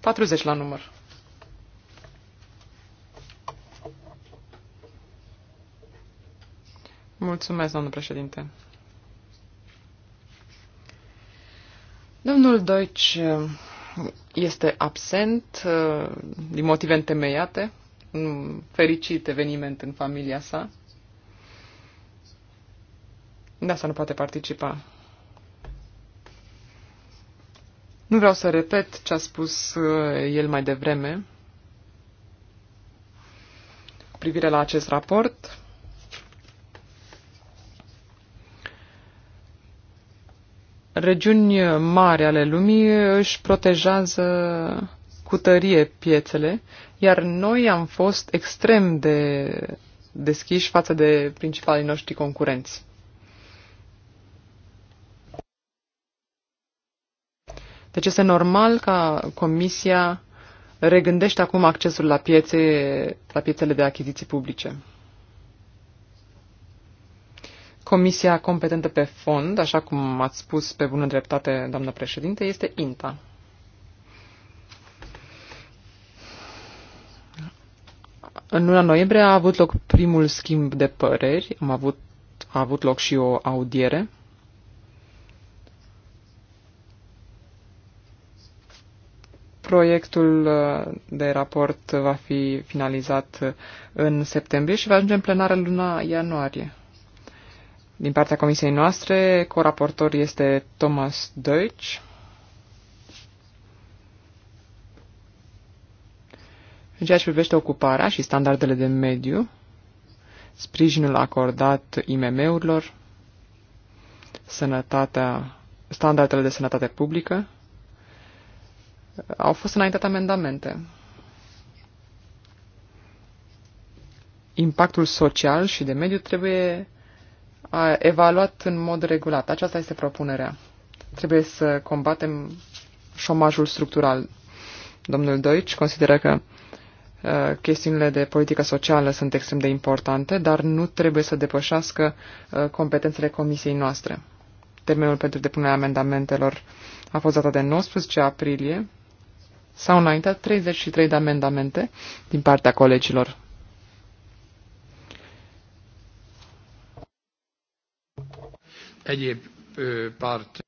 Speaker 4: 40 la număr. Mulțumesc, domnul președinte. Domnul Deutsch este absent uh, din motive întemeiate, un fericit eveniment în familia sa. De asta nu poate participa. Nu vreau să repet ce a spus uh, el mai devreme cu privire la acest raport. regiuni mari ale lumii își protejează cu tărie piețele, iar noi am fost extrem de deschiși față de principalii noștri concurenți. Deci este normal ca Comisia regândește acum accesul la piețe, la piețele de achiziții publice. Comisia competentă pe fond, așa cum ați spus pe bună dreptate, doamnă președinte, este INTA. În luna noiembrie a avut loc primul schimb de păreri, am avut, a avut loc și o audiere. Proiectul uh, de raport va fi finalizat uh, în septembrie și va ajunge în plenară luna ianuarie din partea comisiei noastre. Coraportor este Thomas Deutsch. În ceea ce privește ocuparea și standardele de mediu, sprijinul acordat IMM-urilor, sănătatea, standardele de sănătate publică, au fost înaintate amendamente. Impactul social și de mediu trebuie evaluat în mod regulat. Aceasta este propunerea. Trebuie să combatem șomajul structural. Domnul Deutsch consideră că uh, chestiunile de politică socială sunt extrem de importante, dar nu trebuie să depășească uh, competențele comisiei noastre. Termenul pentru depunerea amendamentelor a fost data de 19 aprilie. S-au înaintat 33 de amendamente din partea colegilor
Speaker 2: egyéb párt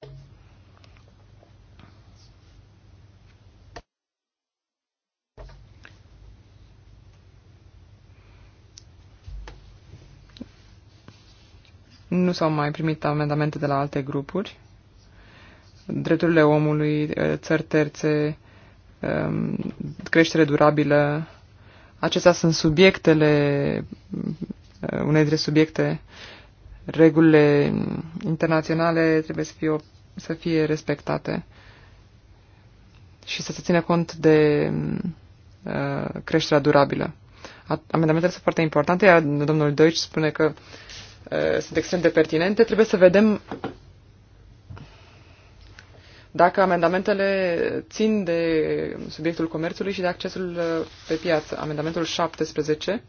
Speaker 4: Nu s-au mai primit amendamente de la alte grupuri. Drepturile omului, ă, țări terțe, ă, creștere durabilă, acestea sunt subiectele, ă, unele dintre subiecte regulile internaționale trebuie să fie, să fie respectate și să se țină cont de uh, creșterea durabilă. Amendamentele sunt foarte importante, iar domnul Deutsch spune că uh, sunt extrem de pertinente. Trebuie să vedem dacă amendamentele țin de subiectul comerțului și de accesul uh, pe piață. Amendamentul 17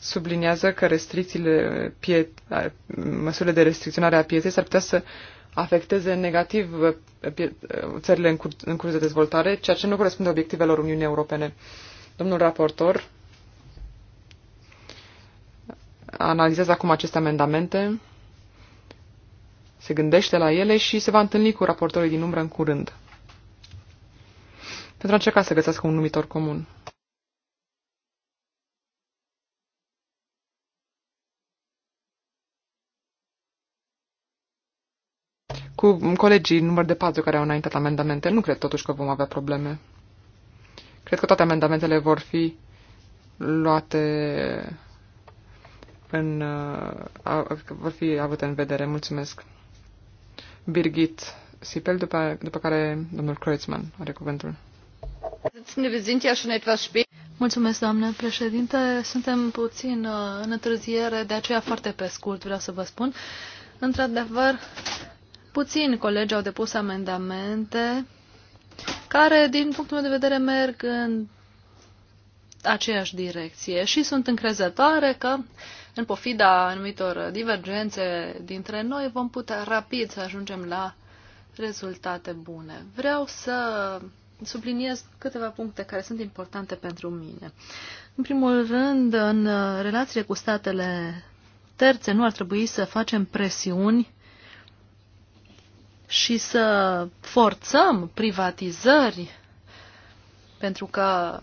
Speaker 4: subliniază că restricțiile pie, măsurile de restricționare a pieței s-ar putea să afecteze negativ uh, pie, uh, țările în, cur, în curs de dezvoltare, ceea ce nu corespunde obiectivelor Uniunii Europene. Domnul raportor analizează acum aceste amendamente, se gândește la ele și se va întâlni cu raportorii din umbră în curând pentru a încerca să găsească un numitor comun. cu colegii număr de patru care au înaintat amendamente. Nu cred totuși că vom avea probleme. Cred că toate amendamentele vor fi luate în, uh, a, adică vor fi avute în vedere. Mulțumesc. Birgit Sipel, după, după care domnul Kreutzmann are cuvântul.
Speaker 1: Mulțumesc, doamnă președinte. Suntem puțin uh, în întârziere, de aceea foarte pe scurt vreau să vă spun. Într-adevăr, Puțini colegi au depus amendamente care, din punctul meu de vedere, merg în aceeași direcție și sunt încrezătoare că, în pofida anumitor divergențe dintre noi, vom putea rapid să ajungem la rezultate bune. Vreau să subliniez câteva puncte care sunt importante pentru mine. În primul rând, în relațiile cu statele terțe nu ar trebui să facem presiuni și să forțăm privatizări, pentru că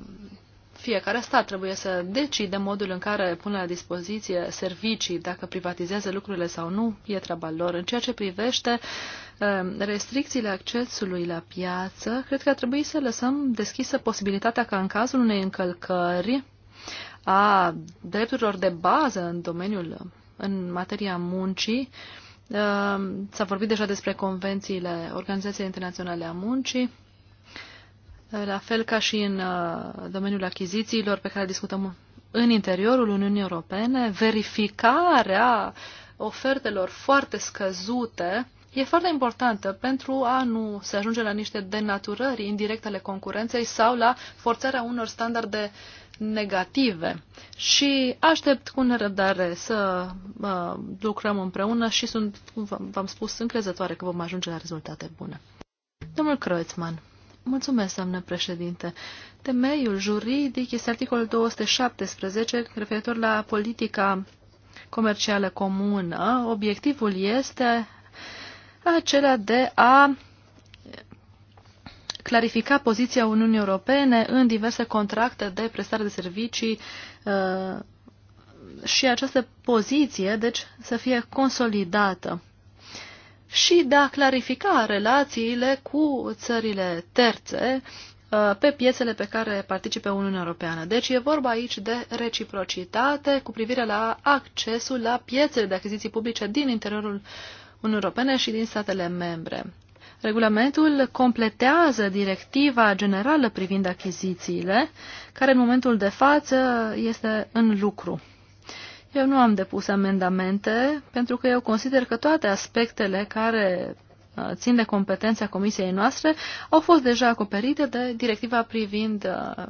Speaker 1: fiecare stat trebuie să decide modul în care pune la dispoziție servicii, dacă privatizează lucrurile sau nu, e treaba lor. În ceea ce privește um, restricțiile accesului la piață, cred că ar trebui să lăsăm deschisă posibilitatea ca în cazul unei încălcări a drepturilor de bază în domeniul, în materia muncii, Ehm, s-a vorbit deja despre convențiile Organizației Internaționale a Muncii, eh, la fel ca și în eh, domeniul achizițiilor pe care discutăm în interiorul Uniunii Europene, verificarea ofertelor foarte scăzute e foarte importantă pentru a nu se ajunge la niște denaturări indirecte ale concurenței sau la forțarea unor standarde uh, negative și aștept cu nerăbdare să uh, lucrăm împreună și sunt, v-am spus, încrezătoare că vom ajunge la rezultate bune. Domnul Kreutzmann, mulțumesc, doamne președinte. Temeiul juridic este articolul 217 referitor la politica comercială comună. Obiectivul este acela de a clarifica poziția Uniunii Europene în diverse contracte de prestare de servicii uh, și această poziție, deci, să fie consolidată și de a clarifica relațiile cu țările terțe uh, pe piețele pe care participă Uniunea Europeană. Deci e vorba aici de reciprocitate cu privire la accesul la piețele de achiziții publice din interiorul Uniunii Europene și din statele membre. Regulamentul completează directiva generală privind achizițiile, care în momentul de față este în lucru. Eu nu am depus amendamente, pentru că eu consider că toate aspectele care uh, țin de competența comisiei noastre au fost deja acoperite de directiva privind uh,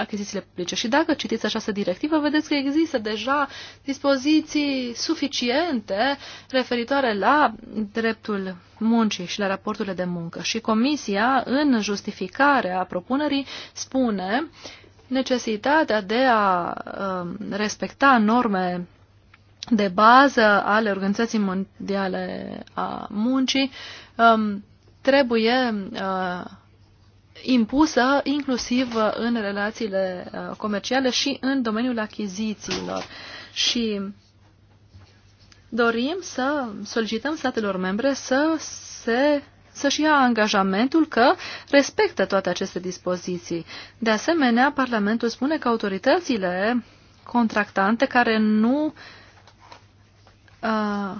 Speaker 1: achizițiile publice. Și dacă citiți această directivă, vedeți că există deja dispoziții suficiente referitoare la dreptul muncii și la raporturile de muncă. Și Comisia, în justificarea propunerii, spune necesitatea de a um, respecta norme de bază ale Organizației Mondiale a Muncii um, trebuie uh, impusă inclusiv uh, în relațiile uh, comerciale și în domeniul achizițiilor. Și dorim să solicităm statelor membre să se să-și ia angajamentul că respectă toate aceste dispoziții. De asemenea, Parlamentul spune că autoritățile contractante care nu uh,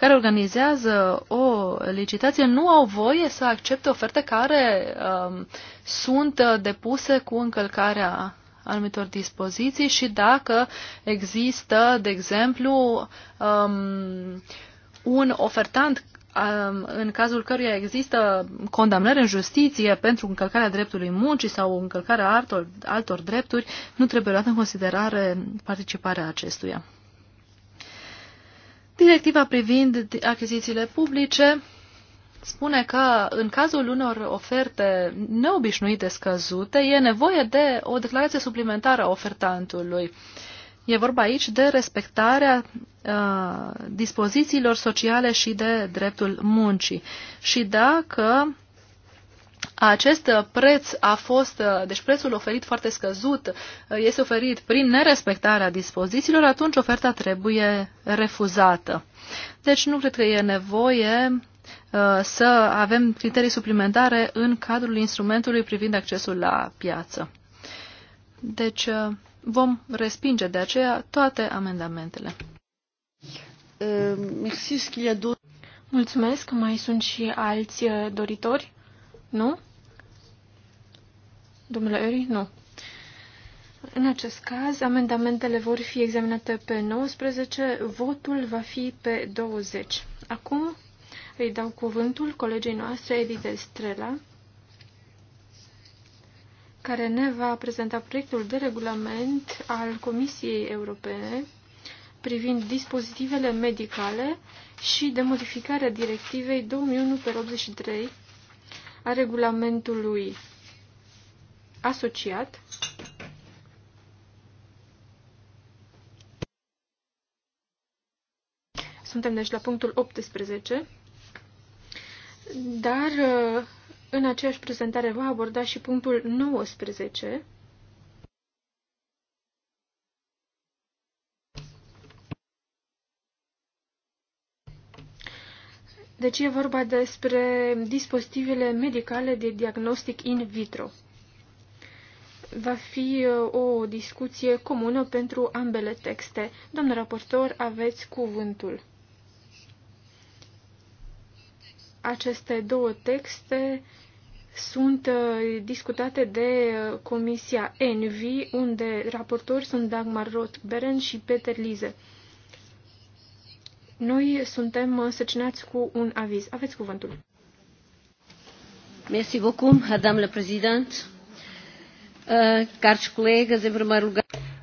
Speaker 1: care organizează o licitație nu au voie să accepte oferte care um, sunt uh, depuse cu încălcarea anumitor dispoziții și dacă există, de exemplu, um, un ofertant um, în cazul căruia există condamnări în justiție pentru încălcarea dreptului muncii sau încălcarea altor, altor drepturi, nu trebuie luată în considerare participarea acestuia. Directiva privind achizițiile publice spune că în cazul unor oferte neobișnuite scăzute e nevoie de o declarație suplimentară a ofertantului. E vorba aici de respectarea a, uh, dispozițiilor sociale și de dreptul muncii. Și dacă acest preț a fost, deci prețul oferit foarte scăzut este oferit prin nerespectarea dispozițiilor, atunci oferta trebuie refuzată. Deci nu cred că e nevoie uh, să avem criterii suplimentare în cadrul instrumentului privind accesul la piață. Deci uh, vom respinge de aceea
Speaker 2: toate amendamentele. Uh, Mulțumesc, mai sunt și alți doritori, nu? Domnule Eri, nu. În acest caz, amendamentele vor fi examinate pe 19, votul va fi pe 20. Acum îi dau cuvântul colegii noastre, Edith Strela, care ne va prezenta proiectul de regulament al Comisiei Europene privind dispozitivele medicale și de modificare a directivei 2001-83 a regulamentului asociat Suntem deci la punctul 18, dar uh, în aceeași prezentare va aborda și punctul 19, Deci e vorba despre dispozitivele medicale de diagnostic in vitro va fi uh, o discuție comună pentru ambele texte. Domnul raportor, aveți cuvântul. Aceste două texte sunt uh, discutate de uh, Comisia ENVI, unde raportori sunt Dagmar Roth-Beren și Peter Lize. Noi suntem săcinați cu un aviz. Aveți cuvântul.
Speaker 3: Merci beaucoup, Madame la Présidente. Eh, Cari colegas, în primul rând...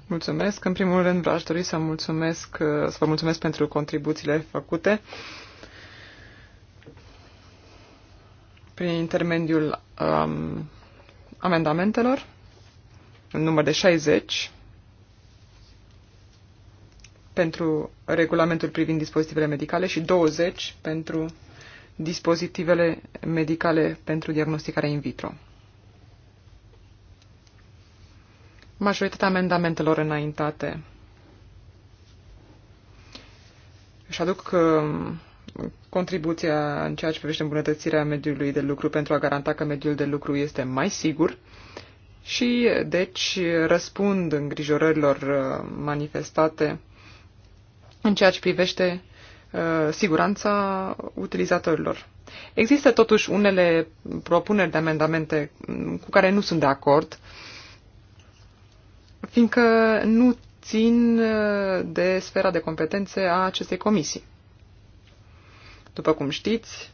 Speaker 3: Mulțumesc. În primul rând, aș
Speaker 4: dori să, mulțumesc, eh, să vă mulțumesc pentru contribuțiile făcute. Prin intermediul um, amendamentelor, în număr de 60, pentru regulamentul privind dispozitivele medicale și 20 pentru dispozitivele medicale pentru diagnosticarea in vitro. majoritatea amendamentelor înaintate. Își aduc um, contribuția în ceea ce privește îmbunătățirea mediului de lucru pentru a garanta că mediul de lucru este mai sigur și, deci, răspund îngrijorărilor uh, manifestate în ceea ce privește uh, siguranța utilizatorilor. Există totuși unele propuneri de amendamente cu care nu sunt de acord, uh, fiindcă nu țin uh, de sfera de competențe a acestei comisii. După cum știți,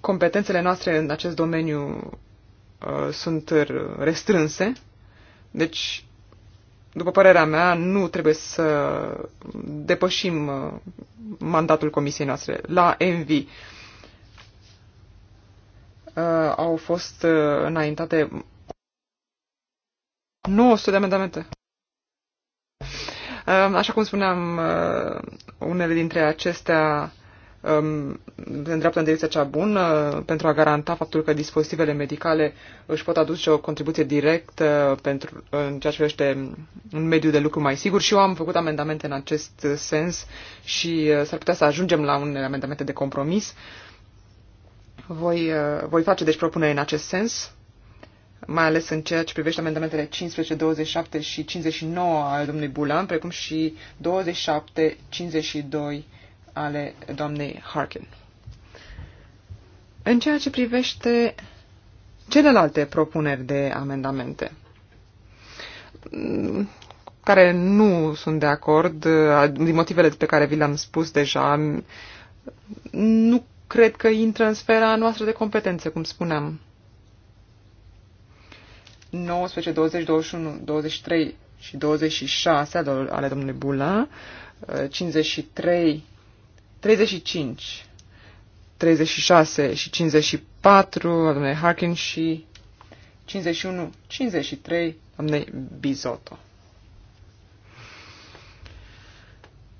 Speaker 4: competențele noastre în acest domeniu uh, sunt restrânse, deci, după părerea mea, nu trebuie să depășim uh, mandatul comisiei noastre. La MV. uh, au fost uh, înaintate 900 de amendamente. Așa cum spuneam, uh, unele dintre acestea um, se îndreaptă în direcția cea bună uh, pentru a garanta faptul că dispozitivele medicale își pot aduce o contribuție directă pentru, în ceea ce privește un mediu de lucru mai sigur și eu am făcut amendamente în acest sens și uh, s-ar putea să ajungem la unele amendamente de compromis. Voi, voi face deci propunere în acest sens mai ales în ceea ce privește amendamentele 15, 27 și 59 ale domnului Bulan, precum și 27, 52 ale doamnei Harkin. În ceea ce privește celelalte propuneri de amendamente, mm, care nu sunt de acord, din motivele pe care vi le-am spus deja, mm, nu cred că intră în sfera noastră de competențe, cum spuneam. 19, 20, 21, 23 și 26 ale domnului Bula, 53, 35, 36 și 54 al domnului Harkin și 51, 53 domnului Bizotto.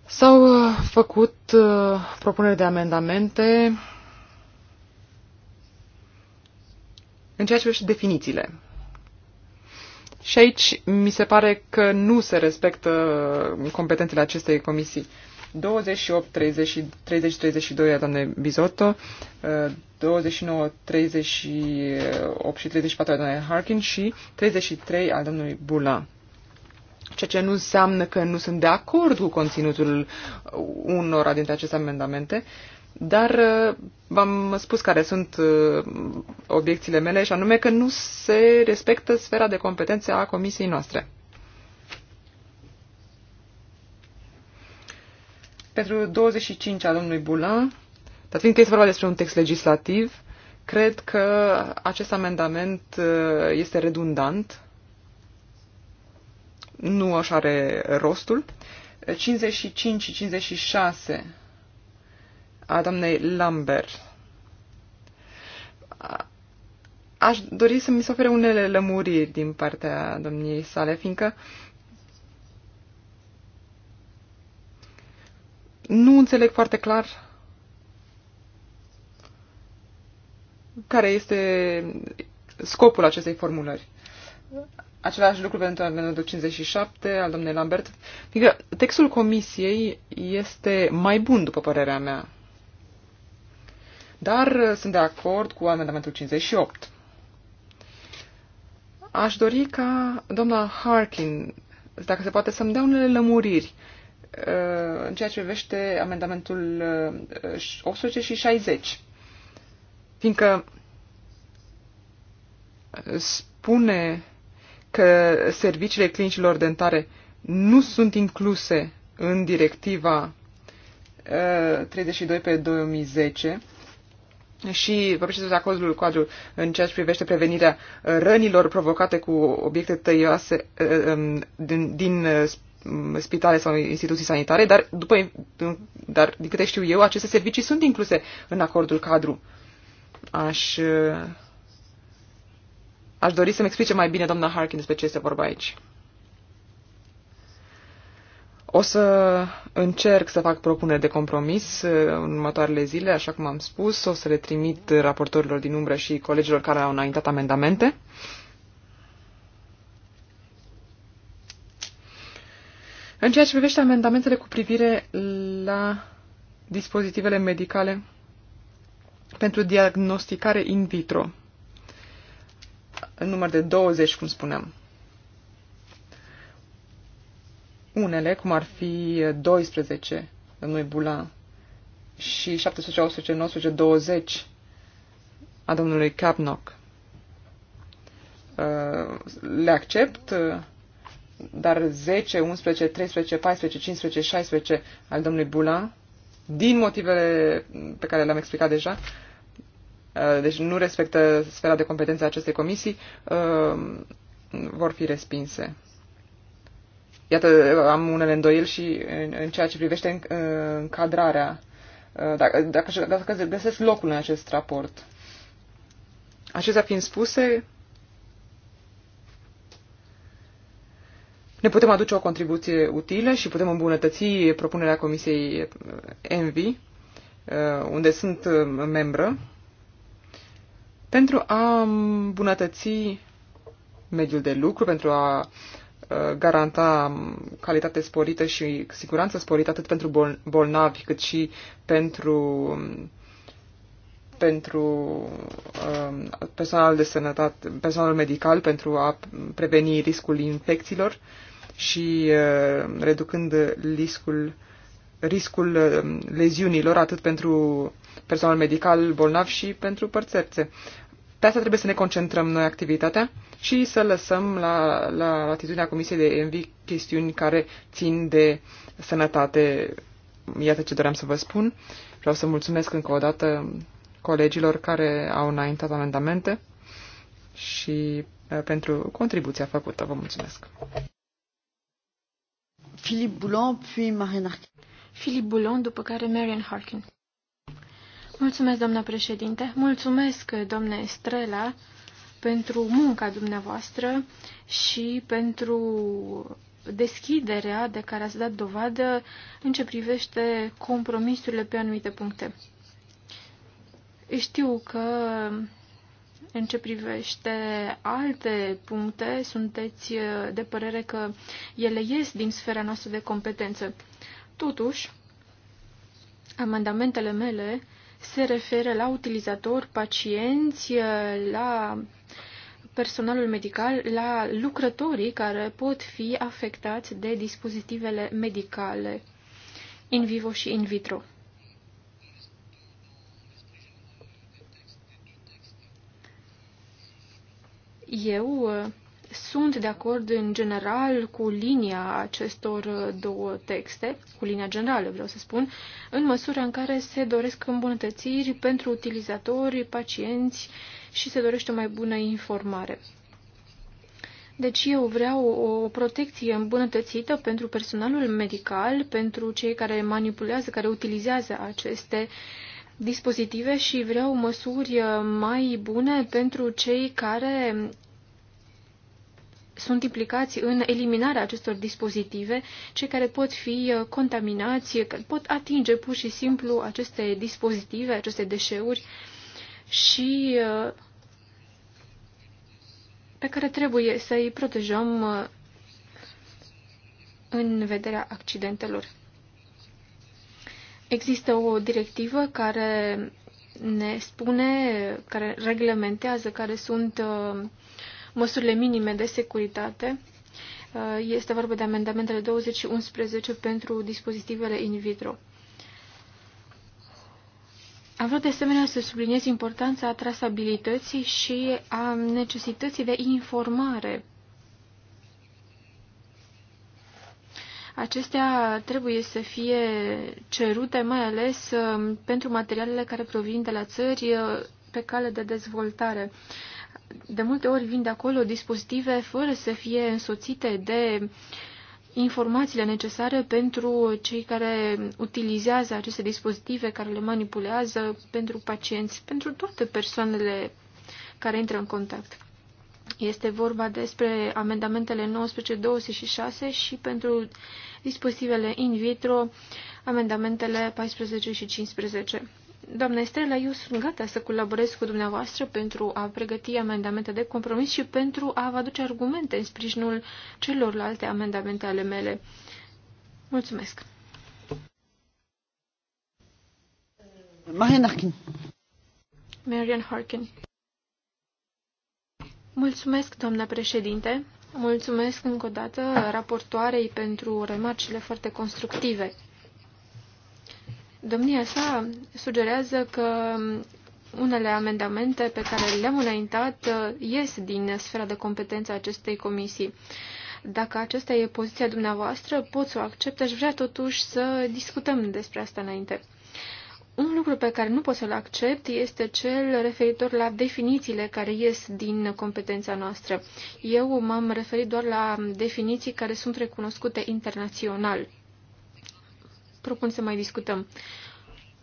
Speaker 4: S-au uh, făcut uh, propuneri de amendamente în ceea ce privește definițiile și aici mi se pare că nu se respectă competențele acestei comisii. 28, 30, 30 32 a doamnei Bizotto, 29, uh, 38 și 34 a doamnei Harkin și 33 al domnului Bula. Ceea ce nu înseamnă că nu sunt de acord cu conținutul unora dintre aceste amendamente, dar uh, v-am spus care sunt uh, obiecțiile mele și anume că nu se respectă sfera de competență a comisiei noastre. Pentru 25 al domnului Bulan, dar fiindcă este vorba despre un text legislativ, cred că acest amendament uh, este redundant, nu așa are rostul. 55 și 56 a doamnei Lambert. Aș dori să mi se ofere unele lămuriri din partea domniei sale, fiindcă nu înțeleg foarte clar care este scopul acestei formulări. Același lucru pentru amendamentul 57 al domnului Lambert. fiindcă textul comisiei este mai bun, după părerea mea. Dar uh, sunt de acord cu amendamentul 58. Aș dori ca doamna Harkin, dacă se poate, să-mi dea unele lămuriri uh, în ceea ce privește amendamentul 18 uh, și 60. Fiindcă spune că serviciile clinicilor dentare nu sunt incluse în directiva 32 pe 2010 și procesul de acordul cadru în ceea ce privește prevenirea rănilor provocate cu obiecte tăioase eh, eh, um, din, din eh, mm, spitale sau instituții sanitare, dar, după, dar din câte știu eu, aceste servicii sunt incluse în acordul cadru. Aș, aș dori să-mi explice mai bine, doamna Harkin, despre ce este vorba aici. O să încerc să fac propuneri de compromis uh, în următoarele zile, așa cum am spus. O să le trimit raportorilor din umbră și colegilor care au înaintat amendamente. În ceea ce privește amendamentele cu privire la dispozitivele medicale pentru diagnosticare in vitro, în număr de 20, cum spuneam. unele, cum ar fi 12, domnului Bula, și 718, 920, a domnului Capnock. Uh, le accept, uh, dar 10, 11, 13, 14, 15, 16 al domnului Bula, din motivele pe care le-am explicat deja, uh, deci nu respectă sfera de competență a acestei comisii, vor fi respinse. Iată, am unele îndoieli și în, în ceea ce privește încadrarea, uh, dacă, dacă, dacă găsesc locul în acest raport. Acestea fiind spuse, ne putem aduce o contribuție utilă și putem îmbunătăți propunerea Comisiei uh, ENVI, uh, unde sunt membră, pentru a îmbunătăți mediul de lucru, pentru a Uh, garanta calitate sporită și siguranță sporită atât pentru bolnavi cât și pentru um, pentru um, personal de sănătate, personalul medical pentru a preveni riscul infecțiilor și uh, reducând riscul, riscul um, leziunilor atât pentru personal medical bolnav și pentru părțerțe. Pe asta trebuie să ne concentrăm noi activitatea și să lăsăm la, la atitudinea Comisiei de Envi chestiuni care țin de sănătate. Iată ce doream să vă spun. Vreau să mulțumesc încă o dată colegilor care au înaintat amendamente și pentru contribuția făcută. Vă mulțumesc.
Speaker 2: Philippe Boulon, puis Marian Harkin. Philippe Boulon, după care Marian Harkin. Mulțumesc, doamna președinte. Mulțumesc, domne Estrela, pentru munca dumneavoastră și pentru deschiderea de care ați dat dovadă în ce privește compromisurile pe anumite puncte. Știu că în ce privește alte puncte, sunteți de părere că ele ies din sfera noastră de competență. Totuși, amendamentele mele se referă la utilizatori, pacienți, la personalul medical, la lucrătorii care pot fi afectați de dispozitivele medicale in vivo și in vitro. Eu sunt de acord în general cu linia acestor uh, două texte, cu linia generală vreau să spun, în măsura în care se doresc îmbunătățiri pentru utilizatori, pacienți și se dorește o mai bună informare. Deci eu vreau o protecție îmbunătățită pentru personalul medical, pentru cei care manipulează, care utilizează aceste dispozitive și vreau măsuri uh, mai bune pentru cei care sunt implicați în eliminarea acestor dispozitive, cei care pot fi uh, contaminați, care pot atinge pur și simplu aceste dispozitive, aceste deșeuri și uh, pe care trebuie să îi protejăm uh, în vederea accidentelor. Există o directivă care ne spune, care reglementează care sunt uh, măsurile minime de securitate. Uh, este vorba de amendamentele 20 și 11 pentru dispozitivele in vitro. Am vrut de asemenea să subliniez importanța trasabilității și a necesității de informare. Acestea trebuie să fie cerute mai ales um, pentru materialele care provin de la țări uh, pe cale de dezvoltare de multe ori vin de acolo dispozitive fără să fie însoțite de informațiile necesare pentru cei care utilizează aceste dispozitive, care le manipulează, pentru pacienți, pentru toate persoanele care intră în contact. Este vorba despre amendamentele 1926 și pentru dispozitivele in vitro, amendamentele 14 și 15. Doamna Estrela, eu sunt gata să colaborez cu dumneavoastră pentru a pregăti amendamente de compromis și pentru a vă aduce argumente în sprijinul celorlalte amendamente ale mele. Mulțumesc! Marian Harkin. Marian Harkin. Mulțumesc, doamna președinte. Mulțumesc încă o dată raportoarei pentru remarcile foarte constructive. Domnia sa sugerează că unele amendamente pe care le-am înaintat uh, ies din sfera de competență a acestei comisii. Dacă aceasta e poziția dumneavoastră, pot să o accept, aș vrea totuși să discutăm despre asta înainte. Un lucru pe care nu pot să-l accept este cel referitor la definițiile care ies din competența noastră. Eu m-am referit doar la definiții care sunt recunoscute internațional propun să mai discutăm.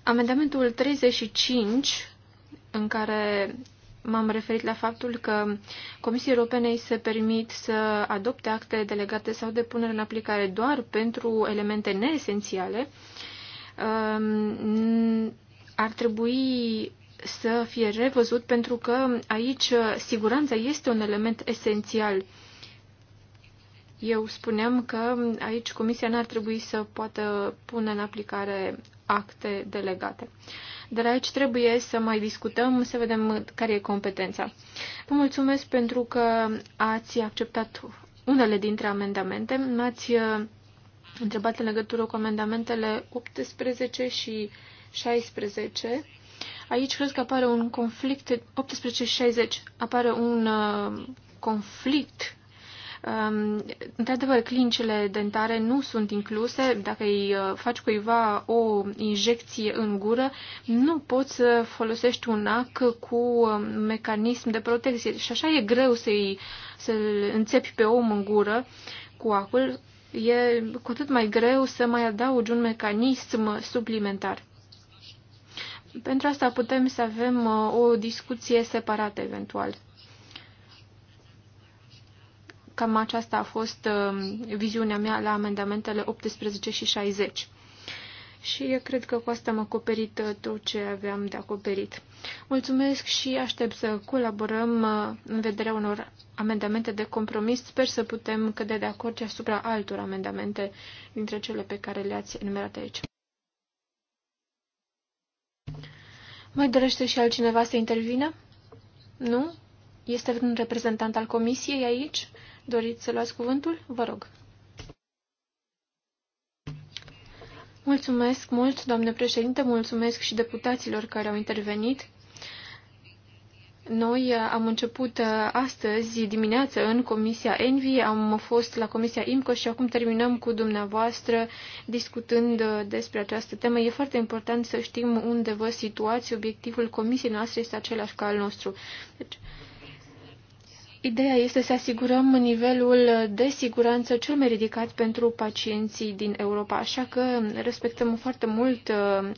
Speaker 2: Amendamentul 35, în care m-am referit la faptul că Comisiei Europenei se permit să adopte acte delegate sau de punere în aplicare doar pentru elemente neesențiale, um, ar trebui să fie revăzut pentru că aici siguranța este un element esențial eu spuneam că aici Comisia n-ar trebui să poată pune în aplicare acte delegate. Dar aici trebuie să mai discutăm, să vedem care e competența. Vă mulțumesc pentru că ați acceptat unele dintre amendamente. M-ați uh, întrebat în legătură cu amendamentele 18 și 16. Aici cred că apare un conflict, 18 și 60, apare un uh, conflict Um, într-adevăr, clinicile dentare nu sunt incluse. Dacă îi uh, faci cuiva o injecție în gură, nu poți să folosești un ac cu um, mecanism de protecție. Și așa e greu să-i, să înțepi pe om în gură cu acul. E cu atât mai greu să mai adaugi un mecanism suplimentar. Pentru asta putem să avem uh, o discuție separată eventual. Cam aceasta a fost um, viziunea mea la amendamentele 18 și 60. Și eu cred că cu asta am acoperit uh, tot ce aveam de acoperit. Mulțumesc și aștept să colaborăm uh, în vederea unor amendamente de compromis. Sper să putem cădea de acord și asupra altor amendamente dintre cele pe care le-ați enumerat aici. Mai dorește și altcineva să intervină? Nu? Este un reprezentant al comisiei aici? Doriți să luați cuvântul? Vă rog. Mulțumesc mult, doamne președinte, mulțumesc și deputaților care au intervenit. Noi uh, am început uh, astăzi dimineață în Comisia Envi, am fost la Comisia IMCO și acum terminăm cu dumneavoastră discutând uh, despre această temă. E foarte important să știm unde vă situați. Obiectivul Comisiei noastre este același ca al nostru. Deci, Ideea este să asigurăm nivelul de siguranță cel mai ridicat pentru pacienții din Europa, așa că respectăm foarte mult uh,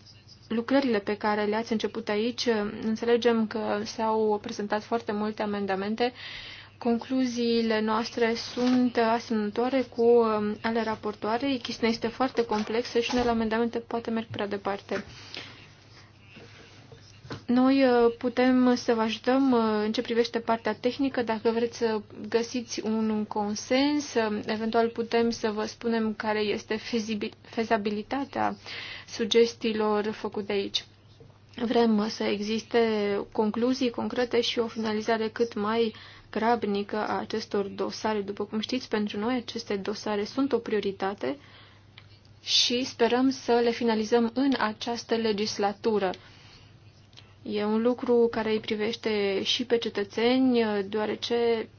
Speaker 2: lucrările pe care le-ați început aici. Înțelegem că s-au prezentat foarte multe amendamente. Concluziile noastre sunt asemănătoare cu um, ale raportoarei. Chestiunea este foarte complexă și unele amendamente poate merg prea departe. Noi uh, putem să vă ajutăm uh, în ce privește partea tehnică, dacă vreți să găsiți un consens, eventual putem să vă spunem care este fezabilitatea sugestiilor făcute aici. Vrem să existe concluzii concrete și o finalizare cât mai grabnică a acestor dosare. După cum știți, pentru noi aceste dosare sunt o prioritate și sperăm să le finalizăm în această legislatură. E un lucru care îi privește și pe cetățeni, deoarece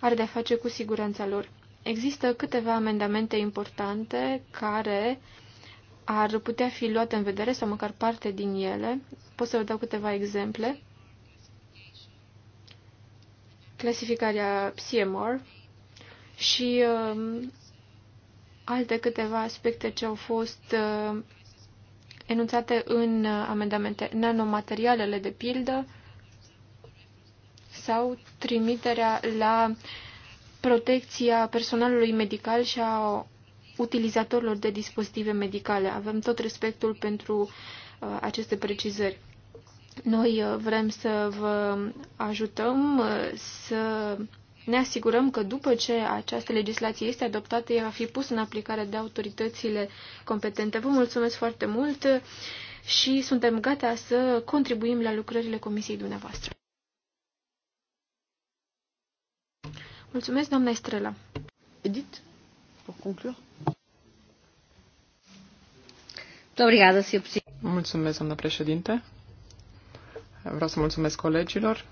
Speaker 2: are de-a face cu siguranța lor. Există câteva amendamente importante care ar putea fi luate în vedere, sau măcar parte din ele. Pot să vă dau câteva exemple. Clasificarea CMR și uh, alte câteva aspecte ce au fost uh, enunțate în uh, amendamente, nanomaterialele de pildă sau trimiterea la protecția personalului medical și a utilizatorilor de dispozitive medicale. Avem tot respectul pentru uh, aceste precizări. Noi uh, vrem să vă ajutăm să ne asigurăm că după ce această legislație este adoptată, ea va fi pusă în aplicare de autoritățile competente. Vă mulțumesc foarte mult și suntem gata să contribuim la lucrările comisiei dumneavoastră. Mulțumesc, doamna Estrela. Edit? pour conclure.
Speaker 4: Mulțumesc, doamnă președinte. Vreau să mulțumesc colegilor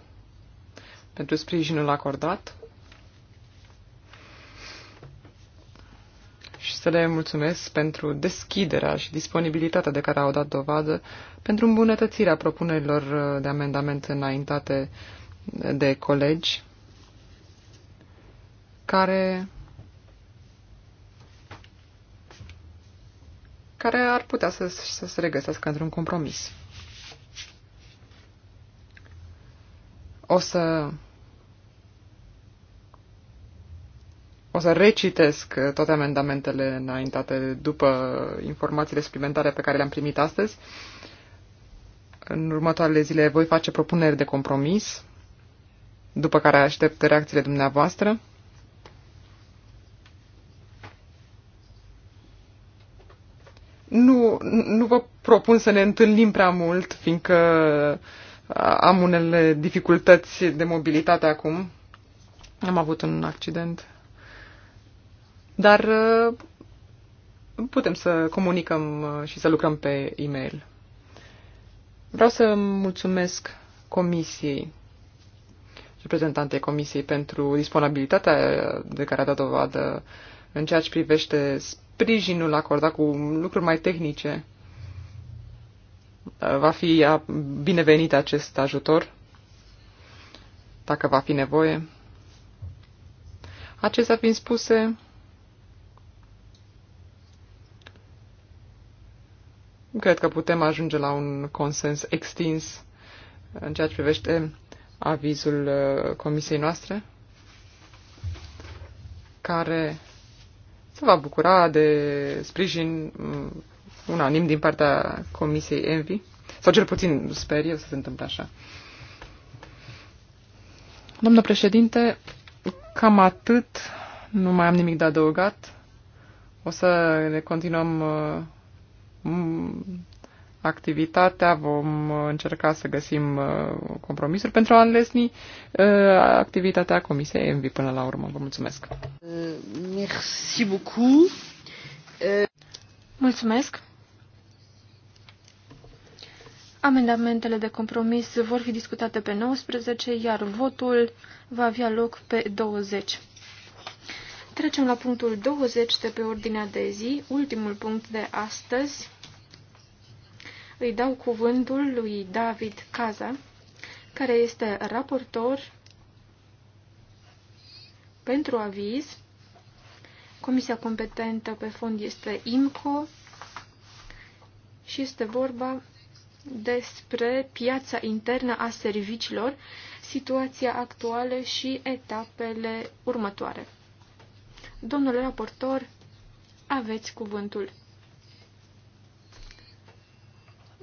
Speaker 4: pentru sprijinul acordat. și să le mulțumesc pentru deschiderea și disponibilitatea de care au dat dovadă pentru îmbunătățirea propunerilor uh, de amendament înaintate de colegi care care ar putea să, să se regăsească într-un compromis. O să O să recitesc toate amendamentele înaintate după informațiile suplimentare pe care le-am primit astăzi. În următoarele zile voi face propuneri de compromis, după care aștept reacțiile dumneavoastră. Nu, nu vă propun să ne întâlnim prea mult, fiindcă am unele dificultăți de mobilitate acum. Am avut un accident dar uh, putem să comunicăm uh, și să lucrăm pe e-mail. Vreau să mulțumesc Comisiei, reprezentantei Comisiei, pentru disponibilitatea de care a dat dovadă în ceea ce privește sprijinul acordat cu lucruri mai tehnice. Uh, va fi binevenit acest ajutor, dacă va fi nevoie. Acestea fiind spuse, cred că putem ajunge la un consens extins în ceea ce privește avizul uh, comisiei noastre, care se va bucura de sprijin mm, unanim din partea comisiei Envi, sau cel puțin sper eu să se întâmple așa. Domnul președinte, cam atât, nu mai am nimic de adăugat. O să ne continuăm uh, Mm, activitatea, vom încerca să găsim uh, compromisuri pentru a înlesni uh, activitatea Comisiei ENVI până la urmă. Vă mulțumesc!
Speaker 1: Uh, merci
Speaker 2: beaucoup! Mulțumesc! Amendamentele de compromis vor fi discutate pe 19, iar votul va avea loc pe 20. Trecem la punctul 20 de pe ordinea de zi, ultimul punct de astăzi, îi dau cuvântul lui David Caza, care este raportor pentru aviz. Comisia competentă pe fond este IMCO și este vorba despre piața internă a serviciilor, situația actuală și etapele următoare. Domnule raportor, aveți cuvântul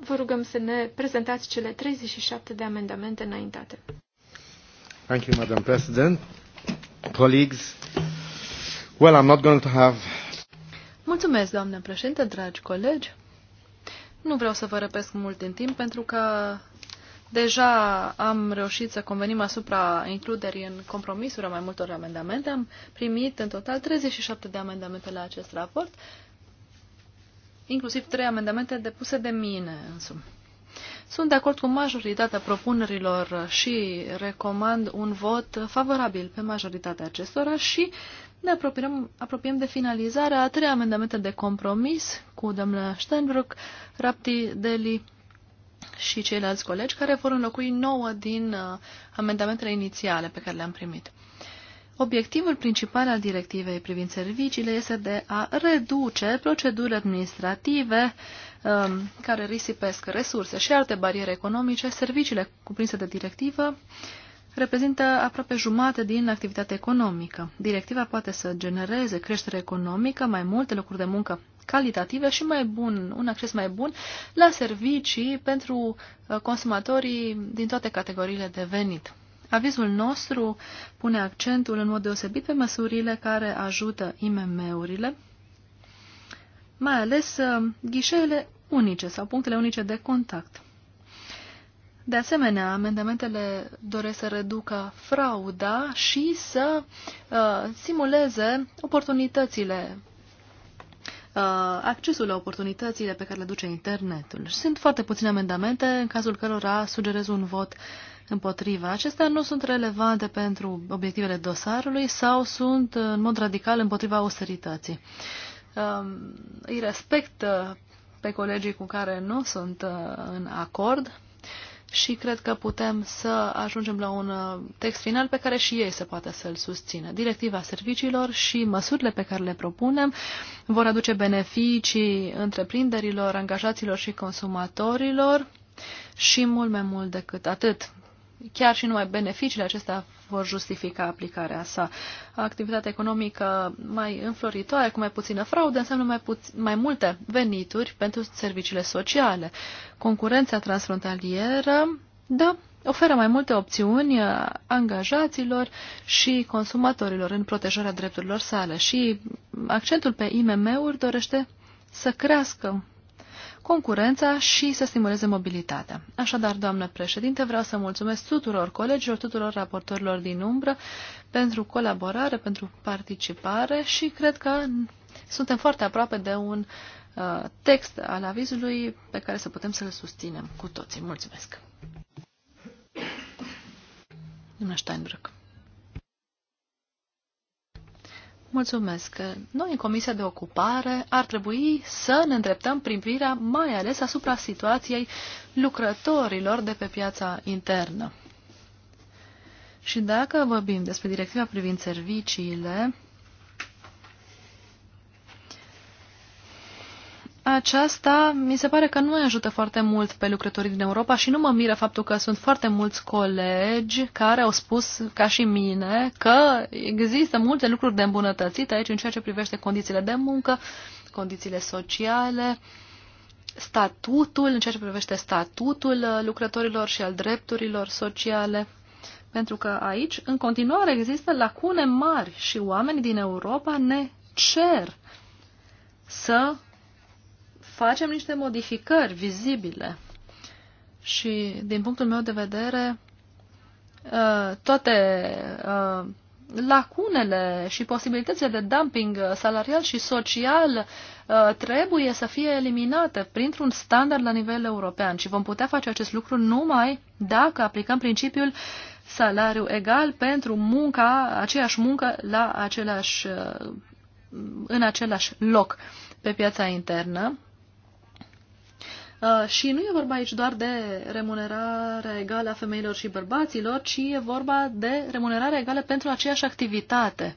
Speaker 2: vă rugăm să ne prezentați cele 37 de amendamente înaintate. Thank you, Madam President. Colleagues, well, I'm not going to have...
Speaker 1: Mulțumesc, doamnă președinte, dragi colegi. Nu vreau să vă răpesc mult din timp pentru că deja am reușit să convenim asupra includerii în compromisuri a mai multor amendamente. Am primit în total 37 de amendamente la acest raport inclusiv trei amendamente depuse de mine însumi. Sunt de acord cu majoritatea propunerilor și recomand un vot favorabil pe majoritatea acestora și ne apropiem, apropiem de finalizarea a trei amendamente de compromis cu domnul Steinbrück, Rapti, Deli și ceilalți colegi care vor înlocui nouă din uh, amendamentele inițiale pe care le-am primit. Obiectivul principal al directivei privind serviciile este de a reduce procedurile administrative um, care risipesc resurse și alte bariere economice. Serviciile cuprinse de directivă reprezintă aproape jumate din activitatea economică. Directiva poate să genereze creștere economică, mai multe locuri de muncă calitative și mai bun, un acces mai bun la servicii pentru uh, consumatorii din toate categoriile de venit. Avizul nostru pune accentul în mod deosebit pe măsurile care ajută IMM-urile, mai ales uh, ghișeele unice sau punctele unice de contact. De asemenea, amendamentele doresc să reducă frauda și să uh, simuleze oportunitățile, uh, accesul la oportunitățile pe care le duce internetul. Sunt foarte puține amendamente în cazul cărora sugerez un vot uh, împotriva. Acestea nu sunt relevante pentru obiectivele dosarului sau sunt în mod radical împotriva austerității. Um, îi respect uh, pe colegii cu care nu sunt uh, în acord și cred că putem să ajungem la un uh, text final pe care și ei se poate să-l susțină. Directiva serviciilor și măsurile pe care le propunem vor aduce beneficii întreprinderilor, angajaților și consumatorilor și mult mai mult decât atât chiar și numai beneficiile acestea vor justifica aplicarea sa. Activitatea economică mai înfloritoare, cu mai puțină fraudă, înseamnă mai, puț- mai multe venituri pentru serviciile sociale. Concurența transfrontalieră dă, da, oferă mai multe opțiuni angajaților și consumatorilor în protejarea drepturilor sale și accentul pe IMM-uri dorește să crească concurența și să stimuleze mobilitatea. Așadar, doamnă președinte, vreau să mulțumesc tuturor colegilor, tuturor raportorilor din umbră pentru colaborare, pentru participare și cred că suntem foarte aproape de un uh, text al avizului pe care să putem să-l susținem cu toții. Mulțumesc! Doamna Steinbrück. Mulțumesc. Noi, în Comisia de Ocupare, ar trebui să ne îndreptăm privirea mai ales asupra situației lucrătorilor de pe piața internă. Și dacă vorbim despre directiva privind serviciile, aceasta mi se pare că nu ajută foarte mult pe lucrătorii din Europa și nu mă miră faptul că sunt foarte mulți colegi care au spus, ca și mine, că există multe lucruri de îmbunătățit aici în ceea ce privește condițiile de muncă, condițiile sociale, statutul, în ceea ce privește statutul uh, lucrătorilor și al drepturilor sociale. Pentru că aici, în continuare, există lacune mari și oamenii din Europa ne cer să facem niște modificări vizibile. Și, din punctul meu de vedere, ă, toate ă, lacunele și posibilitățile de dumping salarial și social ă, trebuie să fie eliminate printr-un standard la nivel european și vom putea face acest lucru numai dacă aplicăm principiul salariu egal pentru munca, aceeași muncă la același, în același loc pe piața internă Uh, și nu e vorba aici doar de remunerare egală a femeilor și bărbaților, ci e vorba de remunerare egală pentru aceeași activitate.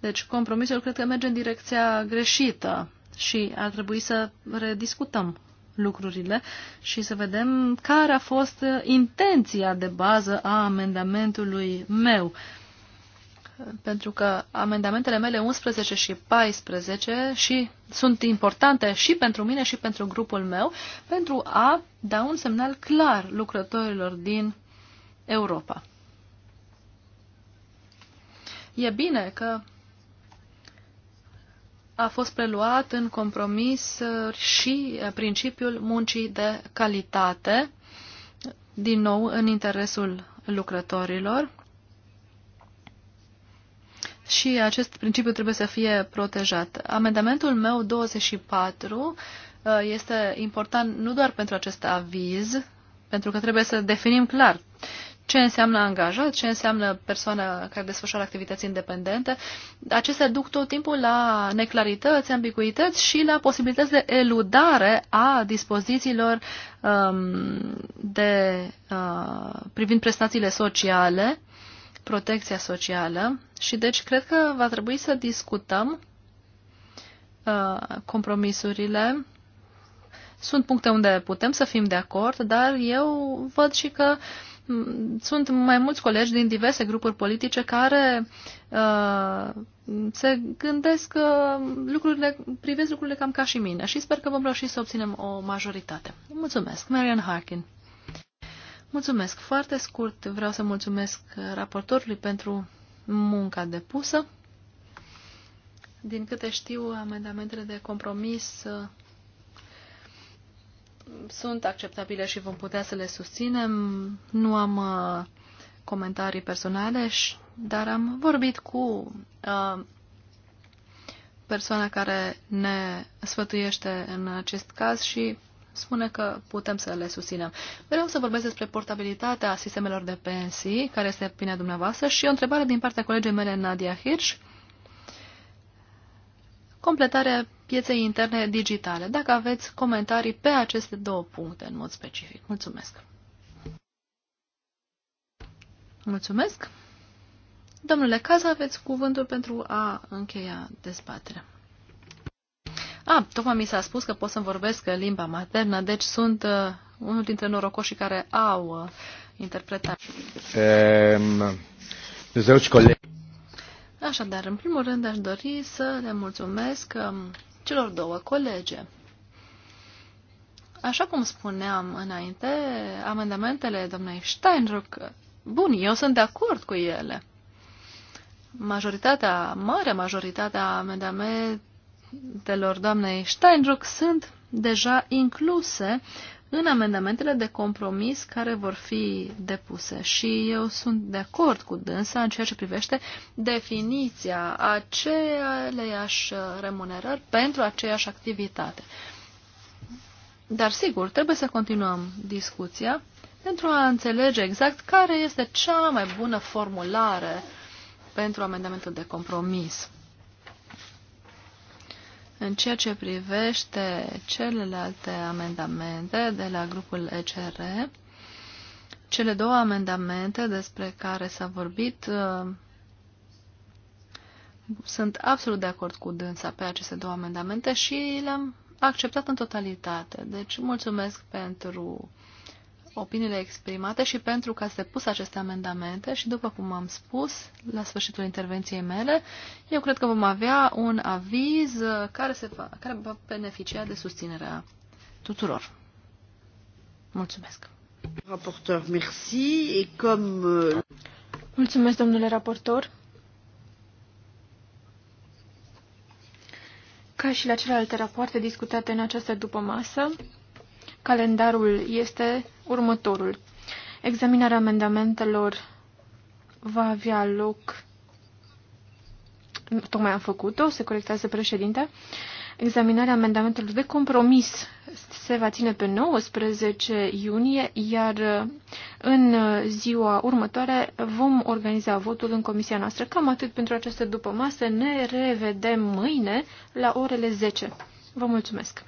Speaker 1: Deci compromisul cred că merge în direcția greșită și ar trebui să rediscutăm lucrurile și să vedem care a fost intenția de bază a amendamentului meu. Uh, pentru că amendamentele mele 11 și 14 și sunt importante și pentru mine și pentru grupul meu, pentru a da un semnal clar lucrătorilor din Europa. E bine că a fost preluat în compromis și principiul muncii de calitate, din nou în interesul lucrătorilor, și acest principiu trebuie să fie protejat. Amendamentul meu 24 uh, este important nu doar pentru acest aviz, pentru că trebuie să definim clar ce înseamnă angajat, ce înseamnă persoana care desfășoară activități independente. Acestea duc tot timpul la neclarități, ambiguități și la posibilități de eludare a dispozițiilor um, de, uh, privind prestațiile sociale protecția socială și deci cred că va trebui să discutăm uh, compromisurile. Sunt puncte unde putem să fim de acord, dar eu văd și că mm, sunt mai mulți colegi din diverse grupuri politice care uh, se gândesc că uh, lucrurile, privesc lucrurile cam ca și mine și sper că vom reuși să obținem o majoritate. Mulțumesc, Marian Harkin. Mulțumesc. Foarte scurt vreau să mulțumesc raportorului pentru munca depusă. Din câte știu, amendamentele de compromis uh, sunt acceptabile și vom putea să le susținem. Nu am uh, comentarii personale, dar am vorbit cu uh, persoana care ne sfătuiește în acest caz și spune că putem să le susținem. Vreau să vorbesc despre portabilitatea sistemelor de pensii, care este opinia dumneavoastră, și o întrebare din partea colegii mele, Nadia Hirsch. Completarea pieței interne digitale. Dacă aveți comentarii pe aceste două puncte în mod specific. Mulțumesc! Mulțumesc! Domnule Caz, aveți cuvântul pentru a încheia dezbaterea. A, ah, tocmai mi s-a spus că pot să vorbesc limba maternă, deci sunt uh, unul dintre norocoșii care au uh, interpretat.
Speaker 3: Um, ehm, colegi.
Speaker 1: Așadar, în primul rând aș dori să le mulțumesc um, celor două colege. Așa cum spuneam înainte, amendamentele domnului Steinruck, bun, eu sunt de acord cu ele majoritatea, marea majoritatea amendamentelor amendamentelor doamnei Steinruck sunt deja incluse în amendamentele de compromis care vor fi depuse. Și eu sunt de acord cu dânsa în ceea ce privește definiția aceleiași remunerări pentru aceeași activitate. Dar sigur, trebuie să continuăm discuția pentru a înțelege exact care este cea mai bună formulare pentru amendamentul de compromis. În ceea ce privește celelalte amendamente de la grupul ECR, cele două amendamente despre care s-a vorbit uh, sunt absolut de acord cu dânsa pe aceste două amendamente și le-am acceptat în totalitate. Deci mulțumesc pentru opiniile exprimate și pentru că ați depus aceste amendamente și, după cum am spus la sfârșitul intervenției mele, eu cred că vom avea un aviz uh, care, se va, care va beneficia de susținerea tuturor.
Speaker 2: Mulțumesc! Raportor, merci. Et comme... Euh, Mulțumesc, domnule raportor. Ca și la celelalte rapoarte discutate în această dupămasă, Calendarul este următorul. Examinarea amendamentelor va avea loc. Tocmai am făcut-o, se corectează președinte. Examinarea amendamentelor de compromis se va ține pe 19 iunie, iar uh, în uh, ziua următoare vom organiza votul în comisia noastră. Cam atât pentru această după masă. Ne revedem mâine la orele 10. Vă mulțumesc!